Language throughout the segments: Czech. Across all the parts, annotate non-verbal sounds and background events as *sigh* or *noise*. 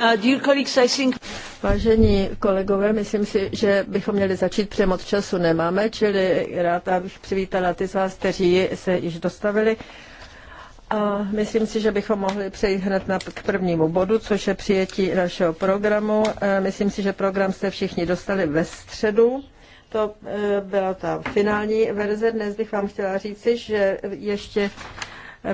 Uh, Vážení kolegové, myslím si, že bychom měli začít přemot času nemáme, čili rád bych přivítala ty z vás, kteří se již dostavili. A myslím si, že bychom mohli přejít hned na, k prvnímu bodu, což je přijetí našeho programu. Eh, myslím si, že program jste všichni dostali ve středu. To eh, byla ta finální verze. Dnes bych vám chtěla říci, že ještě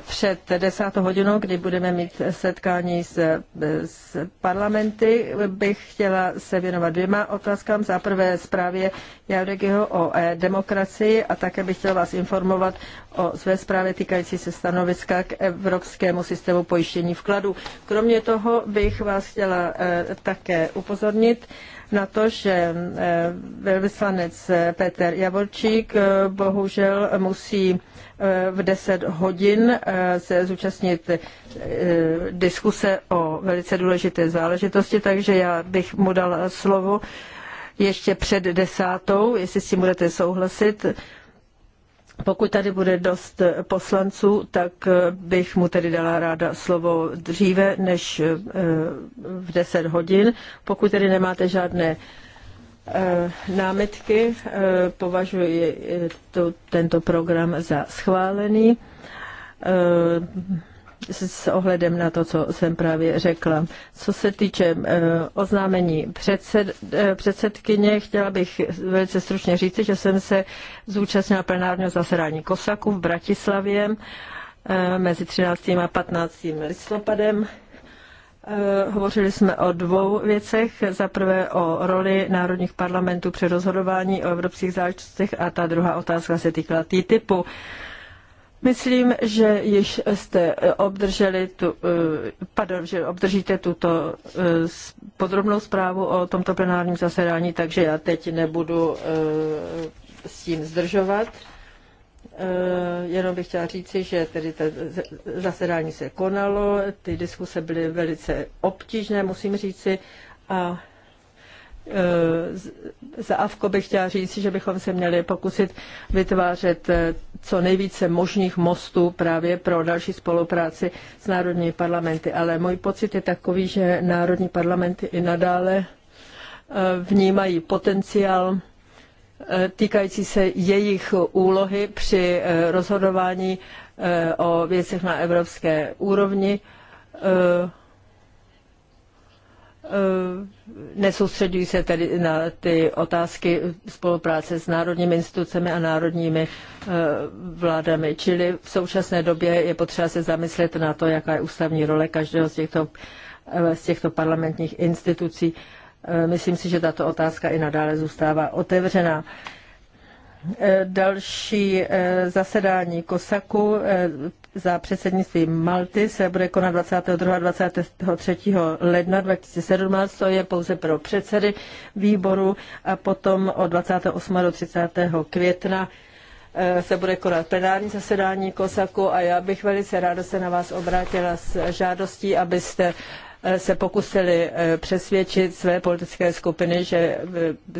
před desátou hodinou, kdy budeme mít setkání s, s parlamenty, bych chtěla se věnovat dvěma otázkám. Za prvé zprávě Jauregiho o demokracii a také bych chtěla vás informovat o své zprávě týkající se stanoviska k evropskému systému pojištění vkladu. Kromě toho bych vás chtěla e, také upozornit, na to, že e, velvyslanec Petr Javorčík e, bohužel musí v 10 hodin eh, se zúčastnit eh, diskuse o velice důležité záležitosti, takže já bych mu dala slovo ještě před desátou, jestli s tím budete souhlasit. Pokud tady bude dost poslanců, tak eh, bych mu tedy dala ráda slovo dříve než v 10 hodin. Pokud tedy nemáte žádné Eh, námitky, eh, považuji eh, to, tento program za schválený s ohledem na to, co jsem právě řekla. Co se týče oznámení předsed, předsedkyně, chtěla bych velice stručně říci, že jsem se zúčastnila plenárního zasedání Kosaku v Bratislavě mezi 13. a 15. listopadem Eh, hovořili jsme o dvou věcech. Za prvé o roli národních parlamentů při rozhodování o evropských záležitostech a ta druhá otázka se týkala TTIPu. Myslím, že již jste eh, obdrželi tu, eh, pardon, že obdržíte tuto podrobnou zprávu o tomto plenárním zasedání, takže já teď nebudu s tím zdržovat. Eh, jenom bych chtěla říci, že tedy to zasedání se konalo, ty diskuse byly velice obtížné, musím říci, a eh, za Avko bych chtěla říct, že bychom se měli pokusit vytvářet eh, co nejvíce možných mostů právě pro další spolupráci s národními parlamenty. Ale můj pocit je takový, že národní parlamenty i nadále vnímají potenciál Eh, týkající se jejich úlohy při eh, rozhodování eh, o věcech na evropské úrovni. Nesoustředují se tedy na ty otázky spolupráce s národními institucemi a národními vládami. Čili v současné době je potřeba se zamyslet na to, jaká je ústavní role každého z těchto, z těchto parlamentních institucí. Eh, myslím si, že tato otázka i nadále zůstává otevřená. Eh, další eh, zasedání Kosaku za předsednictví Malty se bude konat 22. a 23. ledna 2017, to je pouze pro předsedy výboru a potom od 28. do 30. května se bude konat plenární zasedání Kosaku a já bych velice ráda se na vás obrátila s žádostí, abyste se pokusili eh, přesvědčit své politické skupiny, že eh,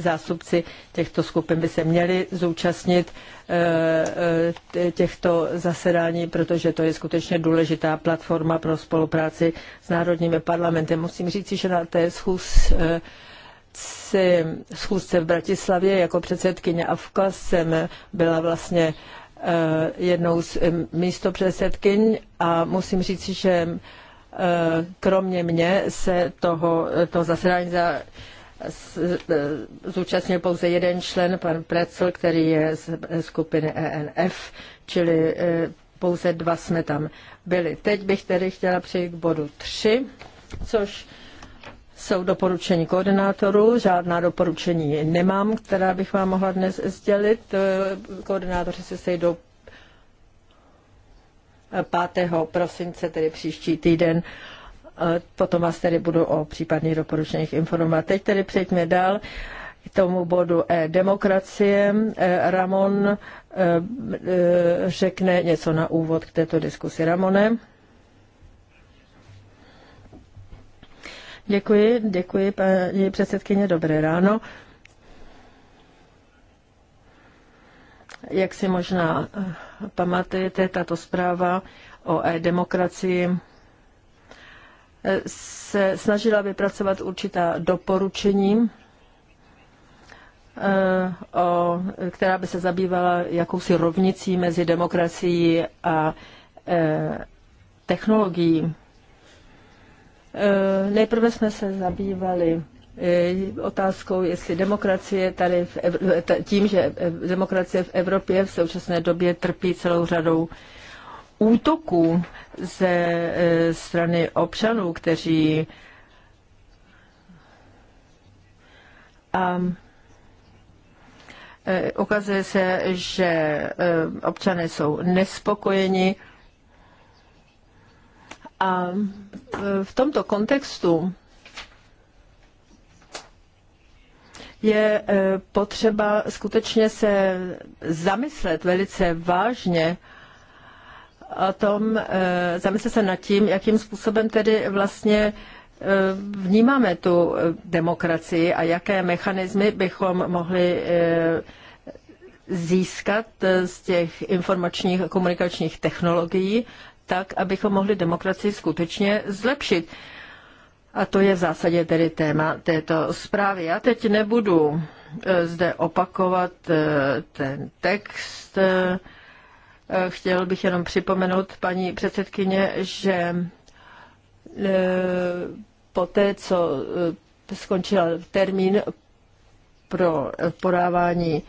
zástupci těchto skupin by se měli zúčastnit eh, těchto zasedání, protože to je skutečně důležitá platforma pro spolupráci s národními parlamenty. Musím říct, že na té schůz schůzce v Bratislavě jako předsedkyně AFKA jsem byla vlastně jednou z místopředsedkyň a musím říct, že Eh, kromě mě se toho, toho zasedání za, eh, zúčastnil pouze jeden člen, pan Precl, který je z skupiny ENF, čili eh, pouze dva jsme tam byli. Teď bych tedy chtěla přejít k bodu 3, což jsou doporučení koordinátorů. Žádná doporučení nemám, která bych vám mohla dnes sdělit. Koordinátoři se sejdou 5. prosince, tedy příští týden. Potom vás tedy budu o případných doporučeních informovat. Teď tedy přejdeme dál k tomu bodu e demokracie. E, Ramon e, e, řekne něco na úvod k této diskusi. Ramone. Děkuji, děkuji paní předsedkyně, dobré ráno. Jak si možná eh, pamatujete, tato zpráva o e-demokracii eh, se snažila vypracovat určitá doporučení, eh, o, která by se zabývala jakousi rovnicí mezi demokracií a e, technologií. E, nejprve jsme se zabývali Eh, otázkou, jestli demokracie tady, v eh, tím, že demokracie v Evropě v současné době trpí celou řadou útoků ze eh, strany občanů, kteří a ukazuje se, že občané jsou nespokojeni a v tomto kontextu je eh, potřeba skutečně se zamyslet velice vážně o tom, eh, zamyslet se nad tím, jakým způsobem tedy vlastně eh, vnímáme tu demokracii a jaké mechanismy bychom mohli získat z těch informačních a komunikačních technologií, tak, abychom mohli demokracii skutečně zlepšit. A to je v zásadě tedy téma této zprávy. Já teď nebudu eh, zde opakovat eh, ten text. Eh, chtěl bych jenom připomenout, paní předsedkyně, že poté, co skončil termín pro podávání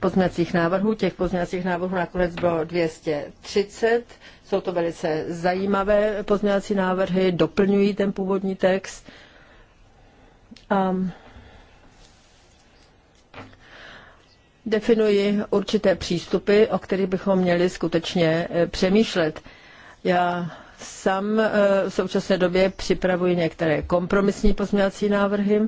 pozměňovacích návrhů, těch pozměňovacích návrhů nakonec bylo 230 jsou to velice zajímavé pozměňovací návrhy, doplňují ten původní text. A definuji určité přístupy, o kterých bychom měli skutečně eh, přemýšlet. Já sám eh, v současné době připravuji některé kompromisní pozměňovací návrhy,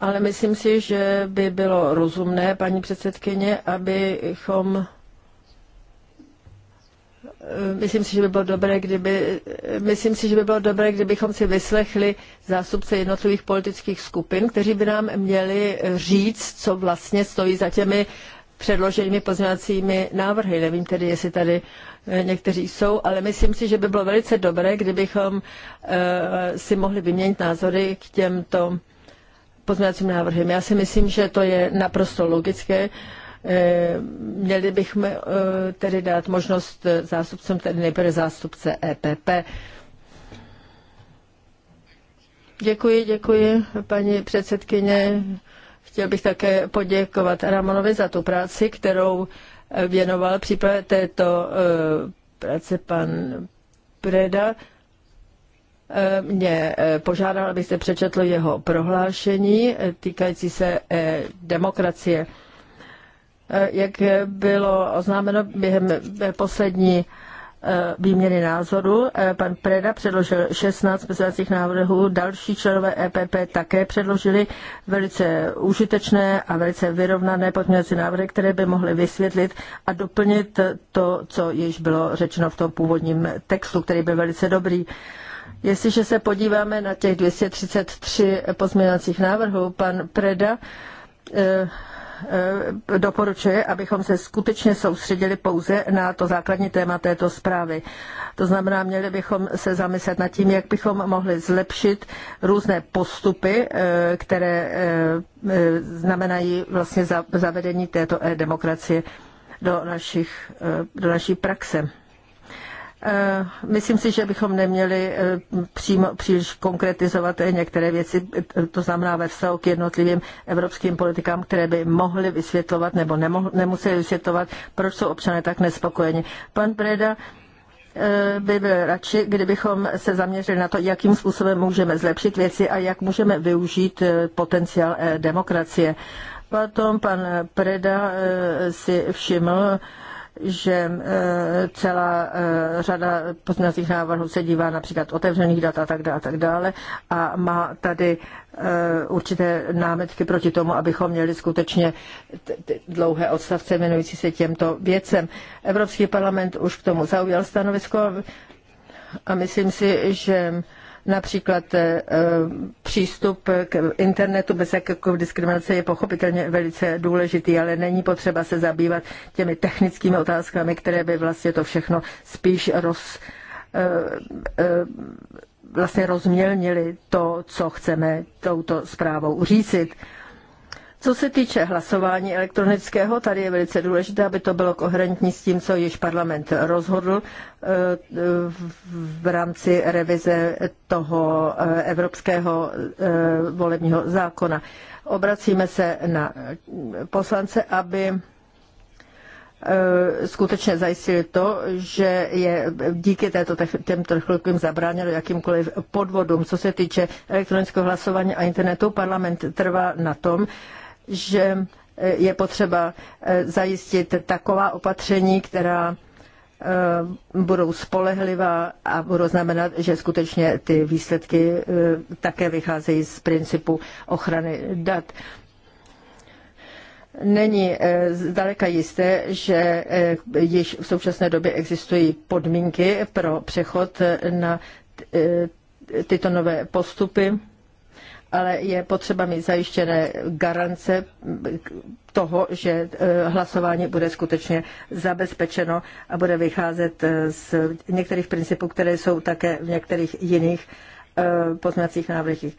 ale myslím si, že by bylo rozumné, paní předsedkyně, abychom Eh, myslím si, že by bylo dobré, kdyby, eh, myslím si, že by bylo dobré, kdybychom si vyslechli zástupce jednotlivých politických skupin, kteří by nám měli eh, říct, co vlastně stojí za těmi předloženými pozměňovacími návrhy. Nevím tedy, jestli tady někteří jsou, ale myslím si, že by bylo velice dobré, kdybychom si mohli vyměnit názory k těmto pozměňovacím návrhům. Já si myslím, že to je naprosto logické. Eh, měli bychom eh, tedy dát možnost eh, zástupcům, tedy nejprve zástupce EPP. Děkuji, děkuji, paní předsedkyně. Chtěl bych také poděkovat Ramonovi za tu práci, kterou věnoval přípravě této práce pan Preda. Mě požádal, abyste přečetl jeho prohlášení týkající se demokracie. Eh, jak bylo oznámeno během poslední eh, výměny názoru. Eh, pan Preda předložil 16 pozvacích návrhů, další členové EPP také předložili velice užitečné a velice vyrovnané pozměňovací návrhy, které by mohly vysvětlit a doplnit to, co již bylo řečeno v tom původním textu, který byl velice dobrý. Jestliže se podíváme na těch 233 pozměňovacích návrhů, pan Preda Eh, doporučuje, abychom se skutečně soustředili pouze na to základní téma této zprávy. To znamená, měli bychom se zamyslet nad tím, jak bychom mohli zlepšit různé postupy, eh, které eh, znamenají vlastně zavedení této e-demokracie do, našich, do naší praxe. Eh, myslím si, že bychom neměli eh, přímo, příliš konkretizovat některé věci, to znamená ve vztahu k jednotlivým evropským politikám, které by mohly vysvětlovat nebo nemoh, nemuseli vysvětlovat, proč jsou občané tak nespokojeni. Pan Preda eh, by byl radši, kdybychom se zaměřili na to, jakým způsobem můžeme zlepšit věci a jak můžeme využít potenciál demokracie. Potom pan Preda si všiml, že e, celá e, řada poznacích návrhů se dívá například otevřených dat a tak dále, a tak dále a má tady e, určité námetky proti tomu, abychom měli skutečně dlouhé odstavce věnující se těmto věcem. Evropský parlament už k tomu zaujal stanovisko a myslím si, že Například eh, přístup k internetu bez jakékoliv diskriminace je pochopitelně velice důležitý, ale není potřeba se zabývat těmi technickými otázkami, které by vlastně to všechno spíš roz eh, eh, vlastně rozmělnili to, co chceme touto zprávou říct. Co se týče hlasování elektronického, tady je velice důležité, aby to bylo koherentní s tím, co již parlament rozhodl eh, v rámci revize toho eh, evropského eh, volebního zákona. Obracíme se na poslance, aby skutečně zajistili to, že je díky této, těmto technologiím zabráněno jakýmkoliv podvodům. Co se týče elektronického hlasování a internetu, parlament trvá na tom, že eh, je potřeba eh, zajistit taková opatření, která eh, budou spolehlivá a budou znamenat, že skutečně ty výsledky také vycházejí z principu ochrany dat. Není zdaleka jisté, že již v současné době existují podmínky pro přechod na tyto nové postupy ale je potřeba mít zajištěné garance toho, že eh, hlasování bude skutečně zabezpečeno a bude vycházet eh, z některých principů, které jsou také v některých jiných eh, poznacích návrhích.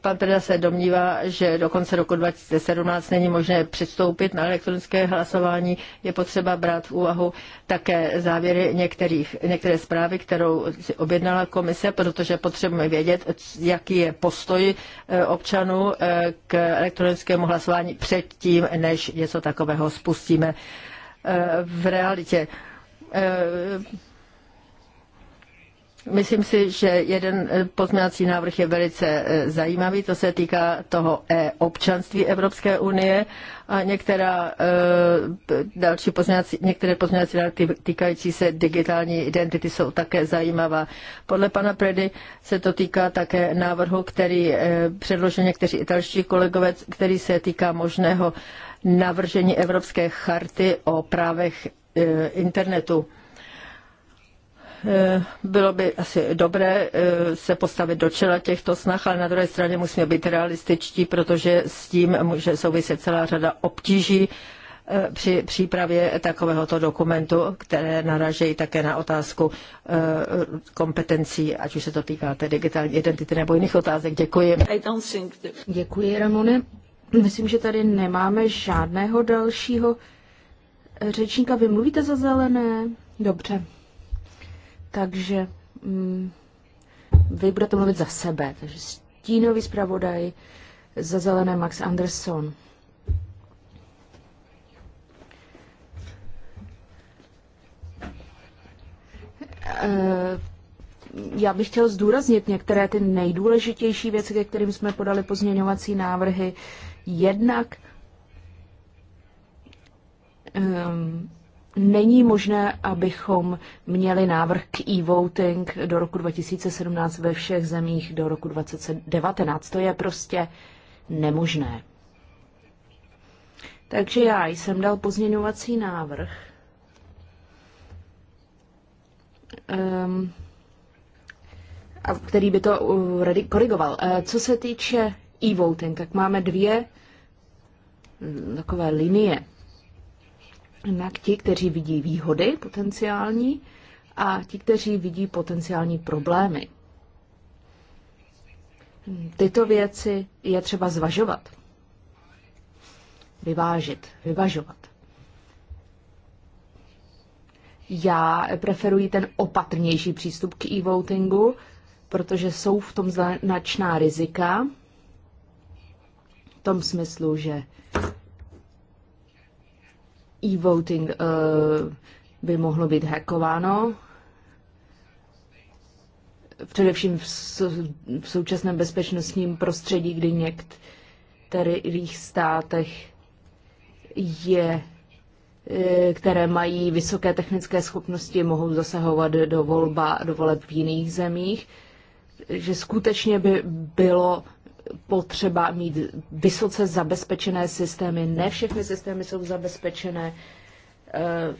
Pan Preda se domnívá, že do konce roku 2017 není možné přistoupit na elektronické hlasování. Je potřeba brát v úvahu také závěry některých, některé zprávy, kterou si objednala komise, protože potřebujeme vědět, jaký je postoj eh, občanů eh, k elektronickému hlasování předtím, než něco takového spustíme eh, v realitě Myslím si, že jeden eh, pozměňovací návrh je velice eh, zajímavý, to se týká toho e-občanství Evropské unie a některá, eh, další pozměňovací, některé pozměňovací návrhy týkající se digitální identity jsou také zajímavá. Podle pana Predy se to týká také návrhu, který předložil někteří italští kolegové, který se týká možného navržení Evropské charty o právech internetu. Eh, bylo by asi dobré eh, se postavit do čela těchto snah, ale na druhé straně musíme být realističtí, protože s tím může souviset celá řada obtíží eh, při přípravě takovéhoto dokumentu, které naražejí také na otázku kompetencí, ať už se to týká té digitální identity nebo jiných otázek. Děkuji. Děkuji, Ramone. Myslím, že tady nemáme žádného dalšího řečníka. Vy mluvíte za zelené? Dobře. Takže mm, vy budete mluvit za sebe. Takže stínový zpravodaj za zelené Max Anderson. Eh, já bych chtěl zdůraznit některé ty nejdůležitější věci, ke kterým jsme podali pozměňovací návrhy. Jednak ehm, není možné, abychom měli návrh k e-voting do roku 2017 ve všech zemích do roku 2019. To je prostě nemožné. Takže já jsem dal pozměňovací návrh. Um, a který by to uh, korigoval. Eh, co se týče e-voting, tak máme dvě mm, takové linie jednak ti, kteří vidí výhody potenciální a ti, kteří vidí potenciální problémy. Tyto věci je třeba zvažovat, vyvážit, vyvažovat. Já preferuji ten opatrnější přístup k e-votingu, protože jsou v tom značná rizika, v tom smyslu, že e-voting eh, by mohlo být hackováno. Především v současném bezpečnostním prostředí, kdy některých státech je eh, které mají vysoké technické schopnosti, mohou zasahovat do, volba, do voleb v jiných zemích, že skutečně by bylo potřeba mít vysoce zabezpečené systémy. Ne všechny systémy jsou zabezpečené eh,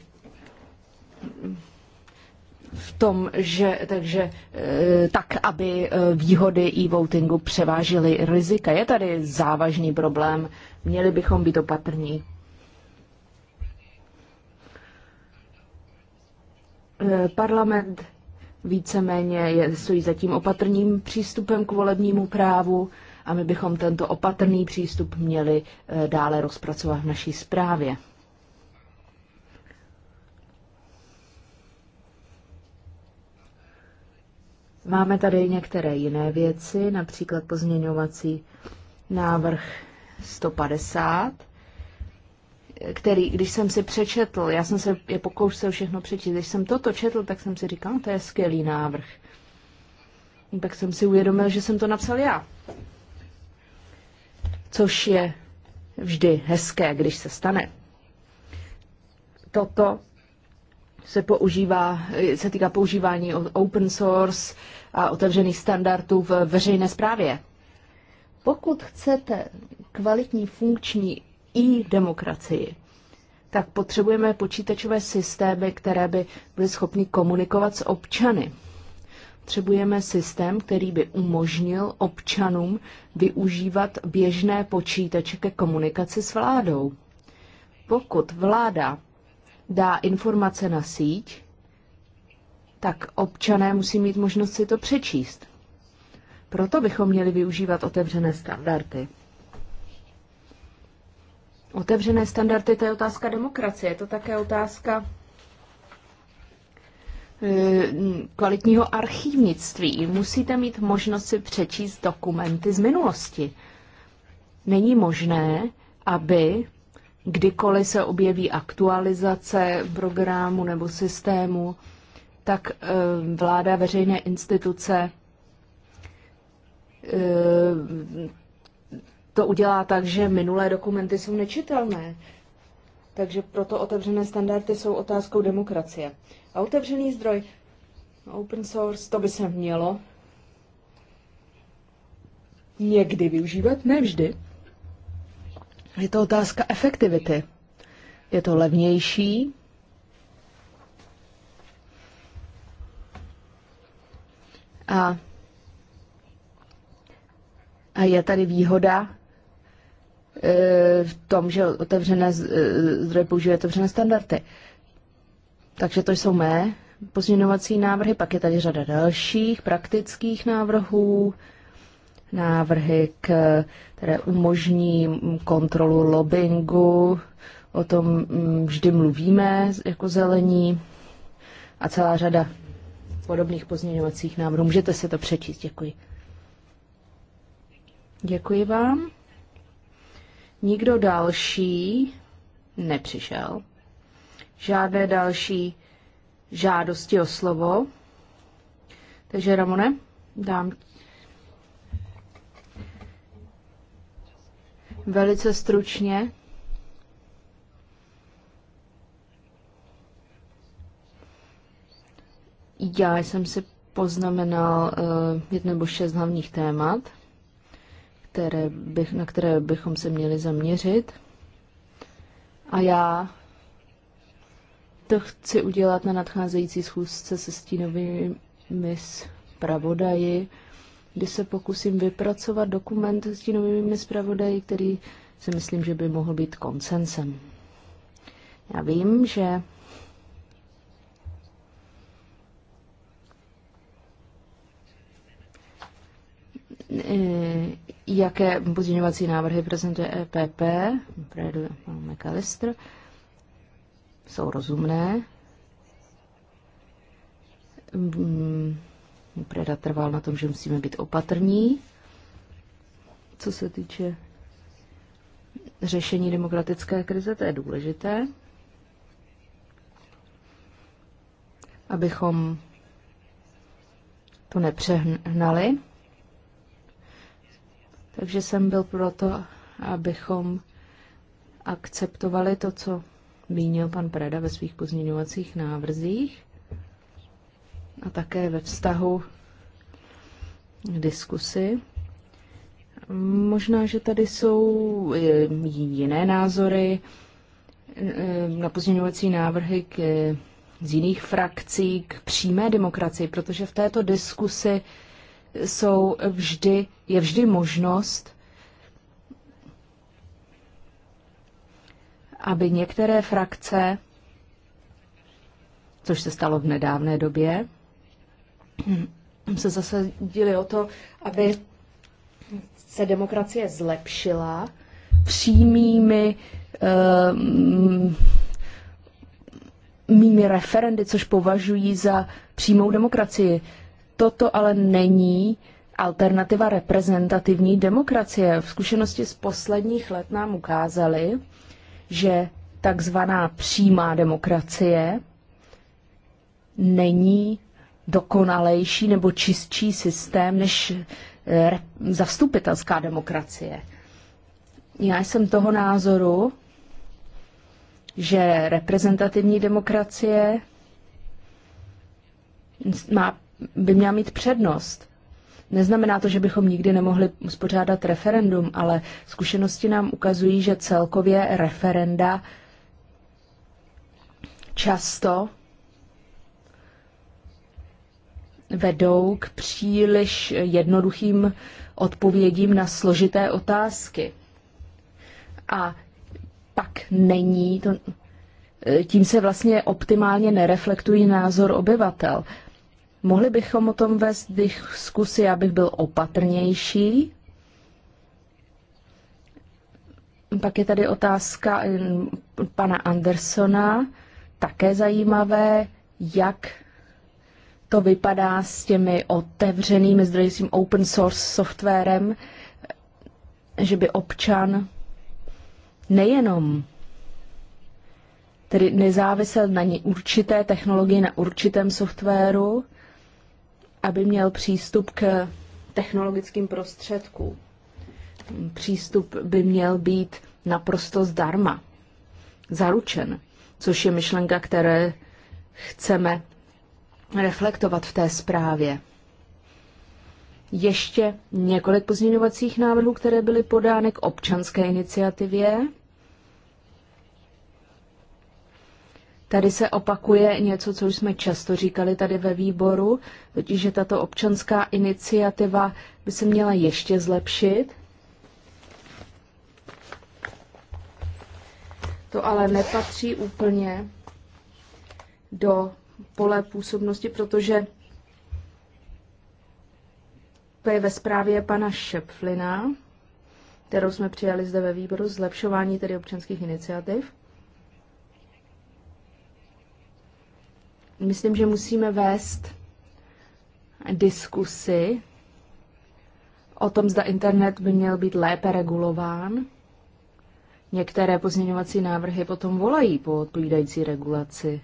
v tom, že takže eh, tak, aby eh, výhody e-votingu převážily rizika. Je tady závažný problém, měli bychom být opatrní. Parlament víceméně je, stojí za tím opatrným přístupem k volebnímu právu. A my bychom tento opatrný přístup měli eh, dále rozpracovat v naší zprávě. Máme tady některé jiné věci, například pozměňovací návrh 150, který, když jsem si přečetl, já jsem se je pokoušel všechno přečíst, když jsem toto četl, tak jsem si říkal, no, to je skvělý návrh. Tak jsem si uvědomil, že jsem to napsal já což je vždy hezké, když se stane. Toto se používá, se týká používání open source a otevřených standardů v veřejné správě. Pokud chcete kvalitní funkční i demokracii, tak potřebujeme počítačové systémy, které by byly schopny komunikovat s občany. Potřebujeme systém, který by umožnil občanům využívat běžné počítače ke komunikaci s vládou. Pokud vláda dá informace na síť, tak občané musí mít možnost si to přečíst. Proto bychom měli využívat otevřené standardy. Otevřené standardy to je otázka demokracie, je to také otázka Eh, kvalitního archivnictví. Musíte mít možnost si přečíst dokumenty z minulosti. Není možné, aby kdykoliv se objeví aktualizace programu nebo systému, tak eh, vláda veřejné instituce eh, to udělá tak, že minulé dokumenty jsou nečitelné. Takže proto otevřené standardy jsou otázkou demokracie. A otevřený zdroj, open source, to by se mělo někdy využívat, ne vždy. Je to otázka efektivity. Je to levnější. A, a je tady výhoda v tom, že otevřené zdroje používají otevřené standardy. Takže to jsou mé pozměňovací návrhy, pak je tady řada dalších praktických návrhů, návrhy, k, které umožní kontrolu lobbingu, o tom mm, vždy mluvíme jako zelení a celá řada podobných pozměňovacích návrhů. Můžete si to přečíst, děkuji. Děkuji vám. Nikdo další nepřišel. Žádné další žádosti o slovo. Takže Ramone, dám velice stručně. Já jsem si poznamenal uh, eh, jedno nebo šest hlavních témat které bych, na které bychom se měli zaměřit. A já to chci udělat na nadcházející schůzce se stínovými zpravodaji, kdy se pokusím vypracovat dokument s stínovými zpravodaji, který si myslím, že by mohl být konsensem. Já vím, že jaké pozměňovací návrhy prezentuje EPP, projedu McAllister, jsou rozumné. Mm, Preda trval na tom, že musíme být opatrní, co se týče řešení demokratické krize, to je důležité, abychom to nepřehnali. Takže jsem byl proto, abychom akceptovali to, co mínil pan Preda ve svých pozměňovacích návrzích a také ve vztahu k diskusi. Možná, že tady jsou eh, jiné názory eh, na pozměňovací návrhy k, eh, z jiných frakcí k přímé demokracii, protože v této diskusi jsou vždy, je vždy možnost, aby některé frakce, což se stalo v nedávné době, se zasadili o to, aby se demokracie zlepšila přímými um, mými referendy, což považují za přímou demokracii. Toto ale není alternativa reprezentativní demokracie. V zkušenosti z posledních let nám ukázaly, že takzvaná přímá demokracie není dokonalejší nebo čistší systém než eh, zastupitelská demokracie. Já jsem toho názoru, že reprezentativní demokracie má by měla mít přednost. Neznamená to, že bychom nikdy nemohli spořádat referendum, ale zkušenosti nám ukazují, že celkově referenda často vedou k příliš jednoduchým odpovědím na složité otázky. A pak není, to, tím se vlastně optimálně nereflektují názor obyvatel. Mohli bychom o tom vést diskusi, abych byl opatrnější. Pak je tady otázka pana Andersona, také zajímavé, jak to vypadá s těmi otevřenými zdroji, s tím open source softwarem, že by občan nejenom tedy nezávisel na určité technologii, na určitém softwaru, aby měl přístup k technologickým prostředkům. Přístup by měl být naprosto zdarma, zaručen, což je myšlenka, které chceme reflektovat v té zprávě. Ještě několik pozměňovacích návrhů, které byly podány k občanské iniciativě. Tady se opakuje něco, co už jsme často říkali tady ve výboru, totiž, že tato občanská iniciativa by se měla ještě zlepšit. To ale nepatří úplně do pole působnosti, protože to je ve zprávě pana Šepflina, kterou jsme přijali zde ve výboru, zlepšování tedy občanských iniciativ. Myslím, že musíme vést diskusy o tom, zda internet by měl být lépe regulován. Některé pozměňovací návrhy potom volají po odpovídající regulaci.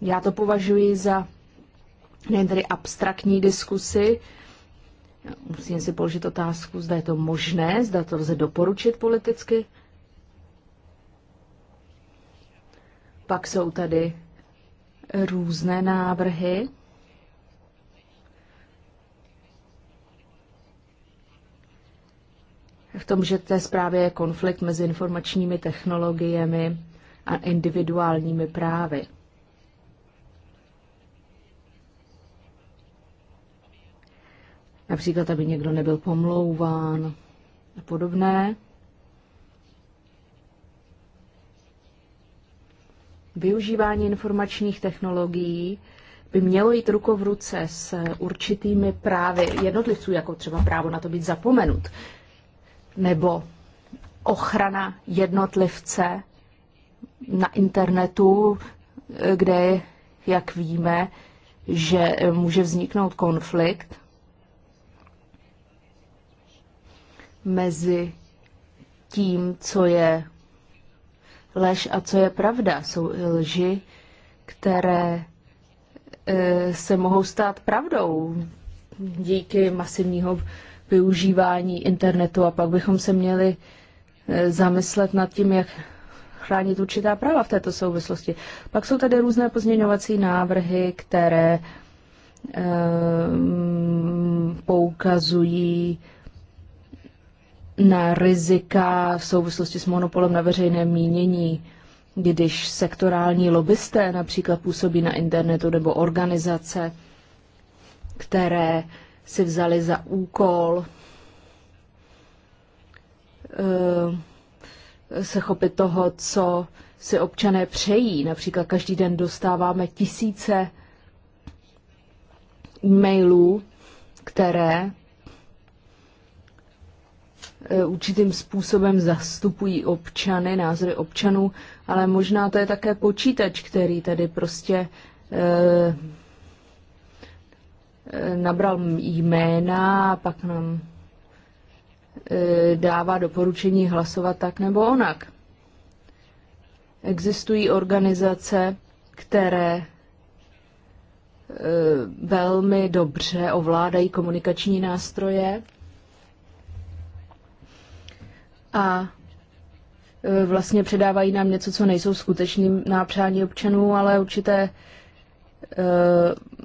Já to považuji za nejen tedy abstraktní diskusy. Musím si položit otázku, zda je to možné, zda to lze doporučit politicky. Pak jsou tady různé návrhy. V tom, že té zprávě je konflikt mezi informačními technologiemi a individuálními právy. Například, aby někdo nebyl pomlouván a podobné. využívání informačních technologií by mělo jít ruko v ruce s určitými právy jednotlivců, jako třeba právo na to být zapomenut, nebo ochrana jednotlivce na internetu, kde, jak víme, že může vzniknout konflikt mezi tím, co je lež a co je pravda. Jsou lži, které e, se mohou stát pravdou díky masivního využívání internetu a pak bychom se měli e, zamyslet nad tím, jak chránit určitá práva v této souvislosti. Pak jsou tady různé pozměňovací návrhy, které e, poukazují na rizika v souvislosti s monopolem na veřejné mínění, když sektorální lobbysté například působí na internetu nebo organizace, které si vzali za úkol eh, se chopit toho, co si občané přejí. Například každý den dostáváme tisíce e-mailů, které E, určitým způsobem zastupují občany, názory občanů, ale možná to je také počítač, který tady prostě e, e, nabral jména a pak nám dává doporučení hlasovat tak nebo onak. Existují organizace, které velmi dobře ovládají komunikační nástroje a e, vlastně předávají nám něco, co nejsou skutečným nápřání občanů, ale určité e,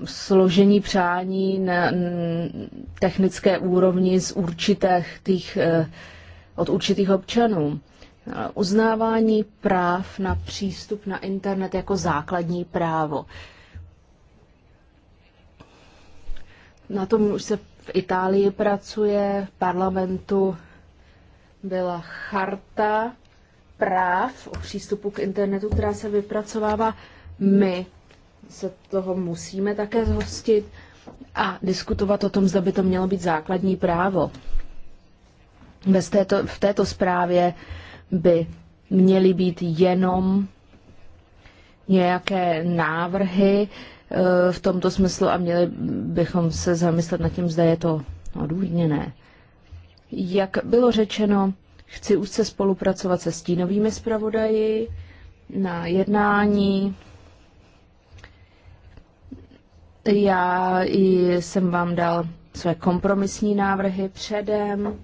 složení přání na technické úrovni z určitých těch, e, od určitých občanů. Uznávání práv na přístup na internet jako základní právo. Na tom už se v Itálii pracuje, v parlamentu byla charta práv o přístupu k internetu, která se vypracovává. My se toho musíme také zhostit a diskutovat o tom, zda by to mělo být základní právo. Bez této, v této zprávě by měly být jenom nějaké návrhy eh, v tomto smyslu a měli bychom se zamyslet nad tím, zda je to odůvodněné. Jak bylo řečeno, chci už se spolupracovat se stínovými zpravodaji na jednání. Já jsem vám dal své kompromisní návrhy předem,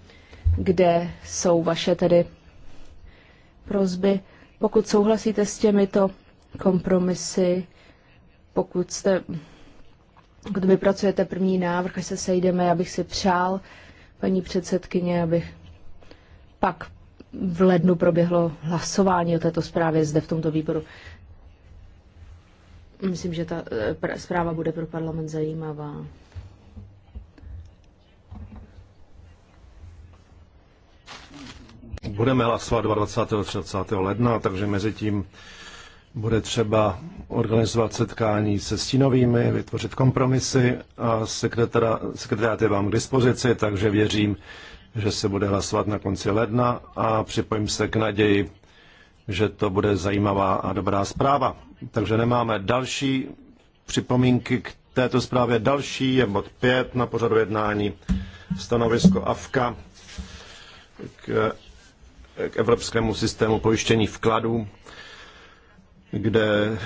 kde jsou vaše tedy prozby. Pokud souhlasíte s těmito kompromisy, pokud jste, pokud vypracujete první návrh, až se sejdeme, já bych si přál, paní předsedkyně, abych pak v lednu proběhlo hlasování o této zprávě zde v tomto výboru. Myslím, že ta eh, zpráva bude pro parlament zajímavá. Budeme hlasovat 22. 30. ledna, takže mezi tím bude třeba organizovat setkání se stínovými, vytvořit kompromisy a sekretariat je vám k dispozici, takže věřím, že se bude hlasovat na konci ledna a připojím se k naději, že to bude zajímavá a dobrá zpráva. Takže nemáme další připomínky k této zprávě. Další je bod 5 na pořadu jednání stanovisko AFKA k, k Evropskému systému pojištění vkladů kde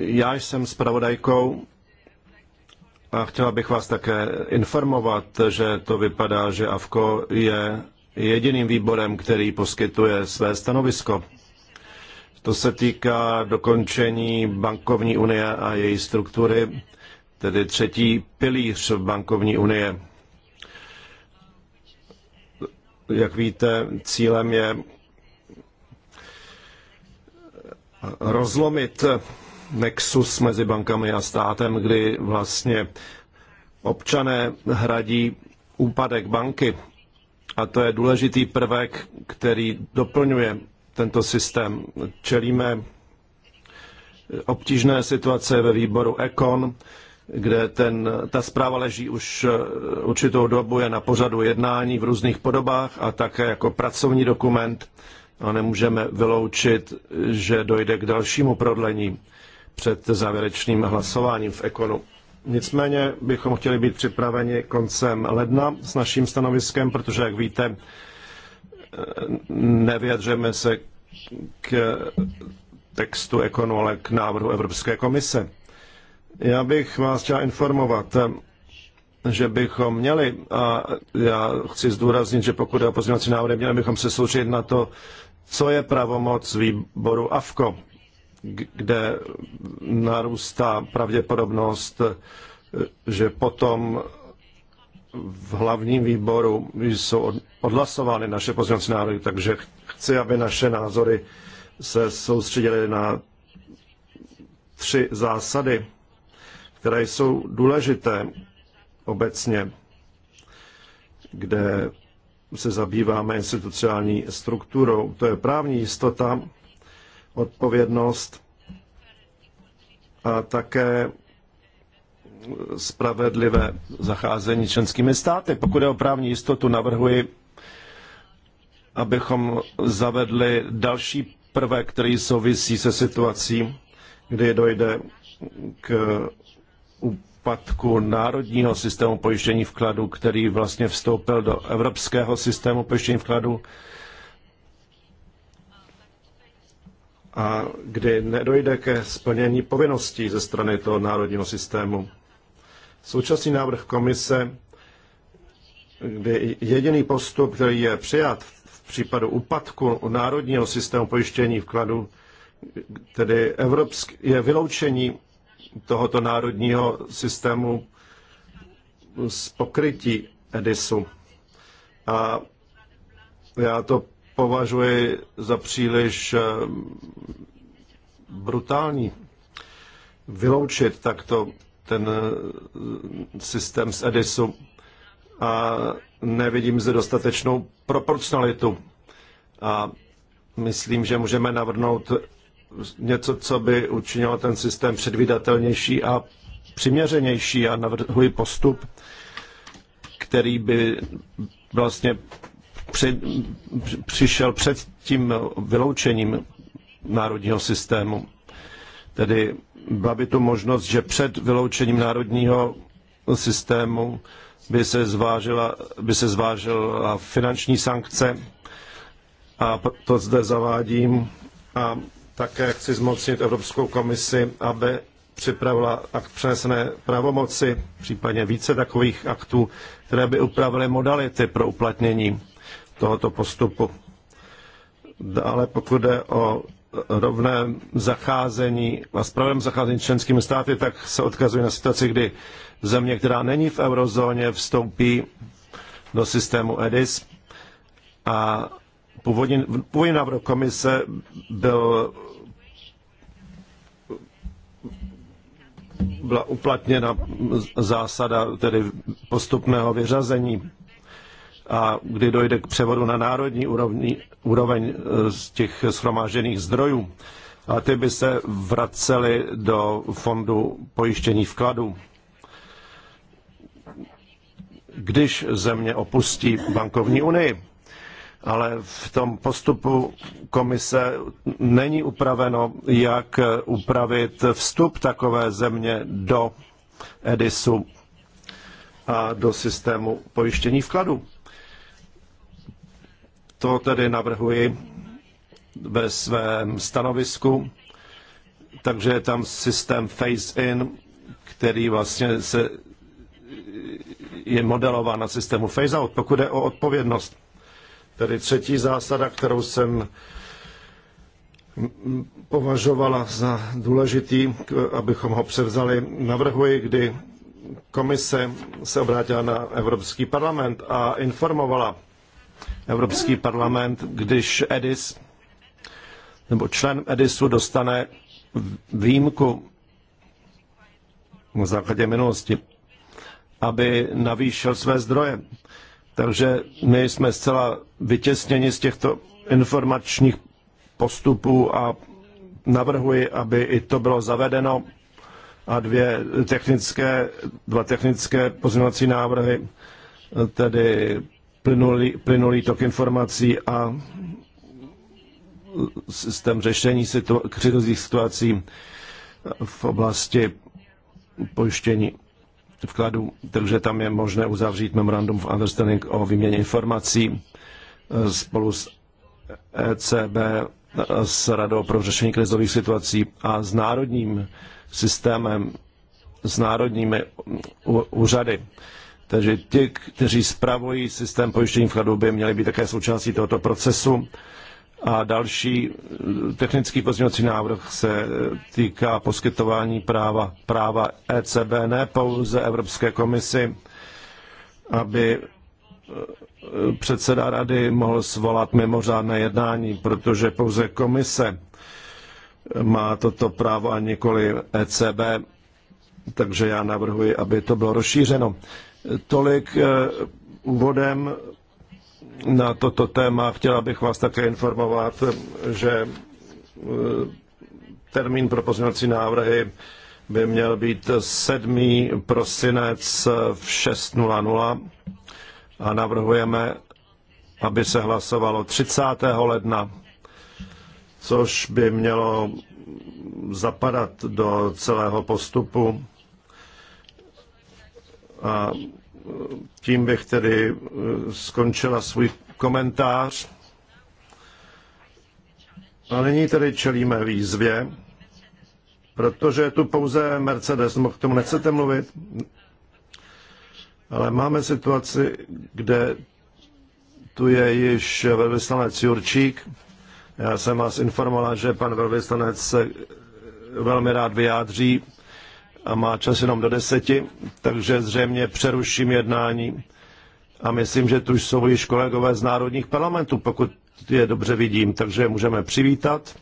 já jsem zpravodajkou a chtěla bych vás také informovat, že to vypadá, že AVKO je jediným výborem, který poskytuje své stanovisko. To se týká dokončení bankovní unie a její struktury, tedy třetí pilíř bankovní unie. Jak víte, cílem je rozlomit nexus mezi bankami a státem, kdy vlastně občané hradí úpadek banky. A to je důležitý prvek, který doplňuje tento systém. Čelíme obtížné situace ve výboru Econ, kde ten, ta zpráva leží už eh, určitou dobu, je na pořadu jednání v různých podobách a také jako pracovní dokument a nemůžeme vyloučit, že dojde k dalšímu prodlení před závěrečným hlasováním v Ekonu. Nicméně bychom chtěli být připraveni koncem ledna s naším stanoviskem, protože, jak víte, nevyjadřujeme se k textu Ekonu, ale k návrhu Evropské komise. Já bych vás chtěl informovat, že bychom měli, a já chci zdůraznit, že pokud je o pozměňovací návrhy, měli bychom se soustředit na to, co je pravomoc výboru AFKO, kde narůstá pravděpodobnost, že potom v hlavním výboru jsou odhlasovány naše pozměňovací návrhy, takže chci, aby naše názory se soustředily na tři zásady, které jsou důležité obecně, kde se zabýváme institucionální strukturou. To je právní jistota, odpovědnost a také spravedlivé zacházení členskými státy. Pokud je o právní jistotu, navrhuji, abychom zavedli další prvek, který souvisí se situací, kdy dojde k úpadku národního systému pojištění vkladu, který vlastně vstoupil do evropského systému pojištění vkladu, a kdy nedojde ke splnění povinností ze strany toho národního systému. Současný návrh komise, kdy jediný postup, který je přijat v případu úpadku národního systému pojištění vkladu, tedy evropský je vyloučení tohoto národního systému z pokrytí Edisu. A já to považuji za příliš eh, brutální. Vyloučit takto ten eh, systém z Edisu a nevidím zde dostatečnou proporcionalitu. A myslím, že můžeme navrhnout něco, co by učinilo ten systém předvídatelnější a přiměřenější a navrhuji postup, který by vlastně při, přišel před tím vyloučením národního systému. Tedy byla by tu možnost, že před vyloučením národního systému by se, zvážila, by se zvážila finanční sankce a to zde zavádím a také chci zmocnit Evropskou komisi, aby připravila akt přenesené pravomoci, případně více takových aktů, které by upravily modality pro uplatnění tohoto postupu. Dále pokud jde o rovné zacházení a spravedlivé zacházení členskými státy, tak se odkazuje na situaci, kdy země, která není v eurozóně, vstoupí do systému EDIS a původní, původní návrh komise byl byla uplatněna zásada tedy postupného vyřazení a kdy dojde k převodu na národní úrovni, úroveň e, z těch shromážených zdrojů. A ty by se vracely do fondu pojištění vkladů. Když země opustí bankovní unii, ale v tom postupu komise není upraveno, jak upravit vstup takové země do EDISu a do systému pojištění vkladu. To tedy navrhuji ve svém stanovisku, takže je tam systém phase-in, který vlastně se je modelován na systému phase-out, pokud je o odpovědnost Tedy třetí zásada, kterou jsem považovala za důležitý, abychom ho převzali. Navrhuji, kdy komise se obrátila na Evropský parlament a informovala Evropský parlament, když EDIS nebo člen EDISu dostane výjimku na základě minulosti, aby navýšil své zdroje takže my jsme zcela vytěsněni z těchto informačních postupů a navrhuji, aby i to bylo zavedeno a dvě technické, dva technické pozměňovací návrhy, tedy plynulý, plynulý tok informací a systém řešení situa- krizových situací v oblasti pojištění vkladu, takže tam je možné uzavřít memorandum v understanding o výměně informací e, spolu s ECB, e, s Radou pro řešení krizových situací a s národním systémem, s národními úřady. Takže ti, kteří spravují systém pojištění vkladů, by měli být také součástí tohoto procesu a další eh, technický pozměňovací návrh se eh, týká poskytování práva, práva ECB, ne pouze Evropské komisi, aby eh, předseda rady mohl svolat mimořádné jednání, protože pouze komise má toto právo a nikoli ECB, takže já navrhuji, aby to bylo rozšířeno. Tolik úvodem na toto téma. Chtěla bych vás také informovat, že e, termín pro pozměňovací návrhy by měl být 7. prosinec v 6.00 a navrhujeme, aby se hlasovalo 30. ledna, což by mělo zapadat do celého postupu. A tím bych tedy eh, skončila svůj komentář. A nyní tedy čelíme výzvě, protože je tu pouze Mercedes, no, k tomu nechcete mluvit, ale máme situaci, kde tu je již velvyslanec Jurčík. Já jsem vás informovala, že pan velvyslanec se velmi rád vyjádří a má čas jenom do deseti, takže zřejmě přeruším jednání. A myslím, že tu jsou již kolegové z národních parlamentů, pokud je dobře vidím, takže je můžeme přivítat.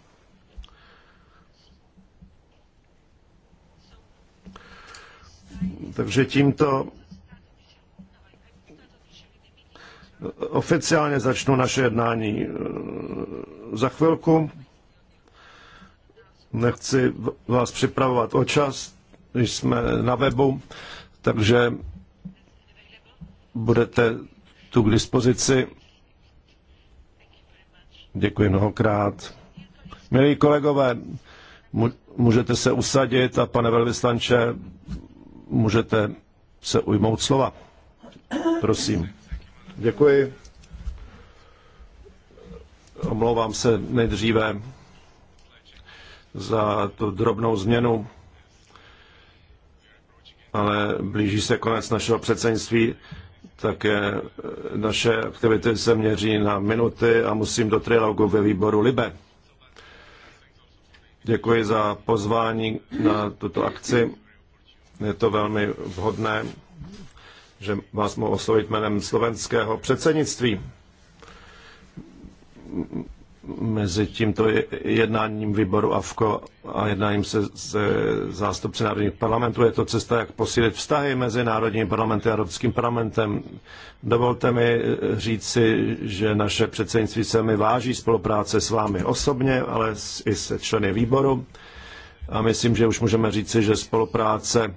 Takže tímto oficiálně začnu naše jednání za chvilku. Nechci vás připravovat o čas, jsme na webu, takže budete tu k dispozici. Děkuji mnohokrát. Milí kolegové, můžete se usadit a pane velvyslanče, můžete se ujmout slova. Prosím. Děkuji. Omlouvám se nejdříve za tu drobnou změnu ale blíží se konec našeho předsednictví, je, eh, naše aktivity se měří na minuty a musím do trilogu ve výboru Libe. Děkuji za pozvání na tuto akci. Je to velmi vhodné, že vás mohu oslovit jménem slovenského předsednictví mezi tímto jednáním výboru AFKO a jednáním se, se zástupci národních parlamentů. Je to cesta, jak posílit vztahy mezi národními parlamenty a Evropským parlamentem. Dovolte mi eh, říci, že naše předsednictví se mi váží spolupráce s vámi osobně, ale i se členy výboru. A myslím, že už můžeme říci, že spolupráce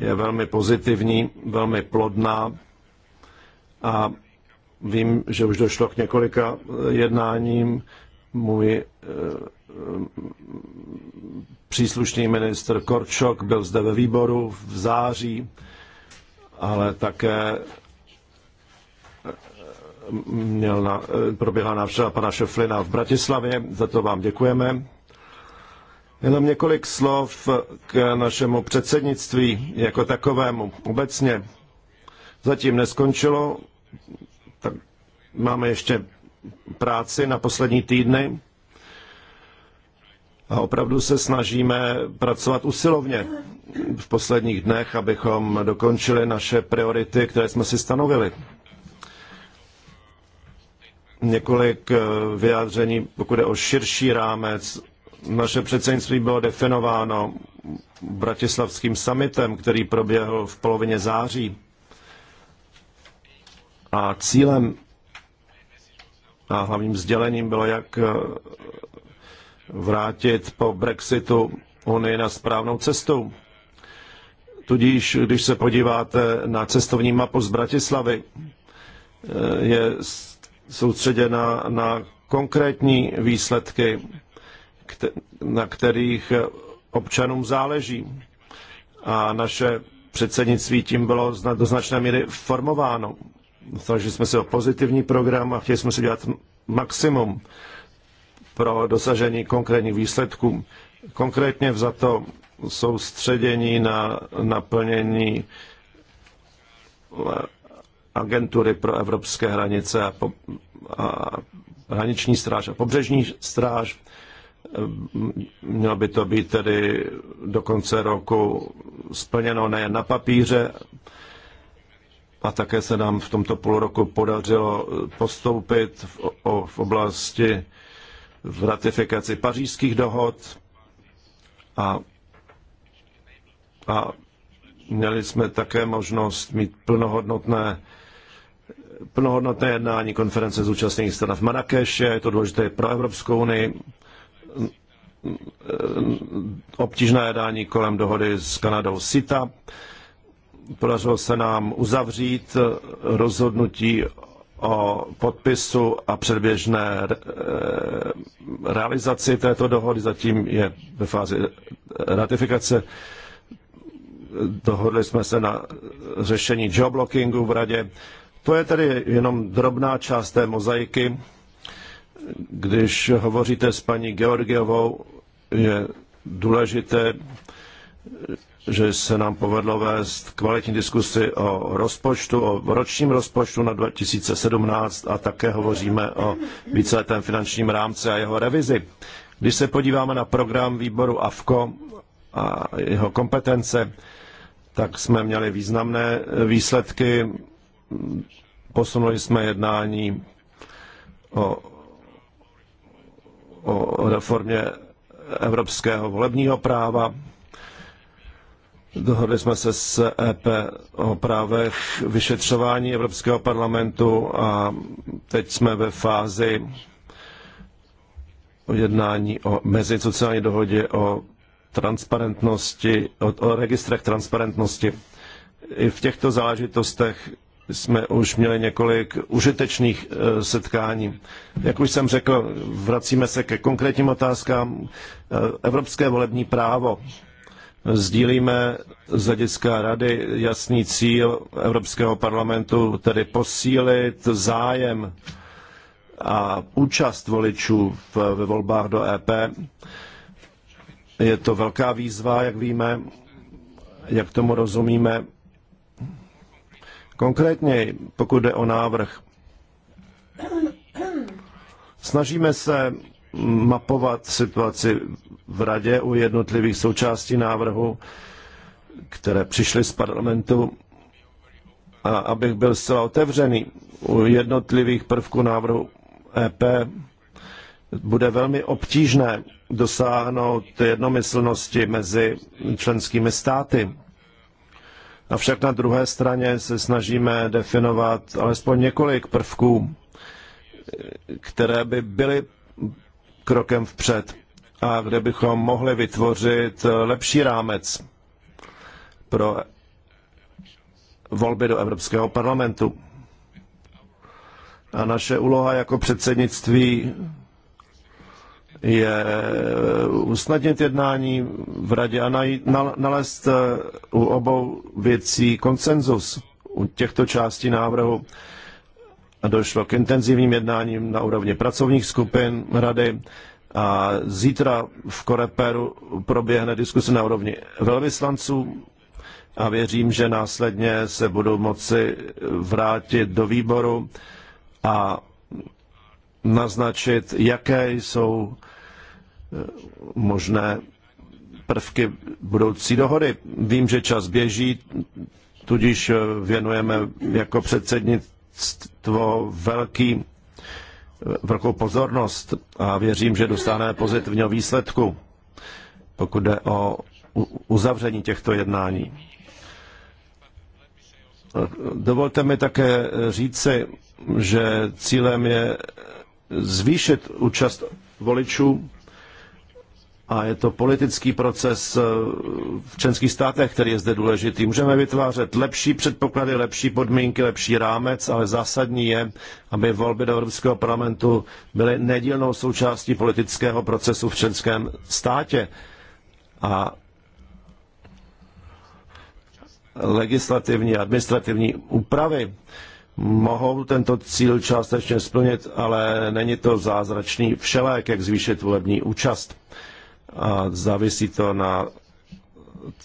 je velmi pozitivní, velmi plodná a Vím, že už došlo k několika eh, jednáním. Můj eh, eh, příslušný minister Korčok byl zde ve výboru v září, ale také měl na, proběhla návštěva pana Šeflina v Bratislavě, za to vám děkujeme. Jenom několik slov k našemu předsednictví jako takovému obecně. Zatím neskončilo, Máme ještě práci na poslední týdny a opravdu se snažíme pracovat usilovně v posledních dnech, abychom dokončili naše priority, které jsme si stanovili. Několik eh, vyjádření, pokud je o širší rámec. Naše předsednictví bylo definováno bratislavským summitem, který proběhl v polovině září. A cílem a hlavním sdělením bylo, jak eh, vrátit po Brexitu Unii na správnou cestu. Tudíž, když se podíváte na cestovní mapu z Bratislavy, eh, je soustředěna na konkrétní výsledky, na kterých eh, občanům záleží. A naše předsednictví tím bylo do značné míry formováno snažili jsme se o pozitivní program a chtěli jsme si dělat maximum pro dosažení konkrétních výsledků. Konkrétně za to soustředění na naplnění eh, agentury pro evropské hranice a, po, a hraniční stráž a pobřežní stráž. Eh, mělo by to být tedy do konce roku splněno nejen na papíře, a také se nám v tomto roku podařilo postoupit v, o, v oblasti v ratifikaci pařížských dohod a, a měli jsme také možnost mít plnohodnotné plnohodnotné jednání konference zúčastněných stran v Marrakeše, je to důležité pro Evropskou unii, obtížné jednání kolem dohody s Kanadou SITA, podařilo se nám uzavřít rozhodnutí o podpisu a předběžné eh, realizaci této dohody. Zatím je ve fázi eh, ratifikace. Dohodli jsme se na řešení geoblockingu v radě. To je tedy jenom drobná část té mozaiky. Když hovoříte s paní Georgiovou, je důležité, že se nám povedlo vést kvalitní diskusy o rozpočtu, o ročním rozpočtu na 2017 a také hovoříme o víceletém finančním rámci a jeho revizi. Když se podíváme na program výboru AFKO a jeho kompetence, tak jsme měli významné výsledky. Posunuli jsme jednání o, o reformě evropského volebního práva Dohodli jsme se s EP o právech vyšetřování Evropského parlamentu a teď jsme ve fázi jednání o mezinsociální dohodě o transparentnosti, o, o registrech transparentnosti. I v těchto záležitostech jsme už měli několik užitečných e, setkání. Jak už jsem řekl, vracíme se ke konkrétním otázkám. E, evropské volební právo Sdílíme z hlediska rady jasný cíl Evropského parlamentu, tedy posílit zájem a účast voličů ve volbách do EP. Je to velká výzva, jak víme, jak tomu rozumíme. Konkrétně, pokud jde o návrh, snažíme se mapovat situaci v radě u jednotlivých součástí návrhu, které přišly z parlamentu. A abych byl zcela otevřený, u jednotlivých prvků návrhu EP bude velmi obtížné dosáhnout jednomyslnosti mezi členskými státy. Avšak na druhé straně se snažíme definovat alespoň několik prvků, které by byly krokem vpřed a kde bychom mohli vytvořit lepší rámec pro volby do Evropského parlamentu. A naše úloha jako předsednictví je usnadnit jednání v radě a nalézt u obou věcí konsenzus u těchto částí návrhu došlo k intenzivním jednáním na úrovni pracovních skupin rady a zítra v Koreperu proběhne diskuse na úrovni velvyslanců a věřím, že následně se budou moci vrátit do výboru a naznačit, jaké jsou eh, možné prvky budoucí dohody. Vím, že čas běží, tudíž eh, věnujeme jako předsednictví lidstvo velký, velkou pozornost a věřím, že dostaneme pozitivního výsledku, pokud jde o uzavření těchto jednání. Dovolte mi také říci, že cílem je zvýšit účast voličů a je to politický proces eh, v členských státech, který je zde důležitý. Můžeme vytvářet lepší předpoklady, lepší podmínky, lepší rámec, ale zásadní je, aby volby do Evropského parlamentu byly nedílnou součástí politického procesu v členském státě. A legislativní a administrativní úpravy mohou tento cíl částečně splnit, ale není to zázračný všelék, jak zvýšit volební účast a závisí to na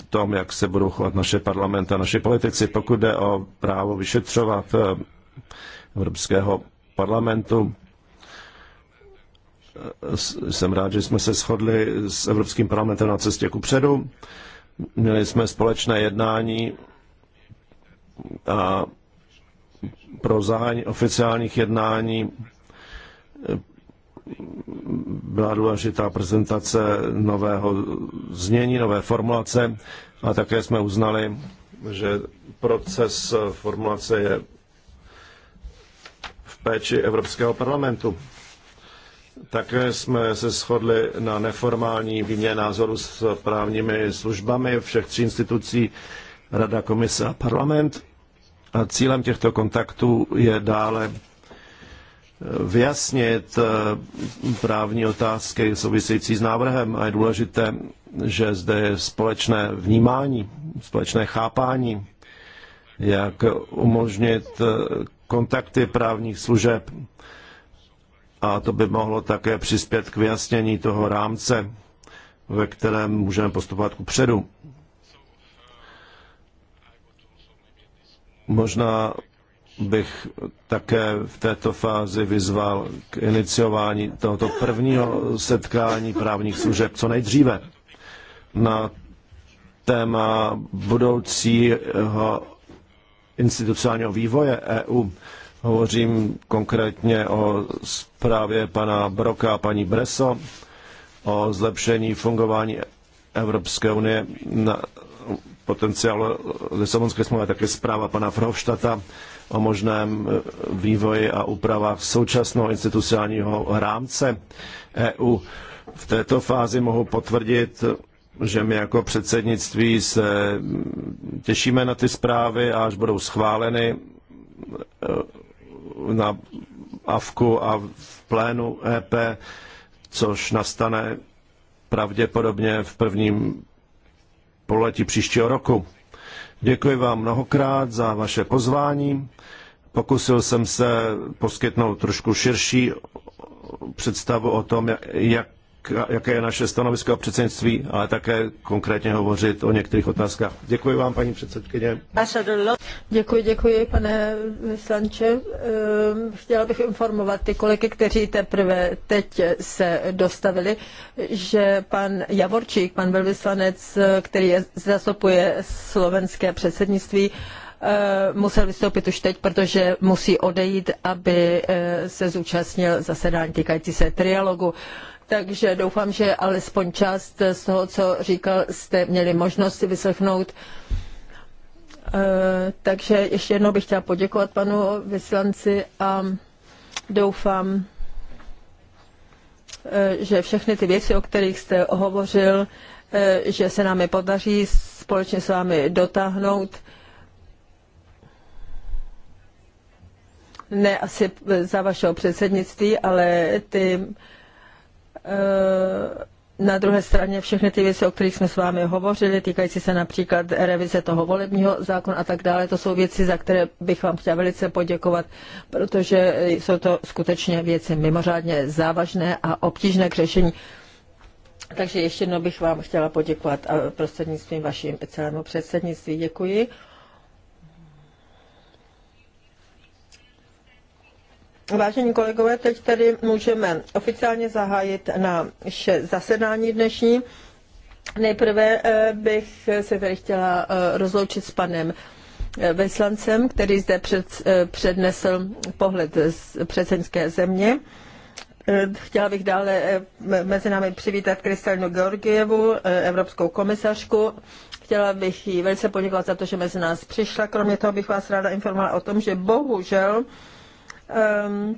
tom, jak se budou chovat naše parlamenty a naše politici. Pokud jde o právo vyšetřovat eh, Evropského parlamentu, eh, jsem rád, že jsme se shodli s Evropským parlamentem na cestě ku předu. Měli jsme společné jednání a pro zahájení oficiálních jednání byla důležitá prezentace nového znění, nové formulace a také jsme uznali, že proces formulace je v péči Evropského parlamentu. Také jsme se shodli na neformální výměně názoru s právními službami všech tří institucí, Rada, Komise a Parlament. A cílem těchto kontaktů je dále vyjasnit eh, právní otázky související s návrhem a je důležité, že zde je společné vnímání, společné chápání, jak umožnit eh, kontakty právních služeb a to by mohlo také přispět k vyjasnění toho rámce, ve kterém můžeme postupovat ku předu. Možná bych také v této fázi vyzval k iniciování tohoto prvního setkání právních služeb co nejdříve na téma budoucího institucionálního vývoje EU. Hovořím konkrétně o zprávě pana Broka a paní Breso o zlepšení fungování Evropské unie na potenciálu Lisabonské smlouvy, také zpráva pana Frohštata o možném eh, vývoji a úpravách současného institucionálního rámce EU. V této fázi mohu potvrdit, že my jako předsednictví se hm, těšíme na ty zprávy a až budou schváleny eh, na AVKu a v plénu EP, což nastane pravděpodobně v prvním pololetí příštího roku. Děkuji vám mnohokrát za vaše pozvání. Pokusil jsem se poskytnout trošku širší představu o tom, jak jaké je naše stanovisko a předsednictví, ale také konkrétně hovořit o některých otázkách. Děkuji vám, paní předsedkyně. Děkuji, děkuji, pane Vyslanče. Ehm, chtěla bych informovat ty kolegy, kteří teprve teď se dostavili, že pan Javorčík, pan velvyslanec, který je, zastupuje slovenské předsednictví, ehm, musel vystoupit už teď, protože musí odejít, aby eh, se zúčastnil zasedání týkající se trialogu takže doufám, že alespoň část z toho, co říkal, jste měli možnost si vyslechnout. Eh, takže ještě jednou bych chtěla poděkovat panu vyslanci a doufám, eh, že všechny ty věci, o kterých jste hovořil, eh, že se nám je podaří společně s vámi dotáhnout. Ne asi za vašeho předsednictví, ale ty Eh, na druhé straně všechny ty věci, o kterých jsme s vámi hovořili, týkající se například revize toho volebního zákona a tak dále, to jsou věci, za které bych vám chtěla velice poděkovat, protože jsou to skutečně věci mimořádně závažné a obtížné k řešení. Takže ještě jednou bych vám chtěla poděkovat a eh, prostřednictvím vaším celému předsednictví děkuji. Vážení kolegové, teď tedy můžeme oficiálně zahájit na zasedání dnešní. Nejprve eh, bych se tady chtěla eh, rozloučit s panem eh, Veslancem, který zde před, přednesl pohled z předsednické země. Chtěla bych dále mezi námi přivítat Kristalinu Georgievu, evropskou komisařku. Chtěla bych jí velice poděkovat za to, že mezi nás přišla. Kromě toho bych vás ráda informovala o tom, že bohužel Ehm,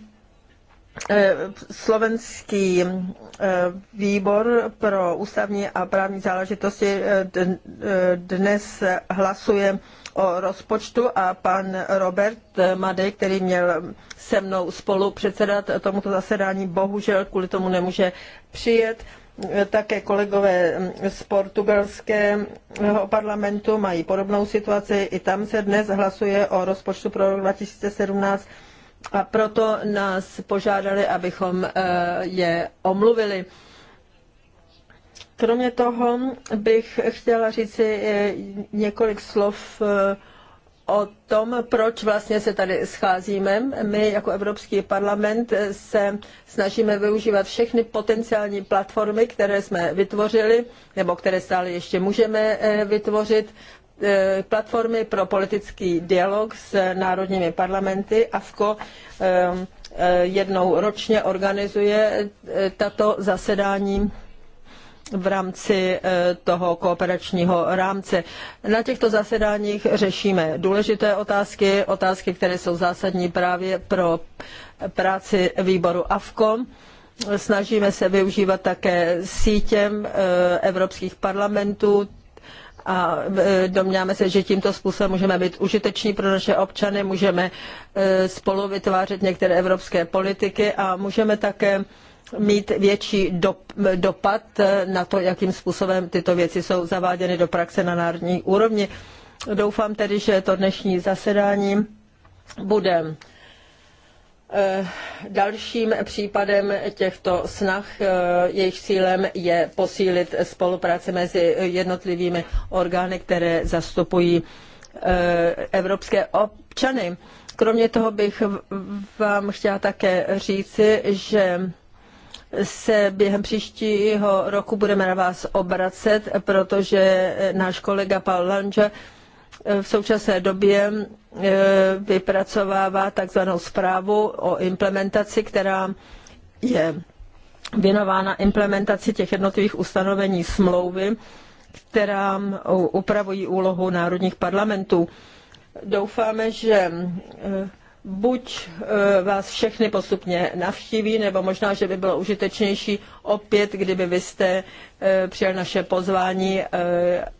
eh, slovenský eh, výbor pro ústavní a právní záležitosti eh, dnes hlasuje o rozpočtu a pan Robert Madej, který měl se mnou spolu předsedat tomuto zasedání, bohužel kvůli tomu nemůže přijet. Také kolegové hm, z portugalského parlamentu mají podobnou situaci. I tam se dnes hlasuje o rozpočtu pro rok 2017 a proto nás požádali, abychom eh, je omluvili. Kromě toho bych chtěla říci eh, několik slov eh, o tom, proč vlastně se tady scházíme. My jako Evropský parlament se snažíme využívat všechny potenciální platformy, které jsme vytvořili, nebo které stále ještě můžeme vytvořit E, platformy pro politický dialog s národními parlamenty. AFKO e, e, jednou ročně organizuje tato zasedání v rámci toho kooperačního rámce. Na těchto zasedáních řešíme důležité otázky, otázky, které jsou zásadní právě pro práci výboru AFKO. Snažíme se využívat také sítě evropských parlamentů, a e, domníváme se, že tímto způsobem můžeme být užiteční pro naše občany, můžeme e, spolu vytvářet některé evropské politiky a můžeme také mít větší dopad e, na to, jakým způsobem tyto věci jsou zaváděny do praxe na národní úrovni. Doufám tedy, že to dnešní zasedání bude Eh, dalším případem těchto snah, eh, jejich cílem je posílit spolupráci mezi jednotlivými orgány, které zastupují eh, evropské občany. Kromě toho bych vám chtěla také říci, že se během příštího roku budeme na vás obracet, protože náš kolega Paul Lange v současné době e, vypracovává takzvanou zprávu o implementaci, která je věnována implementaci těch jednotlivých ustanovení smlouvy, která e, upravují úlohu národních parlamentů. Doufáme, že e, buď vás všechny postupně navštíví, nebo možná, že by bylo užitečnější opět, kdyby vy jste přijel naše pozvání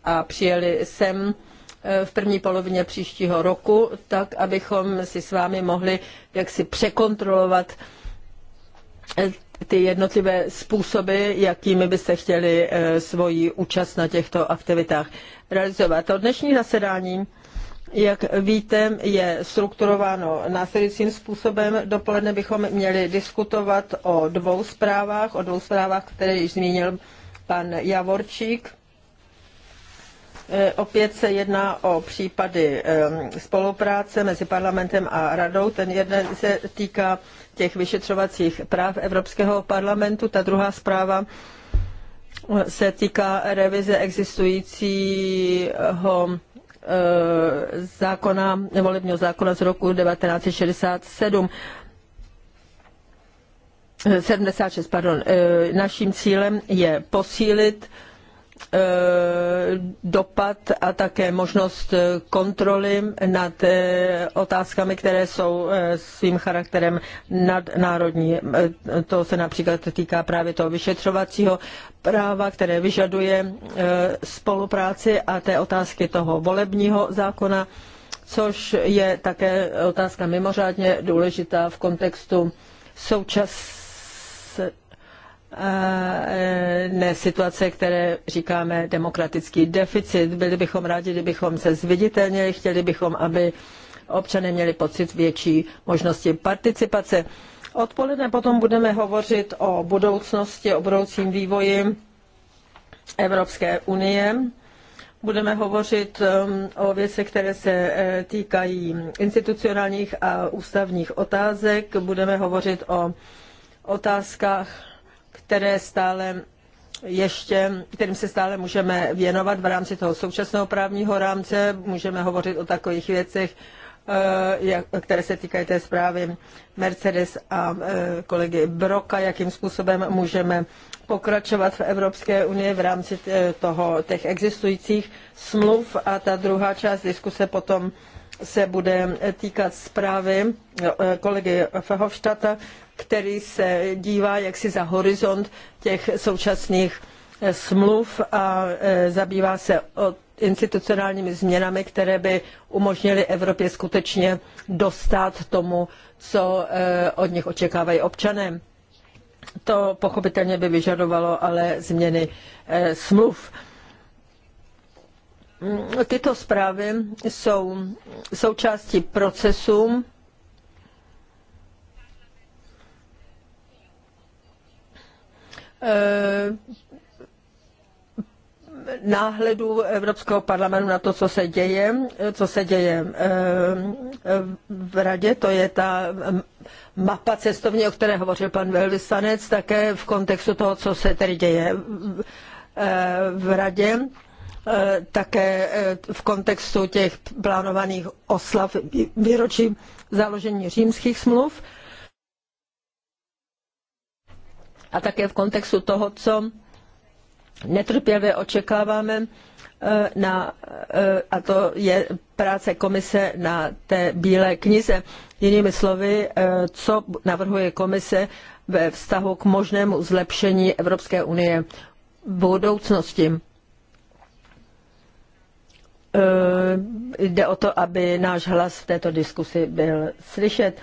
a přijeli sem Eh, v první polovině příštího roku, tak abychom si s vámi mohli jaksi překontrolovat eh, ty jednotlivé způsoby, jakými byste chtěli eh, svoji účast na těchto aktivitách realizovat. To dnešní zasedání jak víte, je strukturováno následujícím způsobem. Dopoledne bychom měli diskutovat o dvou zprávách, o dvou zprávách, které již zmínil pan Javorčík. Eh, opět se jedná o případy eh, spolupráce mezi parlamentem a radou. Ten jeden se týká těch vyšetřovacích práv Evropského parlamentu, ta druhá zpráva eh, se týká revize existujícího zákona, volebního zákona z roku 1967. 76, pardon. Naším cílem je posílit Eh, dopad a také možnost kontroly nad eh, otázkami, které jsou eh, svým charakterem nadnárodní. To se například týká právě toho vyšetřovacího práva, které vyžaduje spolupráci a té otázky toho volebního zákona, což je také otázka mimořádně důležitá v kontextu současného E, ne situace, které říkáme demokratický deficit. Byli bychom rádi, kdybychom se zviditelnili, chtěli bychom, aby občané měli pocit větší možnosti participace. Odpoledne potom budeme hovořit o budoucnosti, o budoucím vývoji Evropské unie. Budeme hovořit um, o věcech, které se e, týkají institucionálních a ústavních otázek. Budeme hovořit o otázkách které stále ještě, kterým se stále můžeme věnovat v rámci toho současného právního rámce. Můžeme hovořit o takových věcech, eh, které se týkají té zprávy Mercedes a eh, kolegy Broka, jakým způsobem můžeme pokračovat v Evropské unii v rámci eh, toho, těch existujících smluv. A ta druhá část diskuse potom se bude týkat zprávy eh, kolegy Fehovštata, který se dívá jaksi za horizont těch současných eh, smluv a eh, zabývá se institucionálními změnami, které by umožnily Evropě skutečně dostat tomu, co od nich očekávají občané. To pochopitelně by vyžadovalo ale změny smluv tyto zprávy jsou součástí procesu, eh, náhledu Evropského parlamentu na to, co se děje, co se děje eh, v radě, to je ta mapa cestovní, o které hovořil pan velvyslanec, také v kontextu toho, co se tedy děje v eh, radě. Eh, také eh, v kontextu těch plánovaných oslav výročí založení římských smluv a také v kontextu toho, co netrpělivě očekáváme, eh, na, a to je práce komise na té bílé knize. Jinými slovy, co navrhuje komise ve vztahu k možnému zlepšení Evropské unie v budoucnosti. Eh, jde o to, aby náš hlas v této diskusi byl slyšet.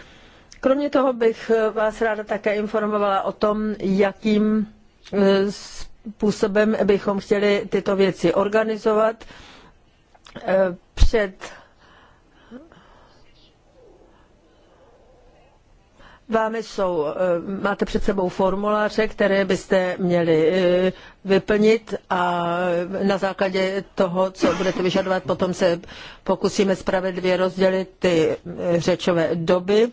Kromě toho bych eh, vás ráda také informovala o tom, jakým eh, způsobem bychom chtěli tyto věci organizovat. Před Vámi jsou, eh, máte před sebou formuláře, které byste měli eh, vyplnit a na základě toho, co budete vyžadovat, potom se pokusíme spravedlivě rozdělit ty eh, řečové doby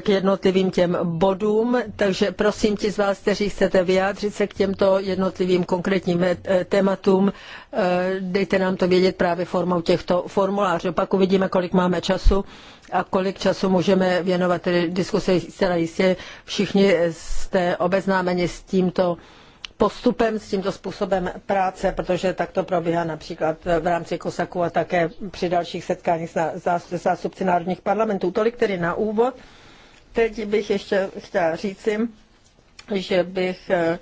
k jednotlivým těm bodům, takže prosím ti z vás, kteří chcete vyjádřit se k těmto jednotlivým konkrétním tématům, dejte nám to vědět právě formou těchto formulářů. Pak uvidíme, kolik máme času a kolik času můžeme věnovat tedy diskuse. Zcela jistě všichni jste obeznámeni s tímto postupem, s tímto způsobem práce, protože tak to probíhá například v rámci Kosaku a také při dalších setkáních s zástupci národních parlamentů. Tolik tedy na úvod. Teď bych ještě chtěla říci, že bych eh,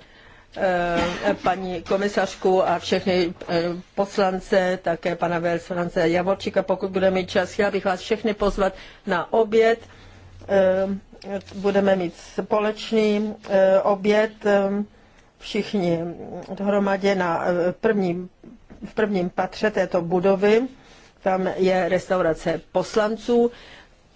Eh, paní komisařku a všechny eh, poslance, také pana Velsonance Javorčíka, pokud budeme mít čas. Chtěla bych vás všechny pozvat na oběd. Eh, budeme mít společný oběd všichni dohromadě na prvním, v prvním patře této budovy. Tam je restaurace poslanců.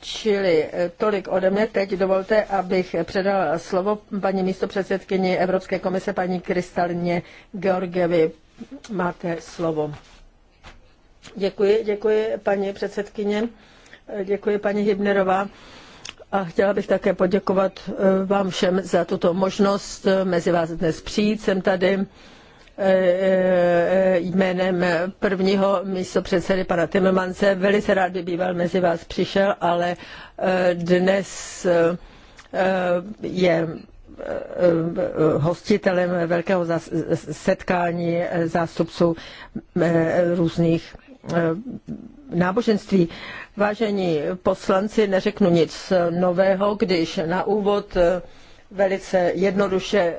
Čili eh, tolik ode mě. Teď dovolte, abych předal slovo paní místopředsedkyni Evropské komise, paní Kristalně Georgievi. Máte slovo. Děkuji, děkuji paní předsedkyně, eh, děkuji paní Hybnerová. A chtěla bych také poděkovat eh, vám všem za tuto možnost mezi vás dnes přijít. Jsem tady E, e, jménem prvního místo předsedy pana Timmermanse. Velice rád by býval mezi vás přišel, ale e, dnes je hostitelem velkého setkání zástupců různých náboženství. Vážení poslanci, neřeknu nic nového, když na úvod velice jednoduše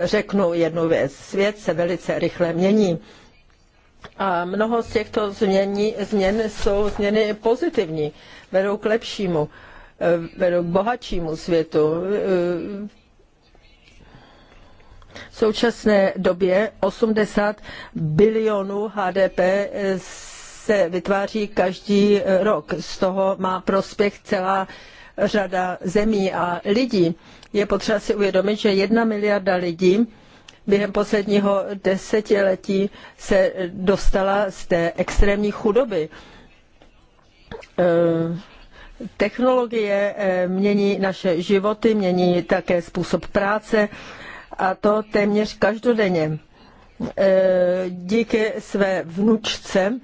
řeknu jednu věc. Svět se velice rychle mění. A mnoho z těchto změní, změn jsou změny pozitivní, vedou k lepšímu, eh, vedou k bohatšímu světu. V současné době 80 bilionů HDP se vytváří každý rok. Z toho má prospěch celá řada zemí a lidí je potřeba si uvědomit, že jedna miliarda lidí během posledního desetiletí se dostala z té extrémní chudoby. Eh, technologie eh, mění naše životy, mění také způsob práce a to téměř každodenně. Eh, díky své vnučce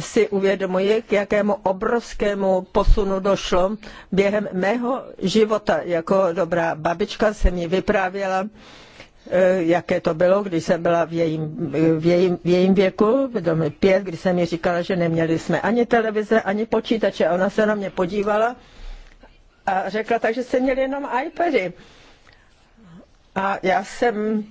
si uvědomuji, k jakému obrovskému posunu došlo. Během mého života jako dobrá babička se mi vyprávěla, eh, jaké to bylo, když jsem byla v jejím, v jejím, v jejím věku, v domě pět, když jsem mi říkala, že neměli jsme ani televize, ani počítače. Ona se na mě podívala a řekla, takže se měli jenom iPady. A já jsem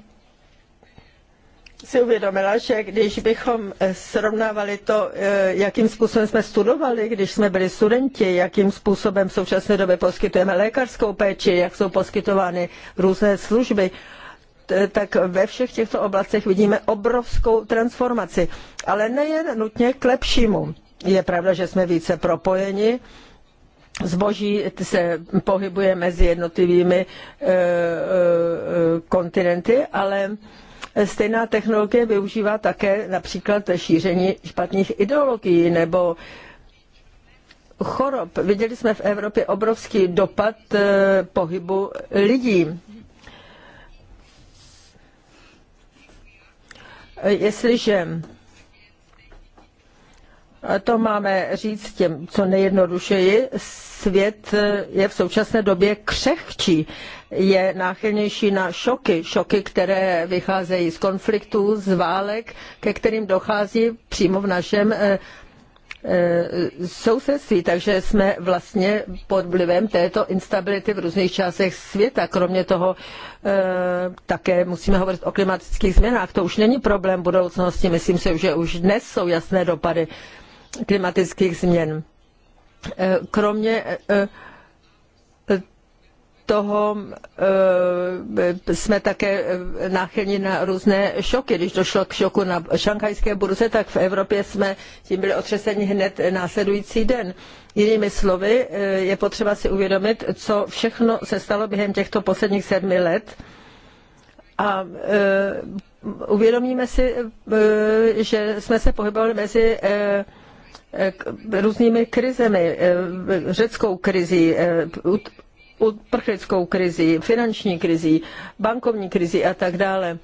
si uvědomila, že když bychom eh, srovnávali to, eh, jakým způsobem jsme studovali, když jsme byli studenti, jakým způsobem v současné době poskytujeme lékařskou péči, jak jsou poskytovány různé služby, tak ve všech těchto oblastech vidíme obrovskou transformaci. Ale nejen nutně k lepšímu. Je pravda, že jsme více propojeni, zboží se pohybuje mezi jednotlivými eh, kontinenty, ale Stejná technologie využívá také například šíření špatných ideologií nebo chorob. Viděli jsme v Evropě obrovský dopad eh, pohybu lidí. Jestliže to máme říct těm, co nejjednodušeji, svět je v současné době křehčí, je náchylnější na šoky, šoky, které vycházejí z konfliktů, z válek, ke kterým dochází přímo v našem eh, eh, sousedství, takže jsme vlastně pod vlivem této instability v různých částech světa. Kromě toho eh, také musíme hovořit o klimatických změnách. To už není problém budoucnosti, myslím si, že už dnes jsou jasné dopady klimatických změn. E, kromě e, e, toho jsme také náchylní na různé šoky. Když došlo k šoku na šanghajské burze, tak v Evropě jsme tím byli otřeseni hned následující den. Jinými slovy, je potřeba si uvědomit, co všechno se stalo během těchto posledních sedmi let. A uvědomíme si, že jsme se pohybovali mezi různými krizemi, eh, řeckou krizí, eh, uprchlickou krizi, finanční krizi, bankovní krizi a tak dále.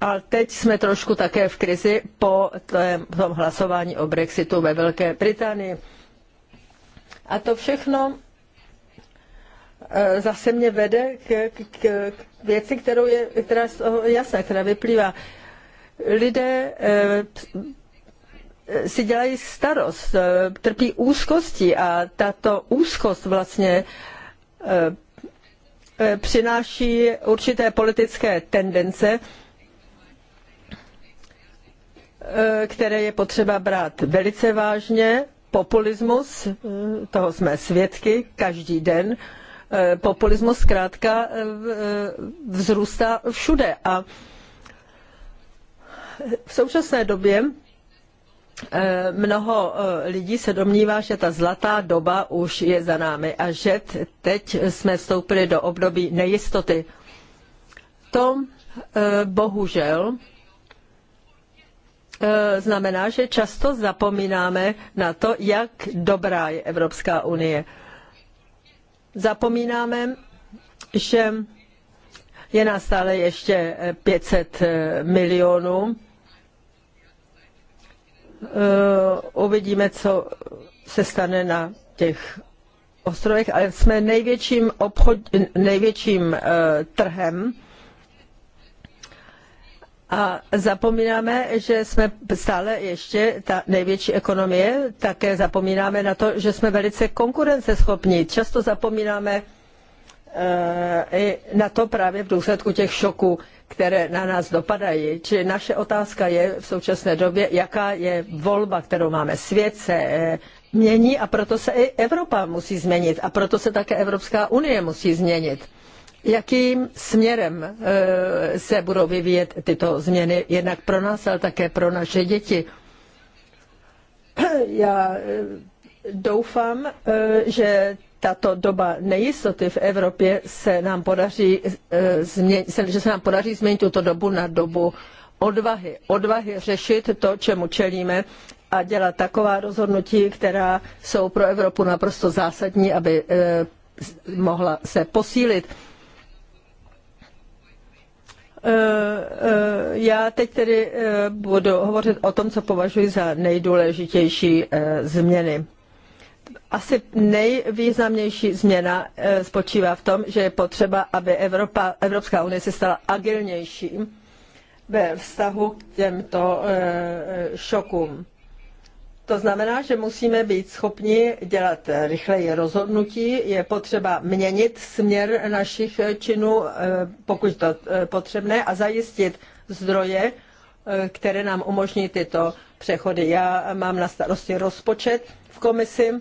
A teď jsme trošku také v krizi po tom hlasování o Brexitu ve Velké Británii. A to všechno eh, zase mě vede k, k, k věci, kterou je, která je z toho jasná, která vyplývá. Lidé si dělají starost, eh, trpí úzkostí a tato úzkost vlastně eh, eh, přináší určité politické tendence, které je potřeba brát velice vážně. Populismus, toho jsme svědky každý den. Populismus zkrátka vzrůstá všude a v současné době Eh, mnoho eh, lidí se domnívá, že ta zlatá doba už je za námi a že teď jsme vstoupili do období nejistoty. To eh, bohužel znamená, že často zapomínáme na to, jak dobrá je Evropská unie. Zapomínáme, že je nás stále ještě 500 milionů Eh, uvidíme, co se stane na těch ostrovech, ale jsme největším, obchod, největším eh, trhem a zapomínáme, že jsme stále ještě ta největší ekonomie, také zapomínáme na to, že jsme velice konkurenceschopní. Často zapomínáme eh, na to právě v důsledku těch šoků, které na nás dopadají. Či naše otázka je v současné době, jaká je volba, kterou máme. Svět se eh, mění a proto se i Evropa musí změnit a proto se také Evropská unie musí změnit. Jakým směrem eh, se budou vyvíjet tyto změny, jednak pro nás, ale také pro naše děti? *clears throat* Já eh, doufám, že tato doba nejistoty v Evropě se nám podaří, eh, že se nám podaří změnit tuto dobu na dobu odvahy. Odvahy řešit to, čemu čelíme a dělat taková rozhodnutí, která jsou pro Evropu naprosto zásadní, aby eh, mohla se posílit. Eh, já teď tedy budu hovořit o tom, co považuji za nejdůležitější změny asi nejvýznamnější změna eh, spočívá v tom, že je potřeba, aby Evropa, Evropská unie se stala agilnější ve vztahu k těmto eh, šokům. To znamená, že musíme být schopni dělat rychleji rozhodnutí, je potřeba měnit směr našich činů, eh, pokud to potřebné, a zajistit zdroje, které nám umožní tyto přechody. Já mám na starosti rozpočet v komisi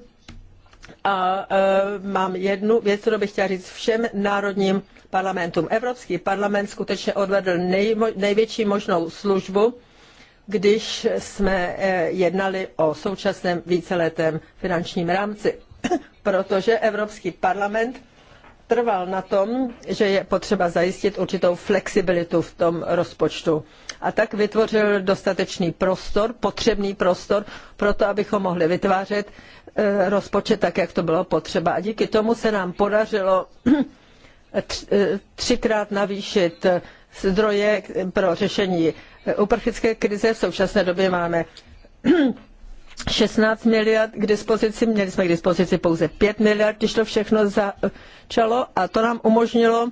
a e, mám jednu věc, kterou bych chtěla říct všem národním parlamentům. Evropský parlament skutečně odvedl nejmo, největší možnou službu, když jsme e, jednali o současném víceletém finančním rámci. *coughs* Protože Evropský parlament trval na tom, že je potřeba zajistit určitou flexibilitu v tom rozpočtu. A tak vytvořil dostatečný prostor, potřebný prostor, pro to, abychom mohli vytvářet Eh, rozpočet tak, jak to bylo potřeba. A díky tomu se nám podařilo *clears throat* eh, třikrát navýšit zdroje pro řešení uprchlické krize. V současné době máme 16 *clears throat* miliard k dispozici, měli jsme k dispozici pouze 5 miliard, když to všechno začalo a to nám umožnilo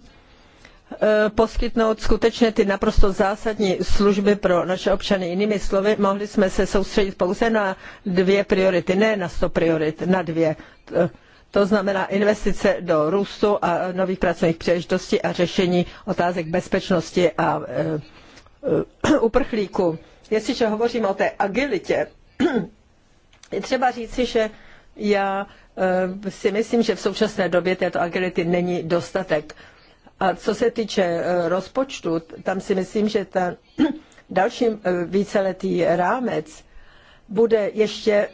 Eh, poskytnout skutečně ty naprosto zásadní služby pro naše občany. Jinými slovy, mohli jsme se soustředit pouze na dvě priority, ne na sto priorit, na dvě. Eh, to znamená investice do růstu a nových pracovních příležitostí a řešení otázek bezpečnosti a eh, *clears throat* uprchlíků. Jestliže hovořím o té agilitě, *clears throat* je třeba říci, že já si myslím, že v současné době této agility není dostatek. A co se týče e, rozpočtu, tam si myslím, že ten *clears throat* další e, víceletý rámec bude ještě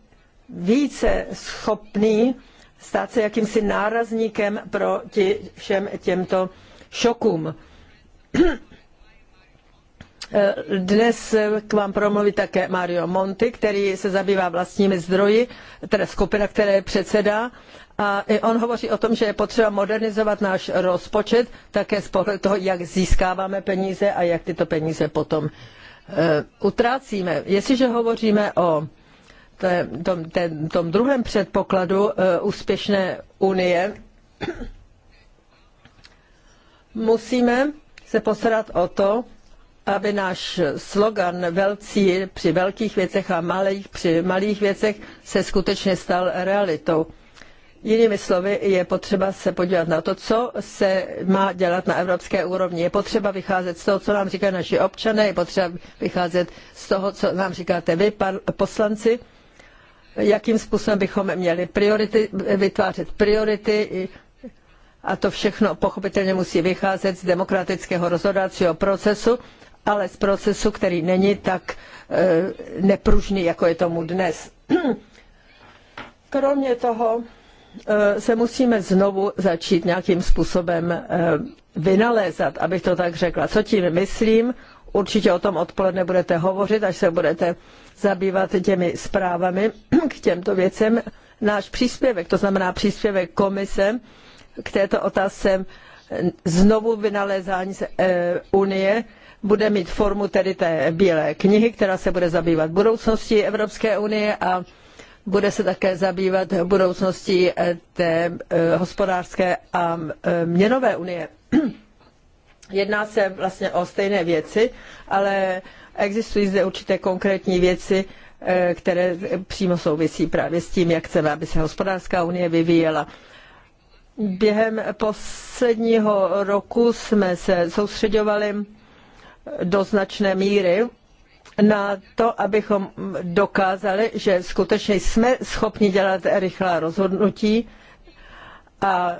*clears throat* více schopný stát se jakýmsi nárazníkem ti všem těmto šokům. *clears throat* E, dnes k vám promluví také Mario Monti, který se zabývá vlastními zdroji, teda skupina, které předsedá a on hovoří o tom, že je potřeba modernizovat náš rozpočet také z pohledu toho, jak získáváme peníze a jak tyto peníze potom eh, utrácíme. Jestliže hovoříme o tom, tom druhém předpokladu eh, úspěšné unie, *clears throat* musíme se postarat o to, aby náš slogan velcí při velkých věcech a malých při malých věcech se skutečně stal realitou. Jinými slovy, je potřeba se podívat na to, co se má dělat na evropské úrovni. Je potřeba vycházet z toho, co nám říkají naši občané, je potřeba vycházet z toho, co nám říkáte vy, poslanci, jakým způsobem bychom měli priority, vytvářet priority, a to všechno pochopitelně musí vycházet z demokratického rozhodovacího procesu, ale z procesu, který není tak e, nepružný, jako je tomu dnes. *clears throat* Kromě toho, Eh, se musíme znovu začít nějakým způsobem eh, vynalézat, abych to tak řekla. Co tím myslím? Určitě o tom odpoledne budete hovořit, až se budete zabývat těmi zprávami k těmto věcem. Náš příspěvek, to znamená příspěvek komise k této otázce znovu vynalézání eh, Unie, bude mít formu tedy té bílé knihy, která se bude zabývat budoucností Evropské unie a bude se také zabývat budoucností eh, té eh, hospodářské a eh, měnové unie. *clears throat* Jedná se vlastně o stejné věci, ale existují zde určité konkrétní věci, které přímo souvisí právě s tím, jak chceme, aby se hospodářská unie vyvíjela. Během posledního roku jsme se soustředovali do značné míry na to, abychom dokázali, že skutečně jsme schopni dělat rychlá rozhodnutí a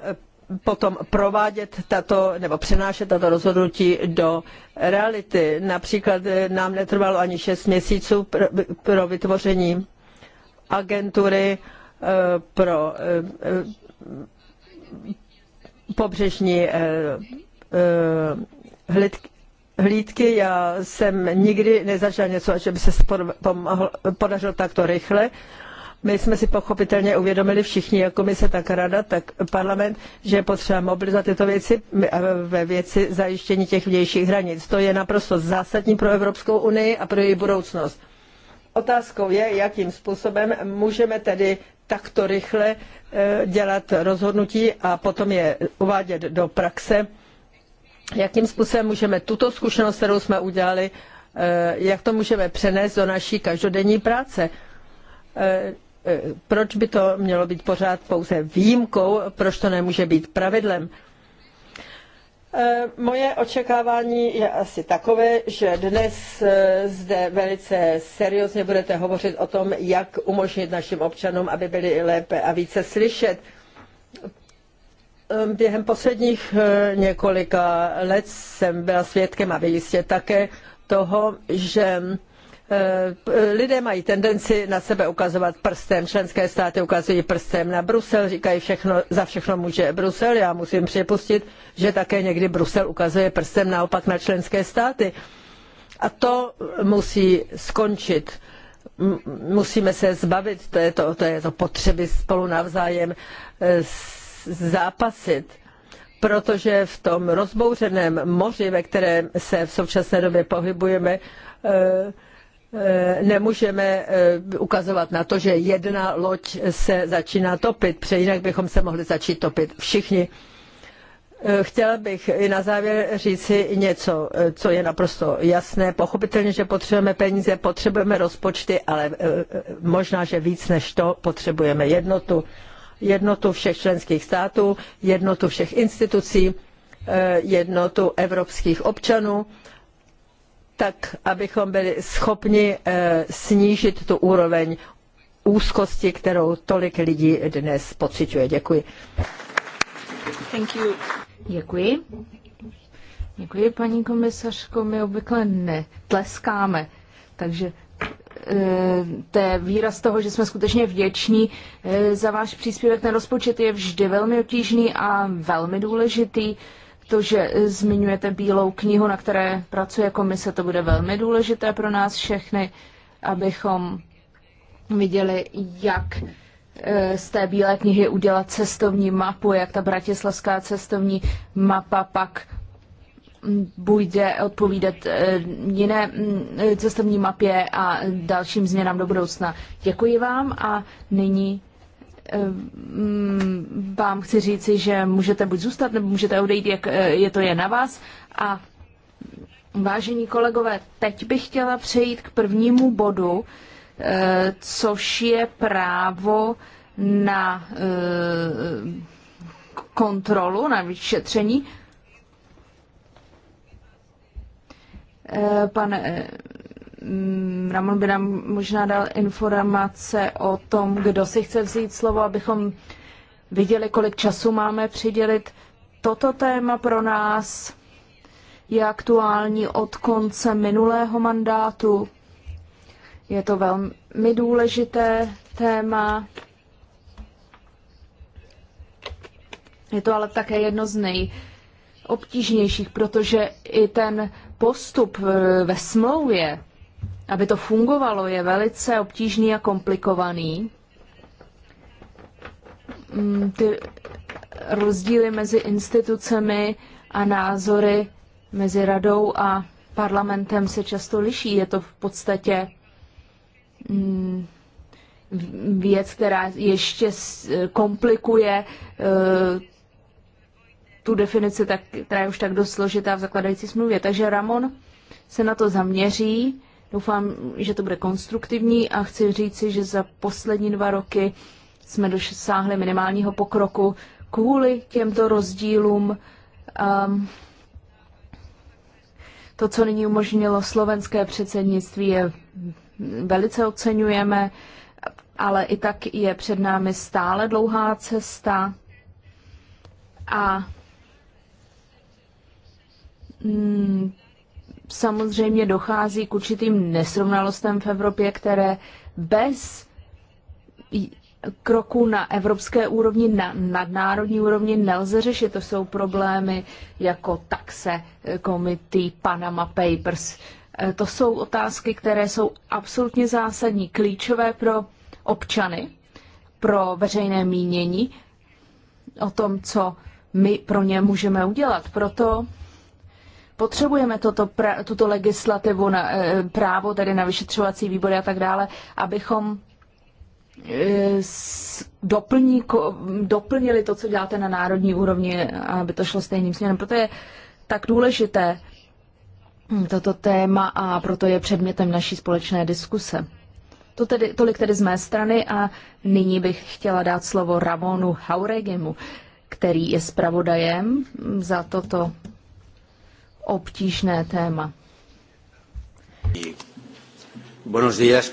potom provádět tato, nebo přenášet tato rozhodnutí do reality. Například eh, nám netrvalo ani šest měsíců pro vytvoření agentury eh, pro eh, pobřežní hlídky hlídky. Já jsem nikdy nezažil něco, že by se podařilo takto rychle. My jsme si pochopitelně uvědomili všichni, my se tak rada, tak parlament, že je potřeba mobilizovat tyto věci ve věci zajištění těch vnějších hranic. To je naprosto zásadní pro Evropskou unii a pro její budoucnost. Otázkou je, jakým způsobem můžeme tedy takto rychle eh, dělat rozhodnutí a potom je uvádět do praxe jakým způsobem můžeme tuto zkušenost, kterou jsme udělali, eh, jak to můžeme přenést do naší každodenní práce. Eh, eh, proč by to mělo být pořád pouze výjimkou, proč to nemůže být pravidlem? Moje očekávání je asi takové, že dnes zde velice seriózně budete hovořit o tom, jak umožnit našim občanům, aby byli lépe a více slyšet. Ehm, během posledních eh, několika let jsem byla svědkem a vy jistě také toho, že eh, lidé mají tendenci na sebe ukazovat prstem. Členské státy ukazují prstem na Brusel, říkají všechno, za všechno může Brusel. Já musím připustit, že také někdy Brusel ukazuje prstem naopak na členské státy. A to musí skončit. Musíme se zbavit této, této potřeby spolu navzájem eh, s zápasit protože v tom rozbouřeném moři, ve kterém se v současné době pohybujeme, eh, eh, nemůžeme eh, ukazovat na to, že jedna loď se začíná topit, protože jinak bychom se mohli začít topit všichni. Chtěla bych i na závěr říci něco, co je naprosto jasné. Pochopitelně, že potřebujeme peníze, potřebujeme rozpočty, ale možná, že víc než to potřebujeme jednotu jednotu všech členských států, jednotu všech institucí, eh, jednotu evropských občanů, tak abychom byli schopni eh, snížit tu úroveň úzkosti, kterou tolik lidí dnes pociťuje. Děkuji. Thank you. Děkuji. Děkuji, paní komisařko. My obvykle netleskáme, takže to výraz toho, že jsme skutečně vděční eh, za váš příspěvek. na rozpočet je vždy velmi obtížný a velmi důležitý. To, že zmiňujete bílou knihu, na které pracuje komise, to bude velmi důležité pro nás všechny, abychom viděli, jak eh, z té bílé knihy udělat cestovní mapu, jak ta bratislavská cestovní mapa pak bude odpovídat eh, jiné mm, cestovní mapě a dalším změnám do budoucna. Děkuji vám a nyní eh, mm, vám chci říci, že můžete buď zůstat, nebo můžete odejít, jak eh, je to je na vás. A vážení kolegové, teď bych chtěla přejít k prvnímu bodu, což je právo na kontrolu, na vyšetření Eh, pan eh, mm, Ramon by nám možná dal informace o tom, kdo si chce vzít slovo, abychom viděli, kolik času máme přidělit. Toto téma pro nás je aktuální od konce minulého mandátu. Je to velmi důležité téma. Je to ale také jedno z nejobtížnějších, protože i ten postup eh, ve smlouvě, aby to fungovalo, je velice obtížný a komplikovaný. Mm, ty rozdíly mezi institucemi a názory mezi radou a parlamentem se často liší. Je to v podstatě mm, věc, která ještě komplikuje eh, tu definici, tak, která je už tak dost složitá v zakladající smluvě. Takže Ramon se na to zaměří. Doufám, že to bude konstruktivní a chci říci, že za poslední dva roky jsme dosáhli minimálního pokroku kvůli těmto rozdílům. Um, to, co nyní umožnilo slovenské předsednictví, je velice oceňujeme, ale i tak je před námi stále dlouhá cesta a Hmm, samozřejmě dochází k určitým nesrovnalostem v Evropě, které bez kroku na evropské úrovni, na nadnárodní úrovni nelze řešit. To jsou problémy jako taxe, eh, komity, Panama Papers. Eh, to jsou otázky, které jsou absolutně zásadní, klíčové pro občany, pro veřejné mínění, o tom, co my pro ně můžeme udělat. Proto Potřebujeme toto, pra, tuto legislativu, na, eh, právo tedy na vyšetřovací výbory a tak dále, abychom eh, doplní, doplnili to, co děláte na národní úrovni, aby to šlo stejným směrem. Proto je tak důležité hm, toto téma a proto je předmětem naší společné diskuse. To tedy, tolik tedy z mé strany a nyní bych chtěla dát slovo Ramonu Hauregimu, který je zpravodajem za toto obtížné téma. Buenos días,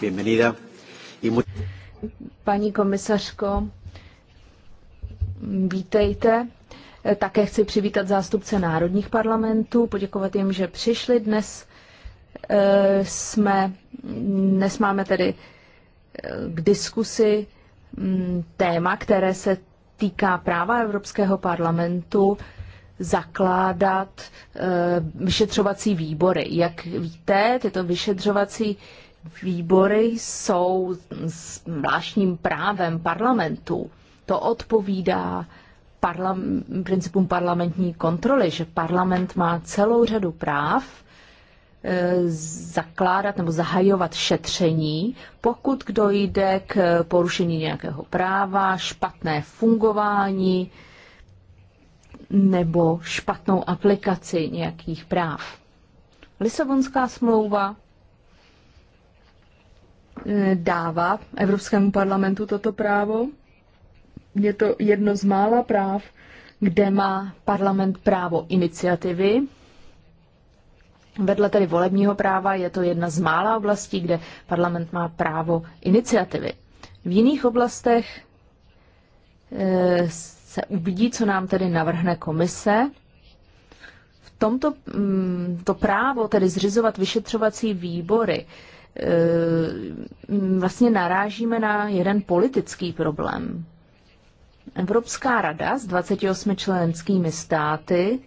Bienvenida. Paní komisařko, vítejte. Také chci přivítat zástupce národních parlamentů, poděkovat jim, že přišli dnes. Eh, jsme, dnes máme tedy eh, k diskusi mm, téma, které se týká práva Evropského parlamentu zakládat eh, vyšetřovací výbory. Jak víte, tyto vyšetřovací výbory jsou s zvláštním právem parlamentu. To odpovídá parlam, principům parlamentní kontroly, že parlament má celou řadu práv eh, zakládat nebo zahajovat šetření, pokud kdo jde k porušení nějakého práva, špatné fungování, nebo špatnou aplikaci nějakých práv. Lisabonská smlouva eh, dává Evropskému parlamentu toto právo. Je to jedno z mála práv, kde má parlament právo iniciativy. Vedle tedy volebního práva je to jedna z mála oblastí, kde parlament má právo iniciativy. V jiných oblastech eh, se uvidí, co nám tedy navrhne komise. V tomto mm, to právo tedy zřizovat vyšetřovací výbory eh, vlastně narážíme na jeden politický problém. Evropská rada s 28 členskými státy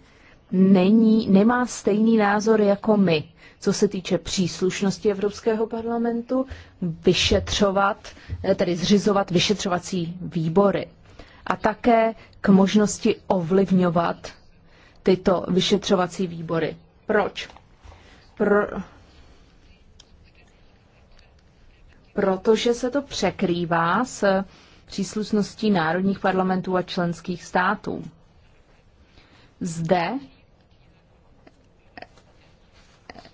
není, nemá stejný názor jako my, co se týče příslušnosti Evropského parlamentu vyšetřovat, eh, tedy zřizovat vyšetřovací výbory a také k možnosti ovlivňovat tyto vyšetřovací výbory. Proč? Pro... Protože se to překrývá s příslušností národních parlamentů a členských států. Zde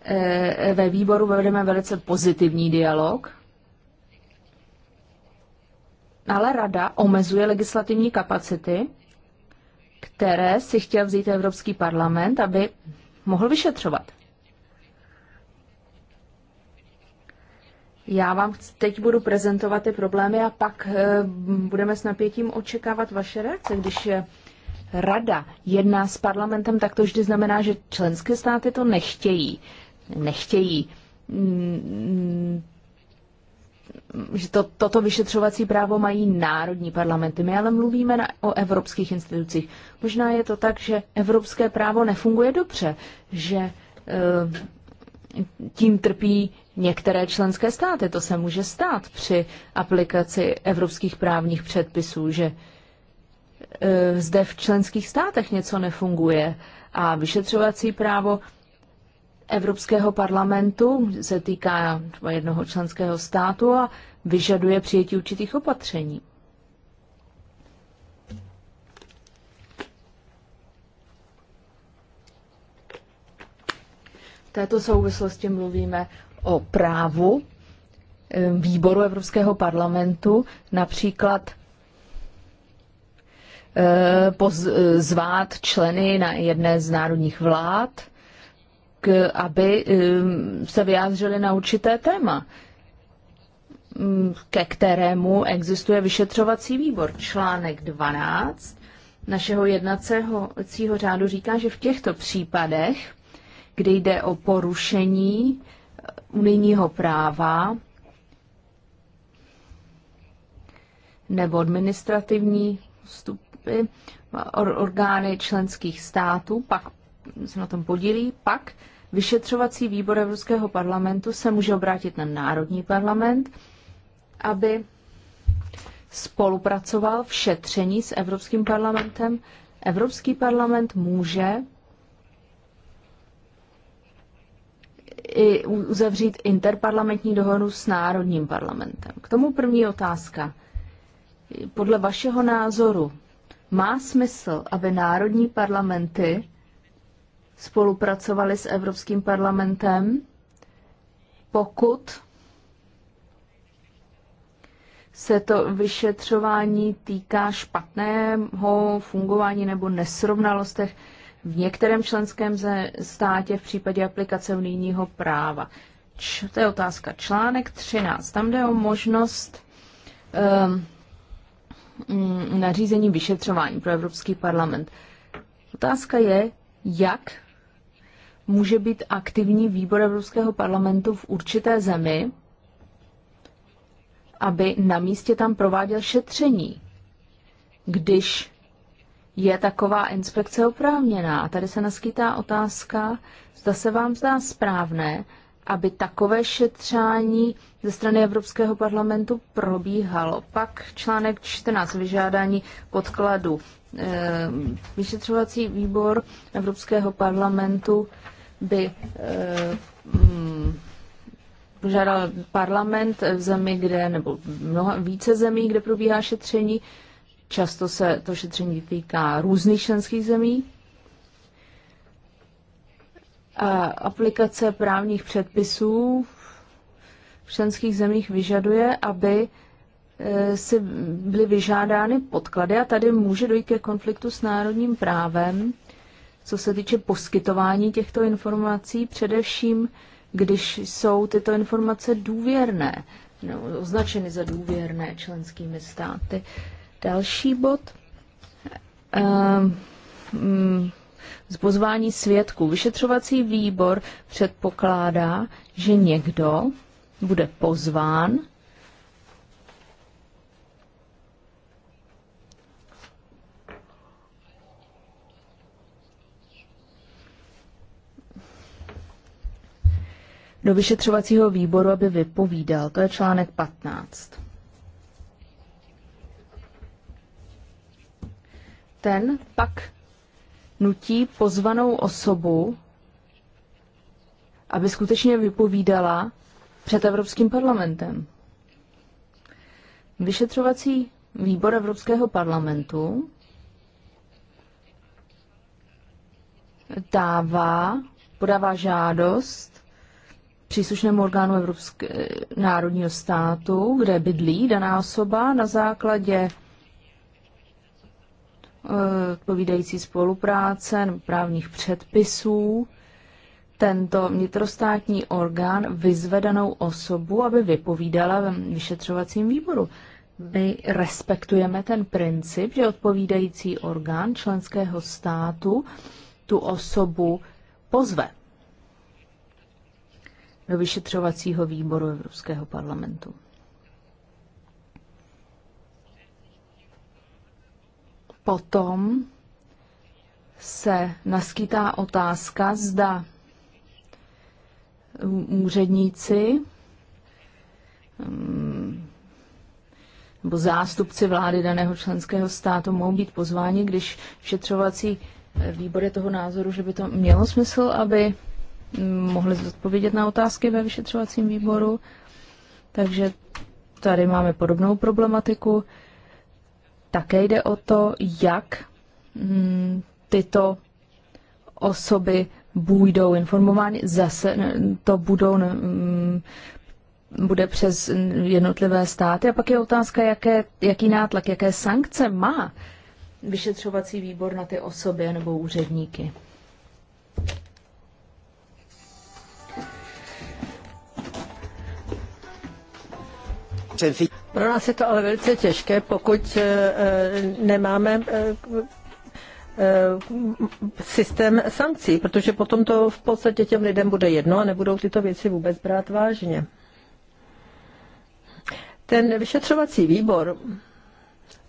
eh, ve výboru vedeme velice pozitivní dialog ale rada omezuje legislativní kapacity, které si chtěl vzít Evropský parlament, aby mohl vyšetřovat. Já vám teď budu prezentovat ty problémy a pak eh, budeme s napětím očekávat vaše reakce. Když eh, rada jedná s parlamentem, tak to vždy znamená, že členské státy to nechtějí. Nechtějí mm, že to, toto vyšetřovací právo mají národní parlamenty. My ale mluvíme na, o evropských institucích. Možná je to tak, že evropské právo nefunguje dobře, že e, tím trpí některé členské státy. To se může stát při aplikaci evropských právních předpisů, že e, zde v členských státech něco nefunguje a vyšetřovací právo Evropského parlamentu, se týká jednoho členského státu a vyžaduje přijetí určitých opatření. V této souvislosti mluvíme o právu eh, výboru Evropského parlamentu, například eh, eh, zvát členy na jedné z národních vlád, k, eh, aby eh, se vyjádřili na určité téma, mm, ke kterému existuje vyšetřovací výbor. Článek 12 našeho jednacího řádu říká, že v těchto případech, kdy jde o porušení eh, unijního práva nebo administrativní vstupy orgány členských států, pak se na tom podílí, pak Vyšetřovací výbor Evropského parlamentu se může obrátit na Národní parlament, aby spolupracoval v šetření s Evropským parlamentem. Evropský parlament může i uzavřít interparlamentní dohodu s Národním parlamentem. K tomu první otázka. Podle vašeho názoru má smysl, aby národní parlamenty spolupracovali s Evropským parlamentem, pokud se to vyšetřování týká špatného fungování nebo nesrovnalostech v některém členském státě v případě aplikace unijního práva. Č, to je otázka článek 13. Tam jde o možnost um, nařízení vyšetřování pro Evropský parlament. Otázka je, jak může být aktivní výbor Evropského parlamentu v určité zemi, aby na místě tam prováděl šetření, když je taková inspekce oprávněná. A tady se naskýtá otázka, zda se vám zdá správné, aby takové šetřání ze strany Evropského parlamentu probíhalo. Pak článek 14 vyžádání podkladu. Ehm, vyšetřovací výbor Evropského parlamentu by eh, mm, požádal parlament v zemi, kde, nebo mnoha, více zemí, kde probíhá šetření. Často se to šetření týká různých členských zemí. A aplikace právních předpisů v členských zemích vyžaduje, aby eh, si byly vyžádány podklady a tady může dojít ke konfliktu s národním právem co se týče poskytování těchto informací, především když jsou tyto informace důvěrné, no, označeny za důvěrné členskými státy. Další bod. Um, pozvání svědků. Vyšetřovací výbor předpokládá, že někdo bude pozván do vyšetřovacího výboru, aby vypovídal. To je článek 15. Ten pak nutí pozvanou osobu, aby skutečně vypovídala před Evropským parlamentem. Vyšetřovací výbor Evropského parlamentu dává, podává žádost příslušnému orgánu Evropské národního státu, kde bydlí daná osoba na základě e, odpovídající spolupráce právních předpisů. Tento vnitrostátní orgán vyzve danou osobu, aby vypovídala ve vyšetřovacím výboru. My respektujeme ten princip, že odpovídající orgán členského státu tu osobu pozve do vyšetřovacího výboru Evropského parlamentu. Potom se naskytá otázka, zda úředníci nebo zástupci vlády daného členského státu mohou být pozváni, když šetřovací výbor je toho názoru, že by to mělo smysl, aby mohli zodpovědět na otázky ve vyšetřovacím výboru. Takže tady máme podobnou problematiku. Také jde o to, jak mm, tyto osoby budou informovány. Zase to budou, mm, bude přes jednotlivé státy. A pak je otázka, jaké, jaký nátlak, jaké sankce má vyšetřovací výbor na ty osoby nebo úředníky. Pro nás je to ale velice těžké, pokud eh, eh, nemáme eh, systém sankcí, protože potom to v podstatě těm lidem bude jedno a nebudou tyto věci vůbec brát vážně. Ten vyšetřovací výbor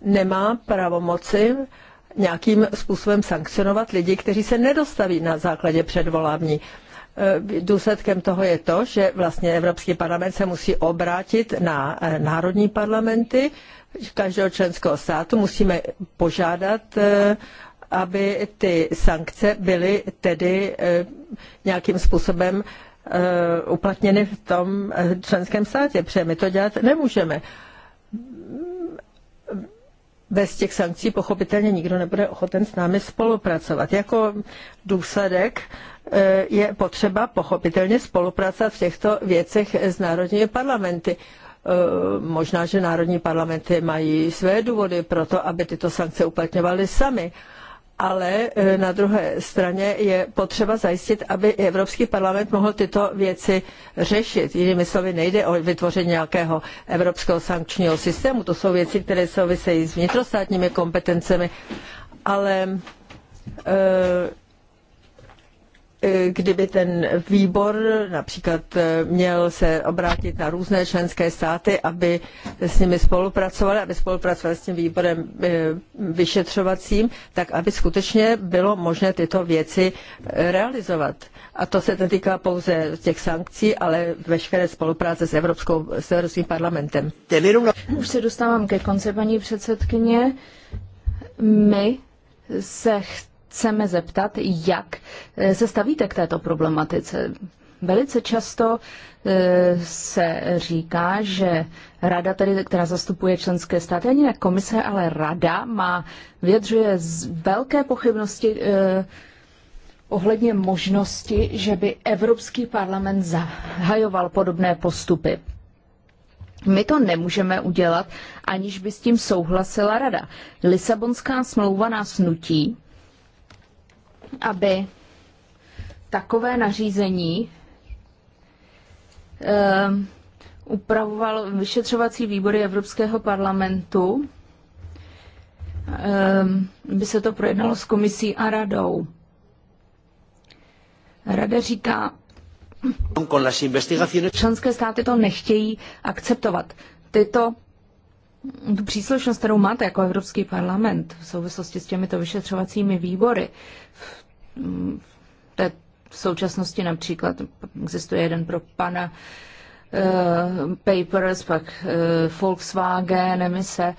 nemá pravomoci nějakým způsobem sankcionovat lidi, kteří se nedostaví na základě předvolání Eh, důsledkem toho je to, že vlastně Evropský parlament se musí obrátit na eh, národní parlamenty každého členského státu. Musíme požádat, eh, aby ty sankce byly tedy nějakým způsobem uplatněny v tom členském státě, protože my to dělat nemůžeme. Bez těch sankcí pochopitelně nikdo nebude ochoten s námi spolupracovat. Jako důsledek Eh, je potřeba pochopitelně spolupracovat v těchto věcech s národními parlamenty. Eh, možná, že národní parlamenty mají své důvody pro to, aby tyto sankce uplatňovaly sami ale eh, na druhé straně je potřeba zajistit, aby Evropský parlament mohl tyto věci řešit. Jinými slovy, nejde o vytvoření nějakého evropského sankčního systému, to jsou věci, které souvisejí s vnitrostátními kompetencemi, ale Eh, kdyby ten výbor například eh, měl se obrátit na různé členské státy, aby s nimi spolupracovali, aby spolupracovali s tím výborem eh, vyšetřovacím, tak aby skutečně bylo možné tyto věci realizovat. A to se netýká pouze těch sankcí, ale veškeré spolupráce s, Evropskou, s Evropským parlamentem. Už se dostávám ke konci, paní předsedkyně. My se chceme chceme zeptat, jak eh, se stavíte k této problematice. Velice často eh, se říká, že rada, tedy, která zastupuje členské státy, ani ne komise, ale rada má vyjadřuje velké pochybnosti eh, ohledně možnosti, že by Evropský parlament zahajoval podobné postupy. My to nemůžeme udělat, aniž by s tím souhlasila rada. Lisabonská smlouva nás nutí aby takové nařízení um, upravoval vyšetřovací výbory Evropského parlamentu, um, ehm, by se to projednalo s komisí a radou. Rada říká, členské státy to nechtějí akceptovat. Tyto tu příslušnost, kterou máte jako Evropský parlament v souvislosti s těmito vyšetřovacími výbory, v té v současnosti například existuje jeden pro pana uh, Papers, pak uh, Volkswagen, emise.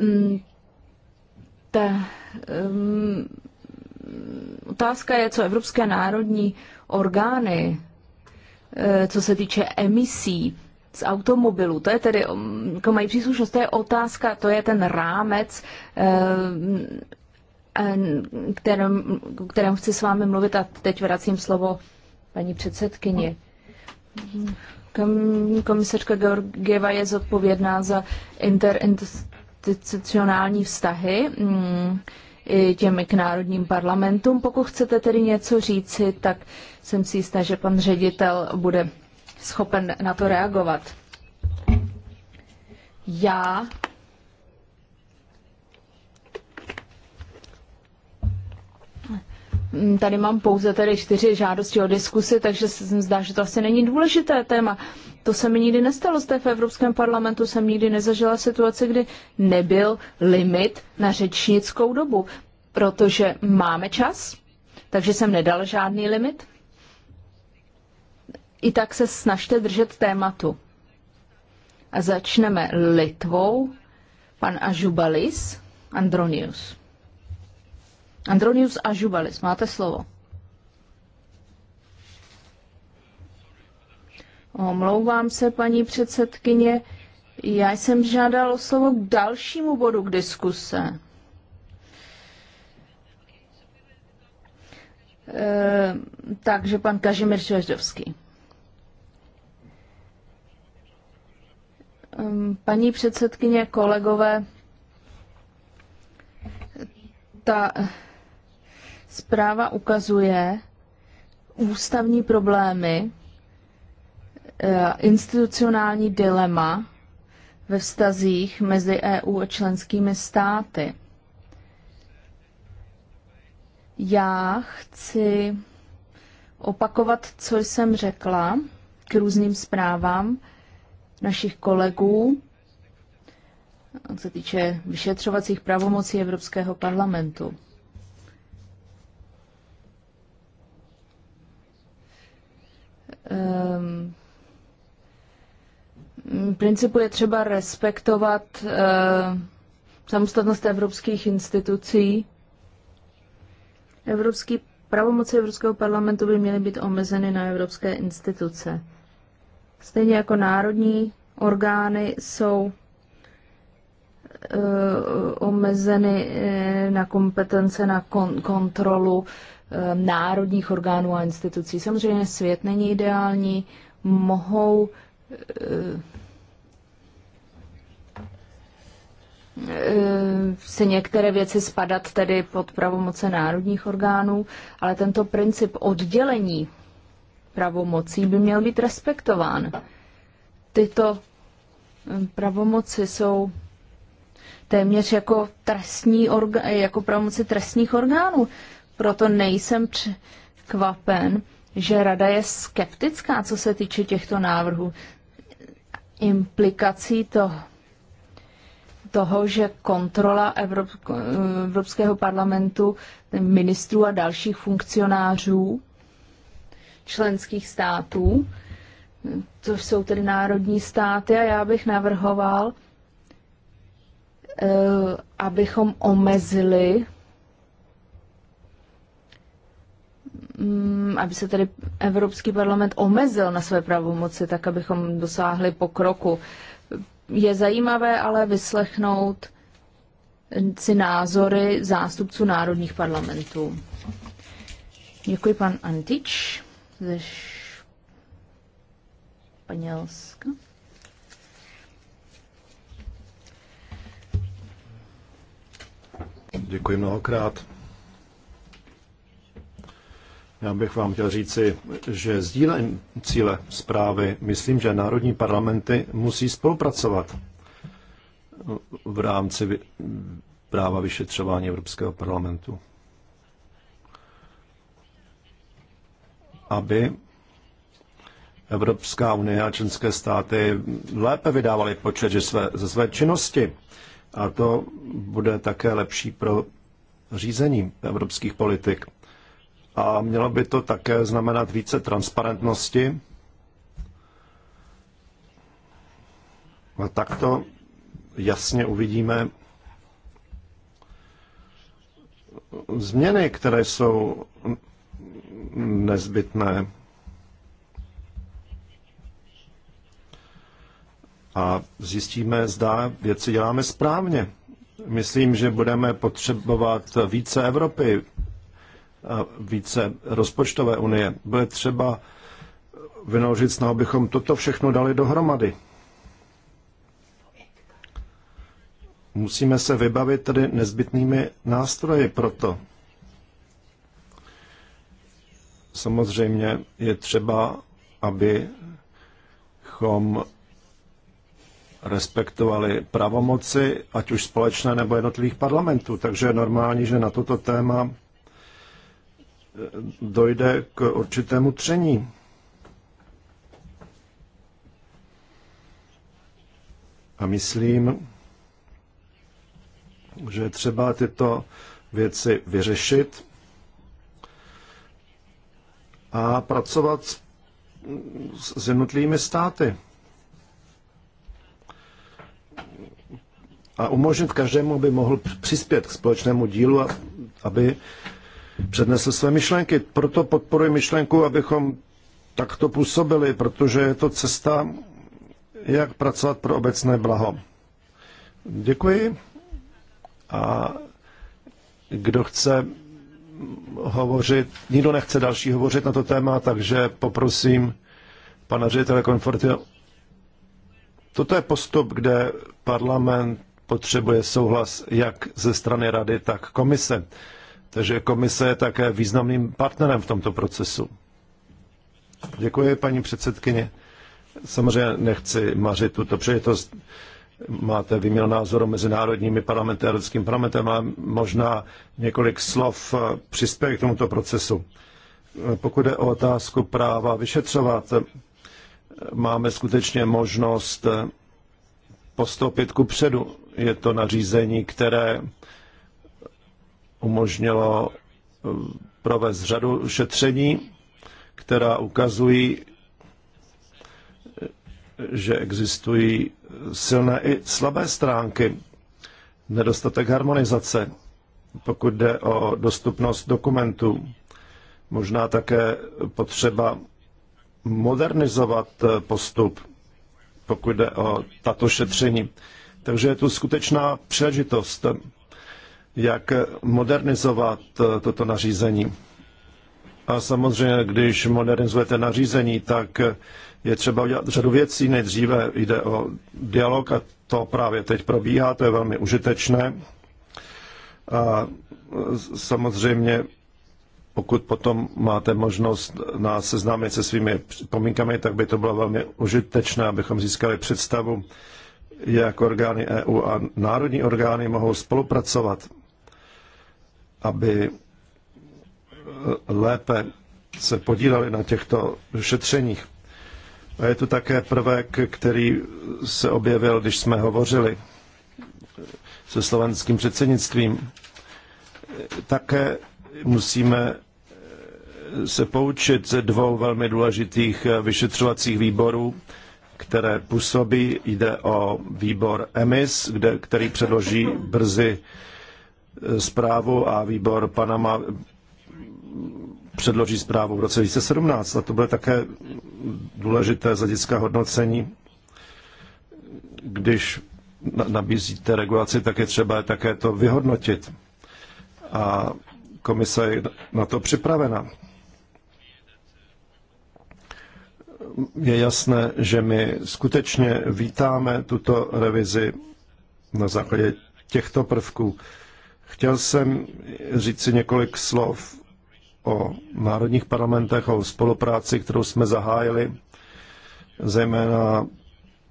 Um, ta um, otázka je, co evropské národní orgány, uh, co se týče emisí z automobilů, to je tedy, mm, jako mají příslušnost, to je otázka, to je ten rámec, uh, Eh, kterém, kterém chci s vámi mluvit a teď vracím slovo paní předsedkyni. Komisařka Georgieva je zodpovědná za interinstitucionální vztahy mm, těmi k národním parlamentům. Pokud chcete tedy něco říci, tak jsem si jistá, že pan ředitel bude schopen na to reagovat. Já Mm, tady mám pouze tady čtyři žádosti o diskusi, takže se zdá, že to asi není důležité téma. To se mi nikdy nestalo. Zde v Evropském parlamentu jsem nikdy nezažila situaci, kdy nebyl limit na řečnickou dobu, protože máme čas, takže jsem nedal žádný limit. I tak se snažte držet tématu. A začneme Litvou, pan Ažubalis Andronius. Andronius Žubalis, máte slovo. Omlouvám se, paní předsedkyně. Já jsem žádal o slovo k dalšímu bodu k diskuse. E, takže pan Kažimir Šveždovský. Paní předsedkyně, kolegové, ta Zpráva ukazuje ústavní problémy, eh, institucionální dilema ve vztazích mezi EU a členskými státy. Já chci opakovat, co jsem řekla k různým zprávám našich kolegů, co se týče vyšetřovacích pravomocí Evropského parlamentu. um, principu je třeba respektovat uh, samostatnost evropských institucí. Evropský pravomoci Evropského parlamentu by měly být omezeny na evropské instituce. Stejně jako národní orgány jsou uh, omezeny eh, na kompetence, na kon- kontrolu Eh, národních orgánů a institucí. Samozřejmě svět není ideální, mohou eh, eh, se některé věci spadat tedy pod pravomoce národních orgánů, ale tento princip oddělení pravomocí by měl být respektován. Tyto pravomoci jsou téměř jako, trestní orga, jako pravomoci trestních orgánů. Proto nejsem překvapen, že rada je skeptická, co se týče těchto návrhů. Implikací to, toho, že kontrola Evropského parlamentu, ministrů a dalších funkcionářů členských států, to jsou tedy národní státy a já bych navrhoval, eh, abychom omezili Mm, aby se tedy Evropský parlament omezil na své pravomoci, tak abychom dosáhli pokroku. Je zajímavé ale vyslechnout si názory zástupců národních parlamentů. Děkuji pan Antič ze Španělska. Děkuji mnohokrát. Já bych vám chtěl říci, že sdílení cíle zprávy, myslím, že národní parlamenty musí spolupracovat v rámci práva vyšetřování Evropského parlamentu. Aby Evropská unie a členské státy lépe vydávaly počet ze své, ze své činnosti. A to bude také lepší pro řízení evropských politik a mělo by to také znamenat více transparentnosti. A takto jasně uvidíme změny, které jsou nezbytné. A zjistíme, zda věci děláme správně. Myslím, že budeme potřebovat více Evropy více rozpočtové unie. Bude třeba vynaložit snahu, abychom toto všechno dali dohromady. Musíme se vybavit tedy nezbytnými nástroji proto. Samozřejmě je třeba, abychom respektovali pravomoci, ať už společné nebo jednotlivých parlamentů. Takže je normální, že na toto téma dojde k určitému tření. A myslím, že je třeba tyto věci vyřešit a pracovat s, jednotlivými státy. A umožnit každému, aby mohl přispět k společnému dílu, aby přednesl své myšlenky. Proto podporuji myšlenku, abychom takto působili, protože je to cesta, jak pracovat pro obecné blaho. Děkuji. A kdo chce hovořit, nikdo nechce další hovořit na to téma, takže poprosím pana ředitele Konfortio. Toto je postup, kde parlament potřebuje souhlas jak ze strany rady, tak komise. Takže komise je také významným partnerem v tomto procesu. Děkuji, paní předsedkyně. Samozřejmě nechci mařit tuto přejetost. Máte výměnu názoru mezinárodními parlamenty a ruským parlamentem, ale možná několik slov přispěje k tomuto procesu. Pokud je o otázku práva vyšetřovat, máme skutečně možnost postoupit ku předu. Je to nařízení, které umožnilo eh, provést řadu šetření, která ukazují, eh, že existují silné i slabé stránky, nedostatek harmonizace, pokud jde o dostupnost dokumentů, možná také potřeba modernizovat eh, postup, pokud jde o tato šetření. Takže je tu skutečná příležitost jak modernizovat eh, toto nařízení. A samozřejmě, když modernizujete nařízení, tak eh, je třeba udělat řadu věcí. Nejdříve jde o dialog a to právě teď probíhá, to je velmi užitečné. A eh, samozřejmě, pokud potom máte možnost nás seznámit se svými připomínkami, tak by to bylo velmi užitečné, abychom získali představu, jak orgány EU a národní orgány mohou spolupracovat aby eh, lépe se podíleli na těchto šetřeních. A je tu také prvek, který se objevil, když jsme hovořili se slovenským předsednictvím. Také musíme eh, se poučit ze dvou velmi důležitých eh, vyšetřovacích výborů, které působí. Jde o výbor EMIS, kde, který předloží brzy zprávu a výbor Panama předloží zprávu v roce 2017. A to bude také důležité z hlediska hodnocení, když nabízíte regulaci, tak je třeba také to vyhodnotit. A komise je na to připravena. Je jasné, že my skutečně vítáme tuto revizi na základě těchto prvků. Chtěl jsem říct si několik slov o národních parlamentech, o spolupráci, kterou jsme zahájili, zejména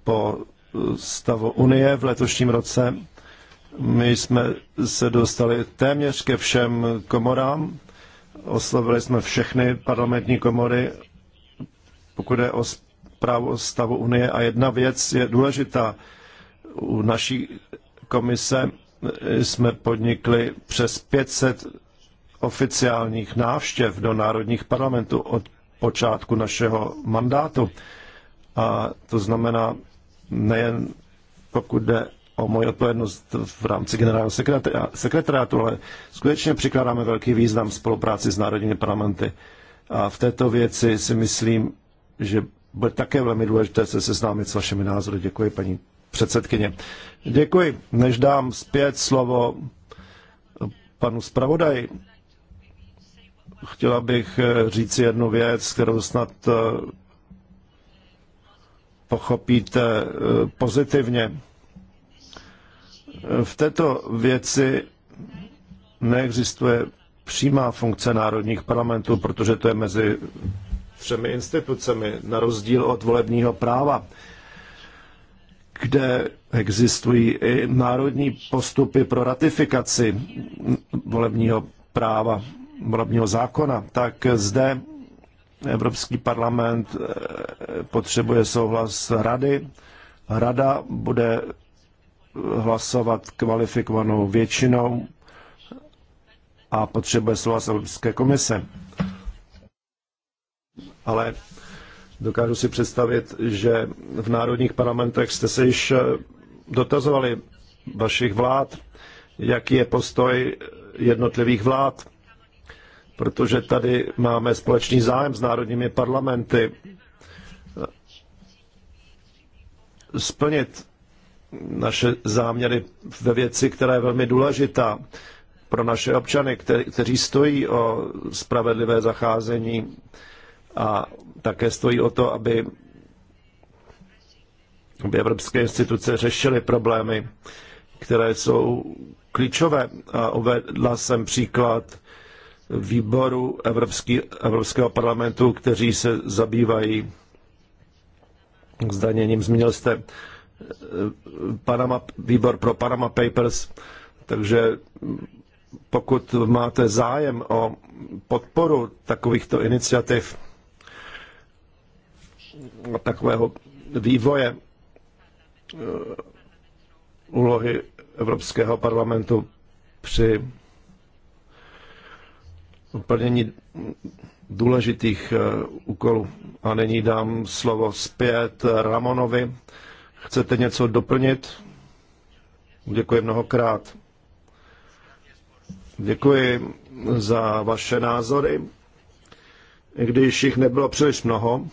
po stavu Unie v letošním roce. My jsme se dostali téměř ke všem komorám, oslovili jsme všechny parlamentní komory, pokud je o právo stavu Unie. A jedna věc je důležitá u naší komise, jsme podnikli přes 500 oficiálních návštěv do národních parlamentů od počátku našeho mandátu. A to znamená nejen pokud jde o moji odpovědnost v rámci generálního sekretariátu, ale skutečně přikládáme velký význam spolupráci s národními parlamenty. A v této věci si myslím, že bude také velmi důležité se seznámit s vašimi názory. Děkuji, paní předsedkyně. Děkuji. Než dám zpět slovo panu zpravodaji, chtěla bych eh, říct jednu věc, kterou snad eh, pochopíte eh, pozitivně. V této věci neexistuje přímá funkce národních parlamentů, protože to je mezi třemi institucemi, na rozdíl od volebního práva kde existují i národní postupy pro ratifikaci volebního práva, volebního zákona, tak zde Evropský parlament eh, potřebuje souhlas rady. Rada bude hlasovat kvalifikovanou většinou a potřebuje souhlas Evropské komise. Ale Dokážu si představit, že v národních parlamentech jste se již eh, dotazovali vašich vlád, jaký je postoj jednotlivých vlád, protože tady máme společný zájem s národními parlamenty eh, splnit naše záměry ve věci, která je velmi důležitá pro naše občany, kteří stojí o spravedlivé zacházení a také stojí o to, aby, aby evropské instituce řešily problémy, které jsou klíčové. A uvedla jsem příklad výboru Evropský, Evropského parlamentu, kteří se zabývají zdaněním. Zmínil jste eh, Panama, výbor pro Panama Papers, takže pokud máte zájem o podporu takovýchto iniciativ, takového vývoje eh, úlohy Evropského parlamentu při plnění důležitých eh, úkolů. A nyní dám slovo zpět Ramonovi. Chcete něco doplnit? Děkuji mnohokrát. Děkuji za vaše názory, i když jich nebylo příliš mnoho.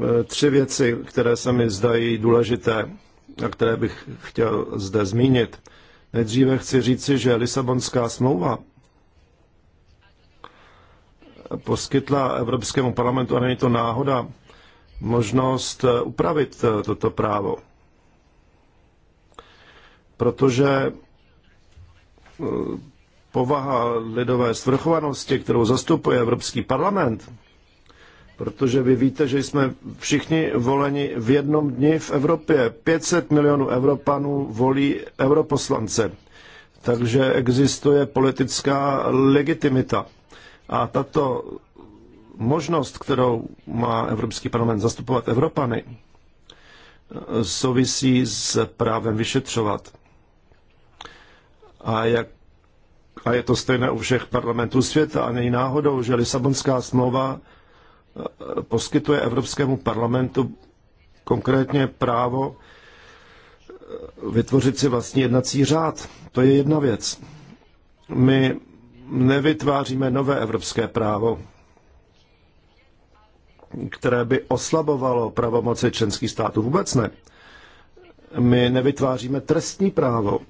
Eh, tři věci, které se mi zdají důležité a které bych chtěl zde zmínit. Nejdříve chci říci, že Lisabonská smlouva poskytla Evropskému parlamentu, a není to náhoda, možnost eh, upravit eh, toto právo. Protože povaha lidové svrchovanosti, kterou zastupuje Evropský parlament, protože vy víte, že jsme všichni voleni v jednom dni v Evropě. 500 milionů Evropanů volí europoslance, takže existuje politická legitimita. A tato možnost, kterou má Evropský parlament zastupovat Evropany, souvisí s právem vyšetřovat. A, jak, a je to stejné u všech parlamentů světa. A není náhodou, že Lisabonská smlouva poskytuje Evropskému parlamentu konkrétně právo vytvořit si vlastní jednací řád. To je jedna věc. My nevytváříme nové evropské právo, které by oslabovalo pravomoci členských států. Vůbec ne. My nevytváříme trestní právo.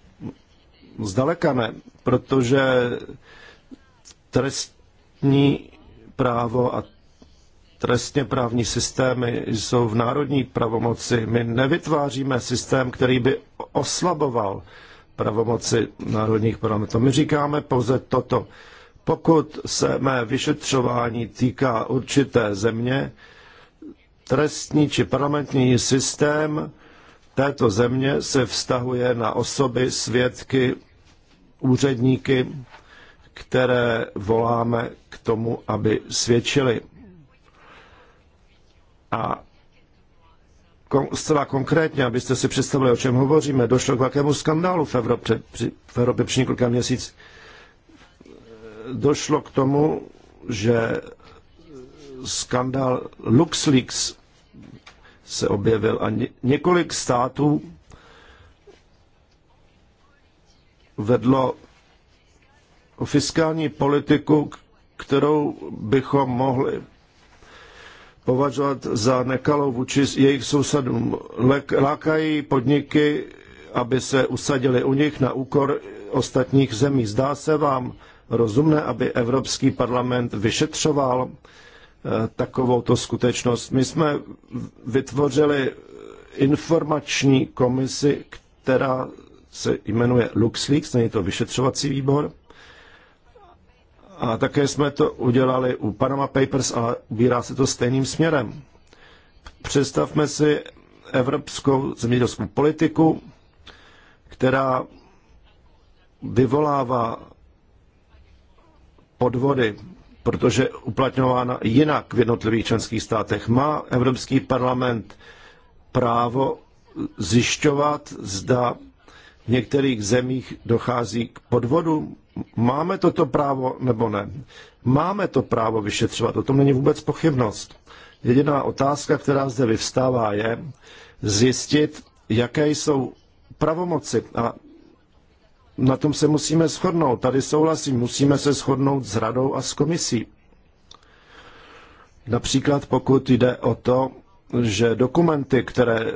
Zdaleka ne, protože trestní právo a trestně právní systémy jsou v národní pravomoci. My nevytváříme systém, který by oslaboval pravomoci národních parlamentů. My říkáme pouze toto. Pokud se mé vyšetřování týká určité země, trestní či parlamentní systém této země se vztahuje na osoby, svědky, úředníky, které voláme k tomu, aby svědčili. A kon, zcela konkrétně, abyste si představili, o čem hovoříme, došlo k velkému skandálu v Evropě, při, v Evropě při několika měsíc. Došlo k tomu, že skandál LuxLeaks se objevil a ně, několik států vedlo fiskální politiku, kterou bychom mohli považovat za nekalou vůči jejich sousedům. Lákají podniky, aby se usadili u nich na úkor ostatních zemí. Zdá se vám rozumné, aby Evropský parlament vyšetřoval eh, takovouto skutečnost? My jsme vytvořili informační komisi, která se jmenuje LuxLeaks, není to vyšetřovací výbor, a také jsme to udělali u Panama Papers, ale ubírá se to stejným směrem. Představme si evropskou zemědělskou politiku, která vyvolává podvody, protože uplatňována jinak v jednotlivých členských státech. Má Evropský parlament právo zjišťovat, zda v některých zemích dochází k podvodu máme toto právo nebo ne. Máme to právo vyšetřovat, o tom není vůbec pochybnost. Jediná otázka, která zde vyvstává, je zjistit, jaké jsou pravomoci a na tom se musíme shodnout. Tady souhlasím, musíme se shodnout s radou a s komisí. Například pokud jde o to, že dokumenty, které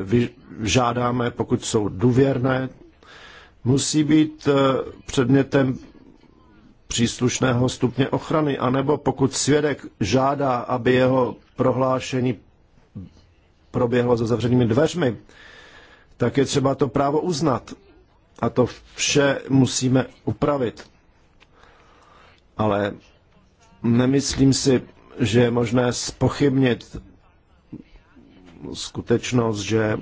žádáme, pokud jsou důvěrné, musí být eh, předmětem příslušného stupně ochrany, anebo pokud svědek žádá, aby jeho prohlášení proběhlo za zavřenými dveřmi, tak je třeba to právo uznat. A to vše musíme upravit. Ale nemyslím si, že je možné spochybnit skutečnost, že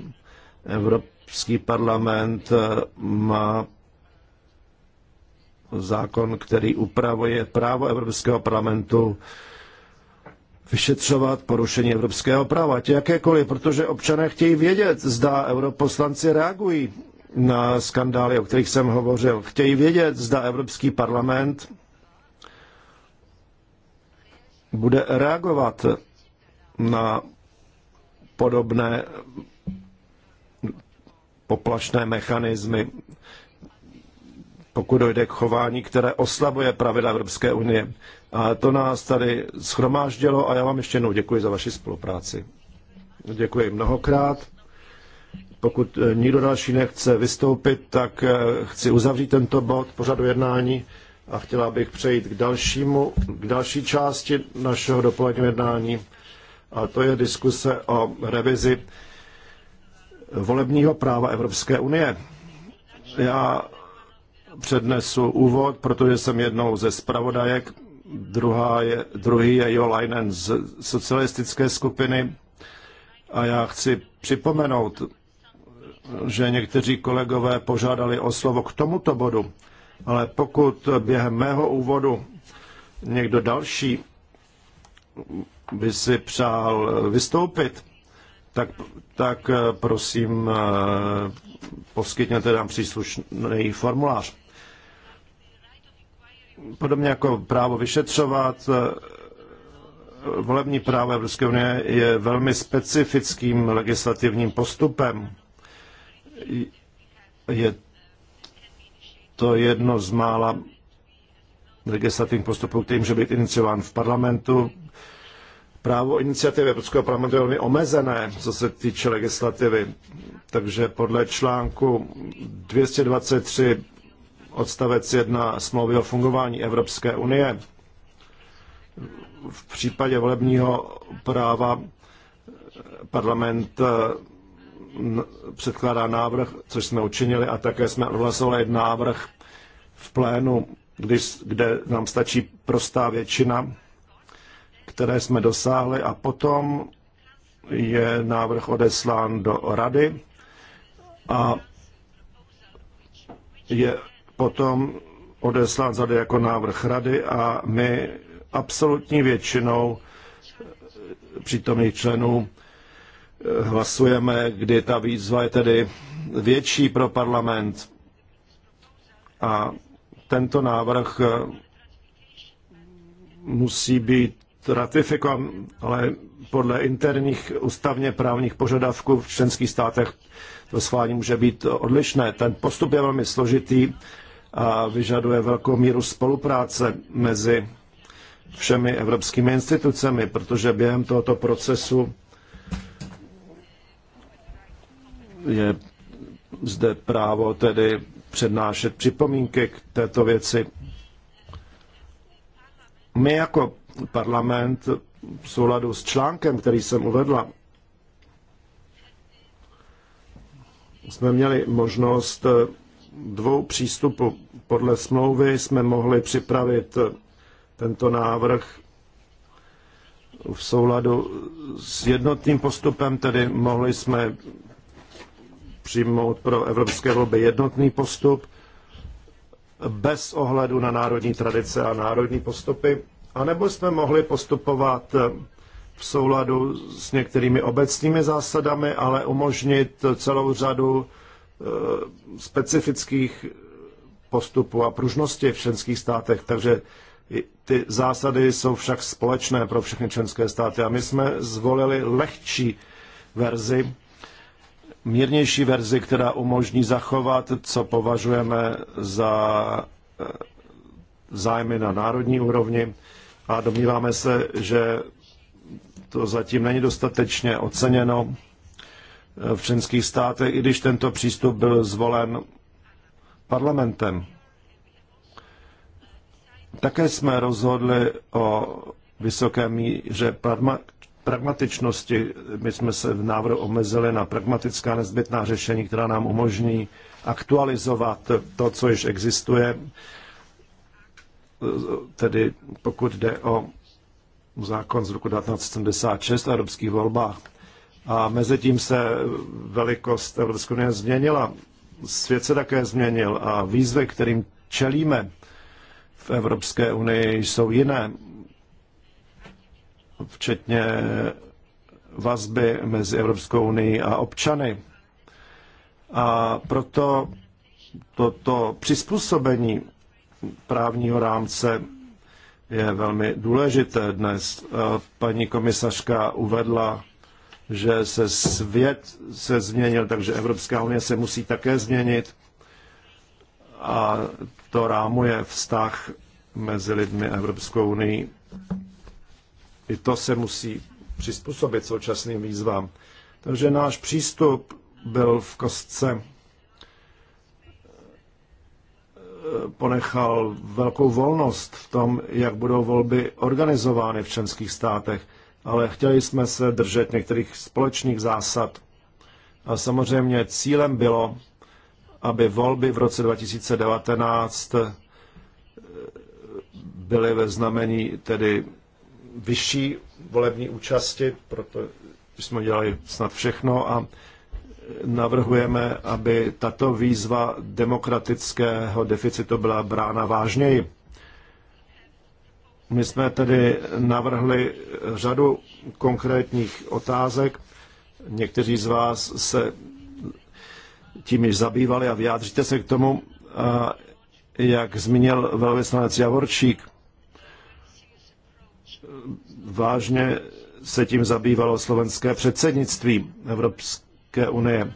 Evropský parlament má zákon, který upravuje právo Evropského parlamentu vyšetřovat porušení evropského práva, ať jakékoliv, protože občané chtějí vědět, zda europoslanci reagují na skandály, o kterých jsem hovořil. Chtějí vědět, zda Evropský parlament bude reagovat na podobné poplašné mechanismy pokud dojde k chování, které oslabuje pravidla Evropské unie. A to nás tady schromáždilo a já vám ještě jednou děkuji za vaši spolupráci. Děkuji mnohokrát. Pokud eh, nikdo další nechce vystoupit, tak eh, chci uzavřít tento bod pořadu jednání a chtěla bych přejít k, dalšímu, k další části našeho dopoledního jednání a to je diskuse o revizi volebního práva Evropské unie. Já přednesu úvod, protože jsem jednou ze zpravodajek. Druhá je, druhý je Jo Leinen z socialistické skupiny. A já chci připomenout, že někteří kolegové požádali o slovo k tomuto bodu, ale pokud během mého úvodu někdo další by si přál vystoupit, tak, tak prosím, eh, poskytněte nám příslušný formulář podobně jako právo vyšetřovat, eh, volební právo Evropské unie je velmi specifickým legislativním postupem. Je to jedno z mála legislativních postupů, který může být iniciován v parlamentu. Právo iniciativy Evropského parlamentu je velmi omezené, co se týče legislativy. Takže podle článku 223 odstavec 1 smlouvy o fungování Evropské unie v případě volebního práva parlament eh, předkládá návrh, což jsme učinili, a také jsme odhlasovali návrh v plénu, když, kde nám stačí prostá většina, které jsme dosáhli, a potom je návrh odeslán do rady a je potom odeslán zade jako návrh rady a my absolutní většinou přítomných členů eh, hlasujeme, kdy ta výzva je tedy větší pro parlament. A tento návrh eh, musí být ratifikován, ale podle interních ústavně právních požadavků v členských státech to schválení může být odlišné. Ten postup je velmi složitý a vyžaduje velkou míru spolupráce mezi všemi evropskými institucemi, protože během tohoto procesu je zde právo tedy přednášet připomínky k této věci. My jako parlament v souladu s článkem, který jsem uvedla, jsme měli možnost dvou přístupů podle smlouvy jsme mohli připravit tento návrh v souladu s jednotným postupem, tedy mohli jsme přijmout pro evropské volby jednotný postup bez ohledu na národní tradice a národní postupy, anebo jsme mohli postupovat v souladu s některými obecnými zásadami, ale umožnit celou řadu eh, specifických postupu a pružnosti v členských státech, takže ty zásady jsou však společné pro všechny členské státy a my jsme zvolili lehčí verzi, mírnější verzi, která umožní zachovat, co považujeme za eh, zájmy na národní úrovni a domníváme se, že to zatím není dostatečně oceněno eh, v členských státech, i když tento přístup byl zvolen parlamentem. Také jsme rozhodli o vysoké míře pragmatičnosti. My jsme se v návrhu omezili na pragmatická nezbytná řešení, která nám umožní aktualizovat to, co již existuje, tedy pokud jde o zákon z roku 1976 o evropských volbách. A mezi tím se velikost Evropské unie změnila svět se také změnil a výzvy, kterým čelíme v Evropské unii, jsou jiné, včetně vazby mezi Evropskou unii a občany. A proto toto přizpůsobení právního rámce je velmi důležité dnes. Eh, paní komisařka uvedla že se svět se změnil, takže Evropská unie se musí také změnit a to rámuje vztah mezi lidmi a Evropskou unii. I to se musí přizpůsobit současným výzvám. Takže náš přístup byl v kostce, eh, ponechal velkou volnost v tom, jak budou volby organizovány v členských státech ale chtěli jsme se držet některých společných zásad. A samozřejmě cílem bylo, aby volby v roce 2019 eh, byly ve znamení tedy vyšší volební účasti, proto jsme dělali snad všechno a navrhujeme, aby tato výzva demokratického deficitu byla brána vážněji. My jsme tedy navrhli řadu konkrétních otázek. Někteří z vás se tím již zabývali a vyjádříte se k tomu, a eh, jak zmínil velvyslanec Javorčík. Vážně se tím zabývalo slovenské předsednictví Evropské unie.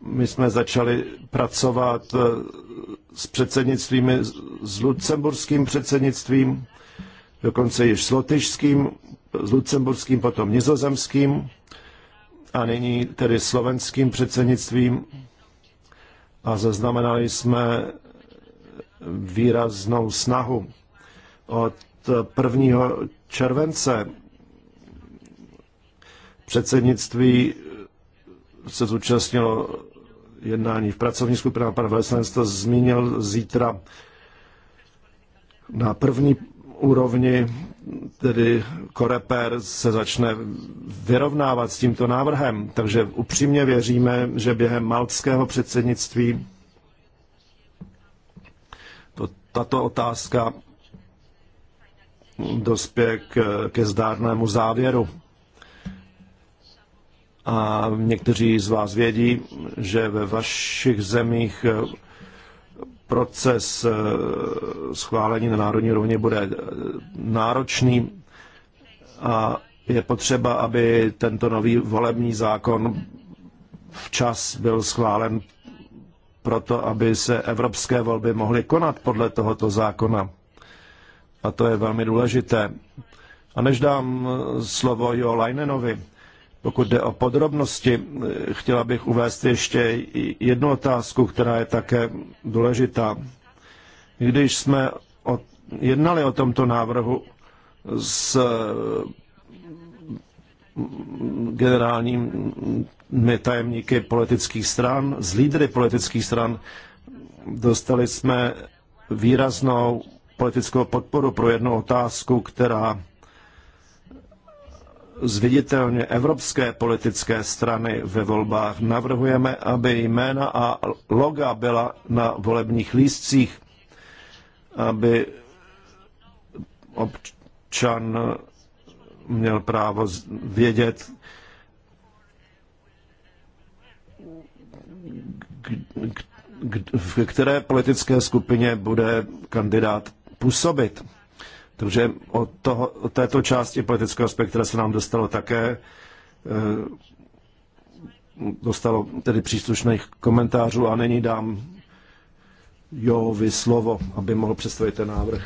My jsme začali pracovat eh, s předsednictvími, s lucemburským předsednictvím, dokonce již s lotyšským, s lucemburským, potom nizozemským a nyní tedy slovenským předsednictvím. A zaznamenali jsme výraznou snahu od 1. července předsednictví se zúčastnilo jednání v pracovní skupině. Pan Veslenc to zmínil zítra na první úrovni tedy Koreper se začne vyrovnávat s tímto návrhem. Takže upřímně věříme, že během maltského předsednictví to, tato otázka dospěje k, ke zdárnému závěru. A někteří z vás vědí, že ve vašich zemích proces eh, schválení na národní rovně bude eh, náročný a je potřeba, aby tento nový volební zákon včas byl schválen proto, aby se evropské volby mohly konat podle tohoto zákona. A to je velmi důležité. A než dám eh, slovo Jo Leinenovi, pokud jde o podrobnosti, eh, chtěla bych uvést ještě jednu otázku, která je také důležitá. Když jsme jednali o tomto návrhu s eh, generálními tajemníky politických stran, s lídry politických stran, dostali jsme výraznou politickou podporu pro jednu otázku, která zviditelně evropské politické strany ve volbách. Navrhujeme, aby jména a loga byla na volebních lístcích, aby občan měl právo vědět, v které politické skupině bude kandidát působit. Takže od, toho, od této části politického spektra se nám dostalo také eh, dostalo tedy příslušných komentářů a nyní dám Jovi slovo, aby mohl představit ten návrh.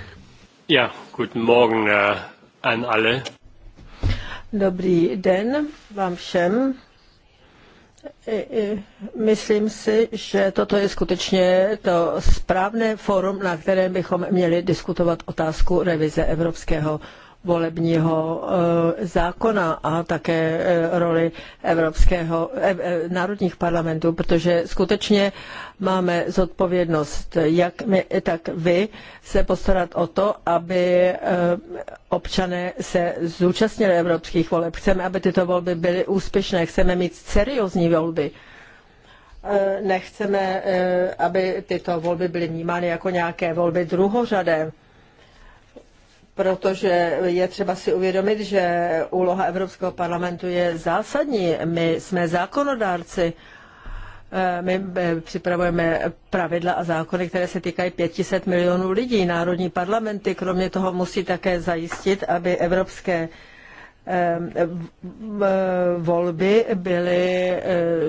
Ja, guten Morgen eh, an alle. Dobrý den vám všem. Myslím si, že toto je skutečně to správné fórum, na kterém bychom měli diskutovat otázku revize evropského volebního eh, zákona a také eh, roli evropského, eh, národních parlamentů, protože skutečně máme zodpovědnost, jak my, tak vy, se postarat o to, aby občané se zúčastnili evropských voleb. Chceme, aby tyto volby byly úspěšné, chceme mít seriózní volby nechceme, aby tyto volby byly vnímány jako nějaké volby druhořadé protože je třeba si uvědomit, že úloha Evropského parlamentu je zásadní. My jsme zákonodárci, eh, my eh, připravujeme pravidla a zákony, které se týkají 500 milionů lidí. Národní parlamenty kromě toho musí také zajistit, aby evropské Ehm, volby byly eh,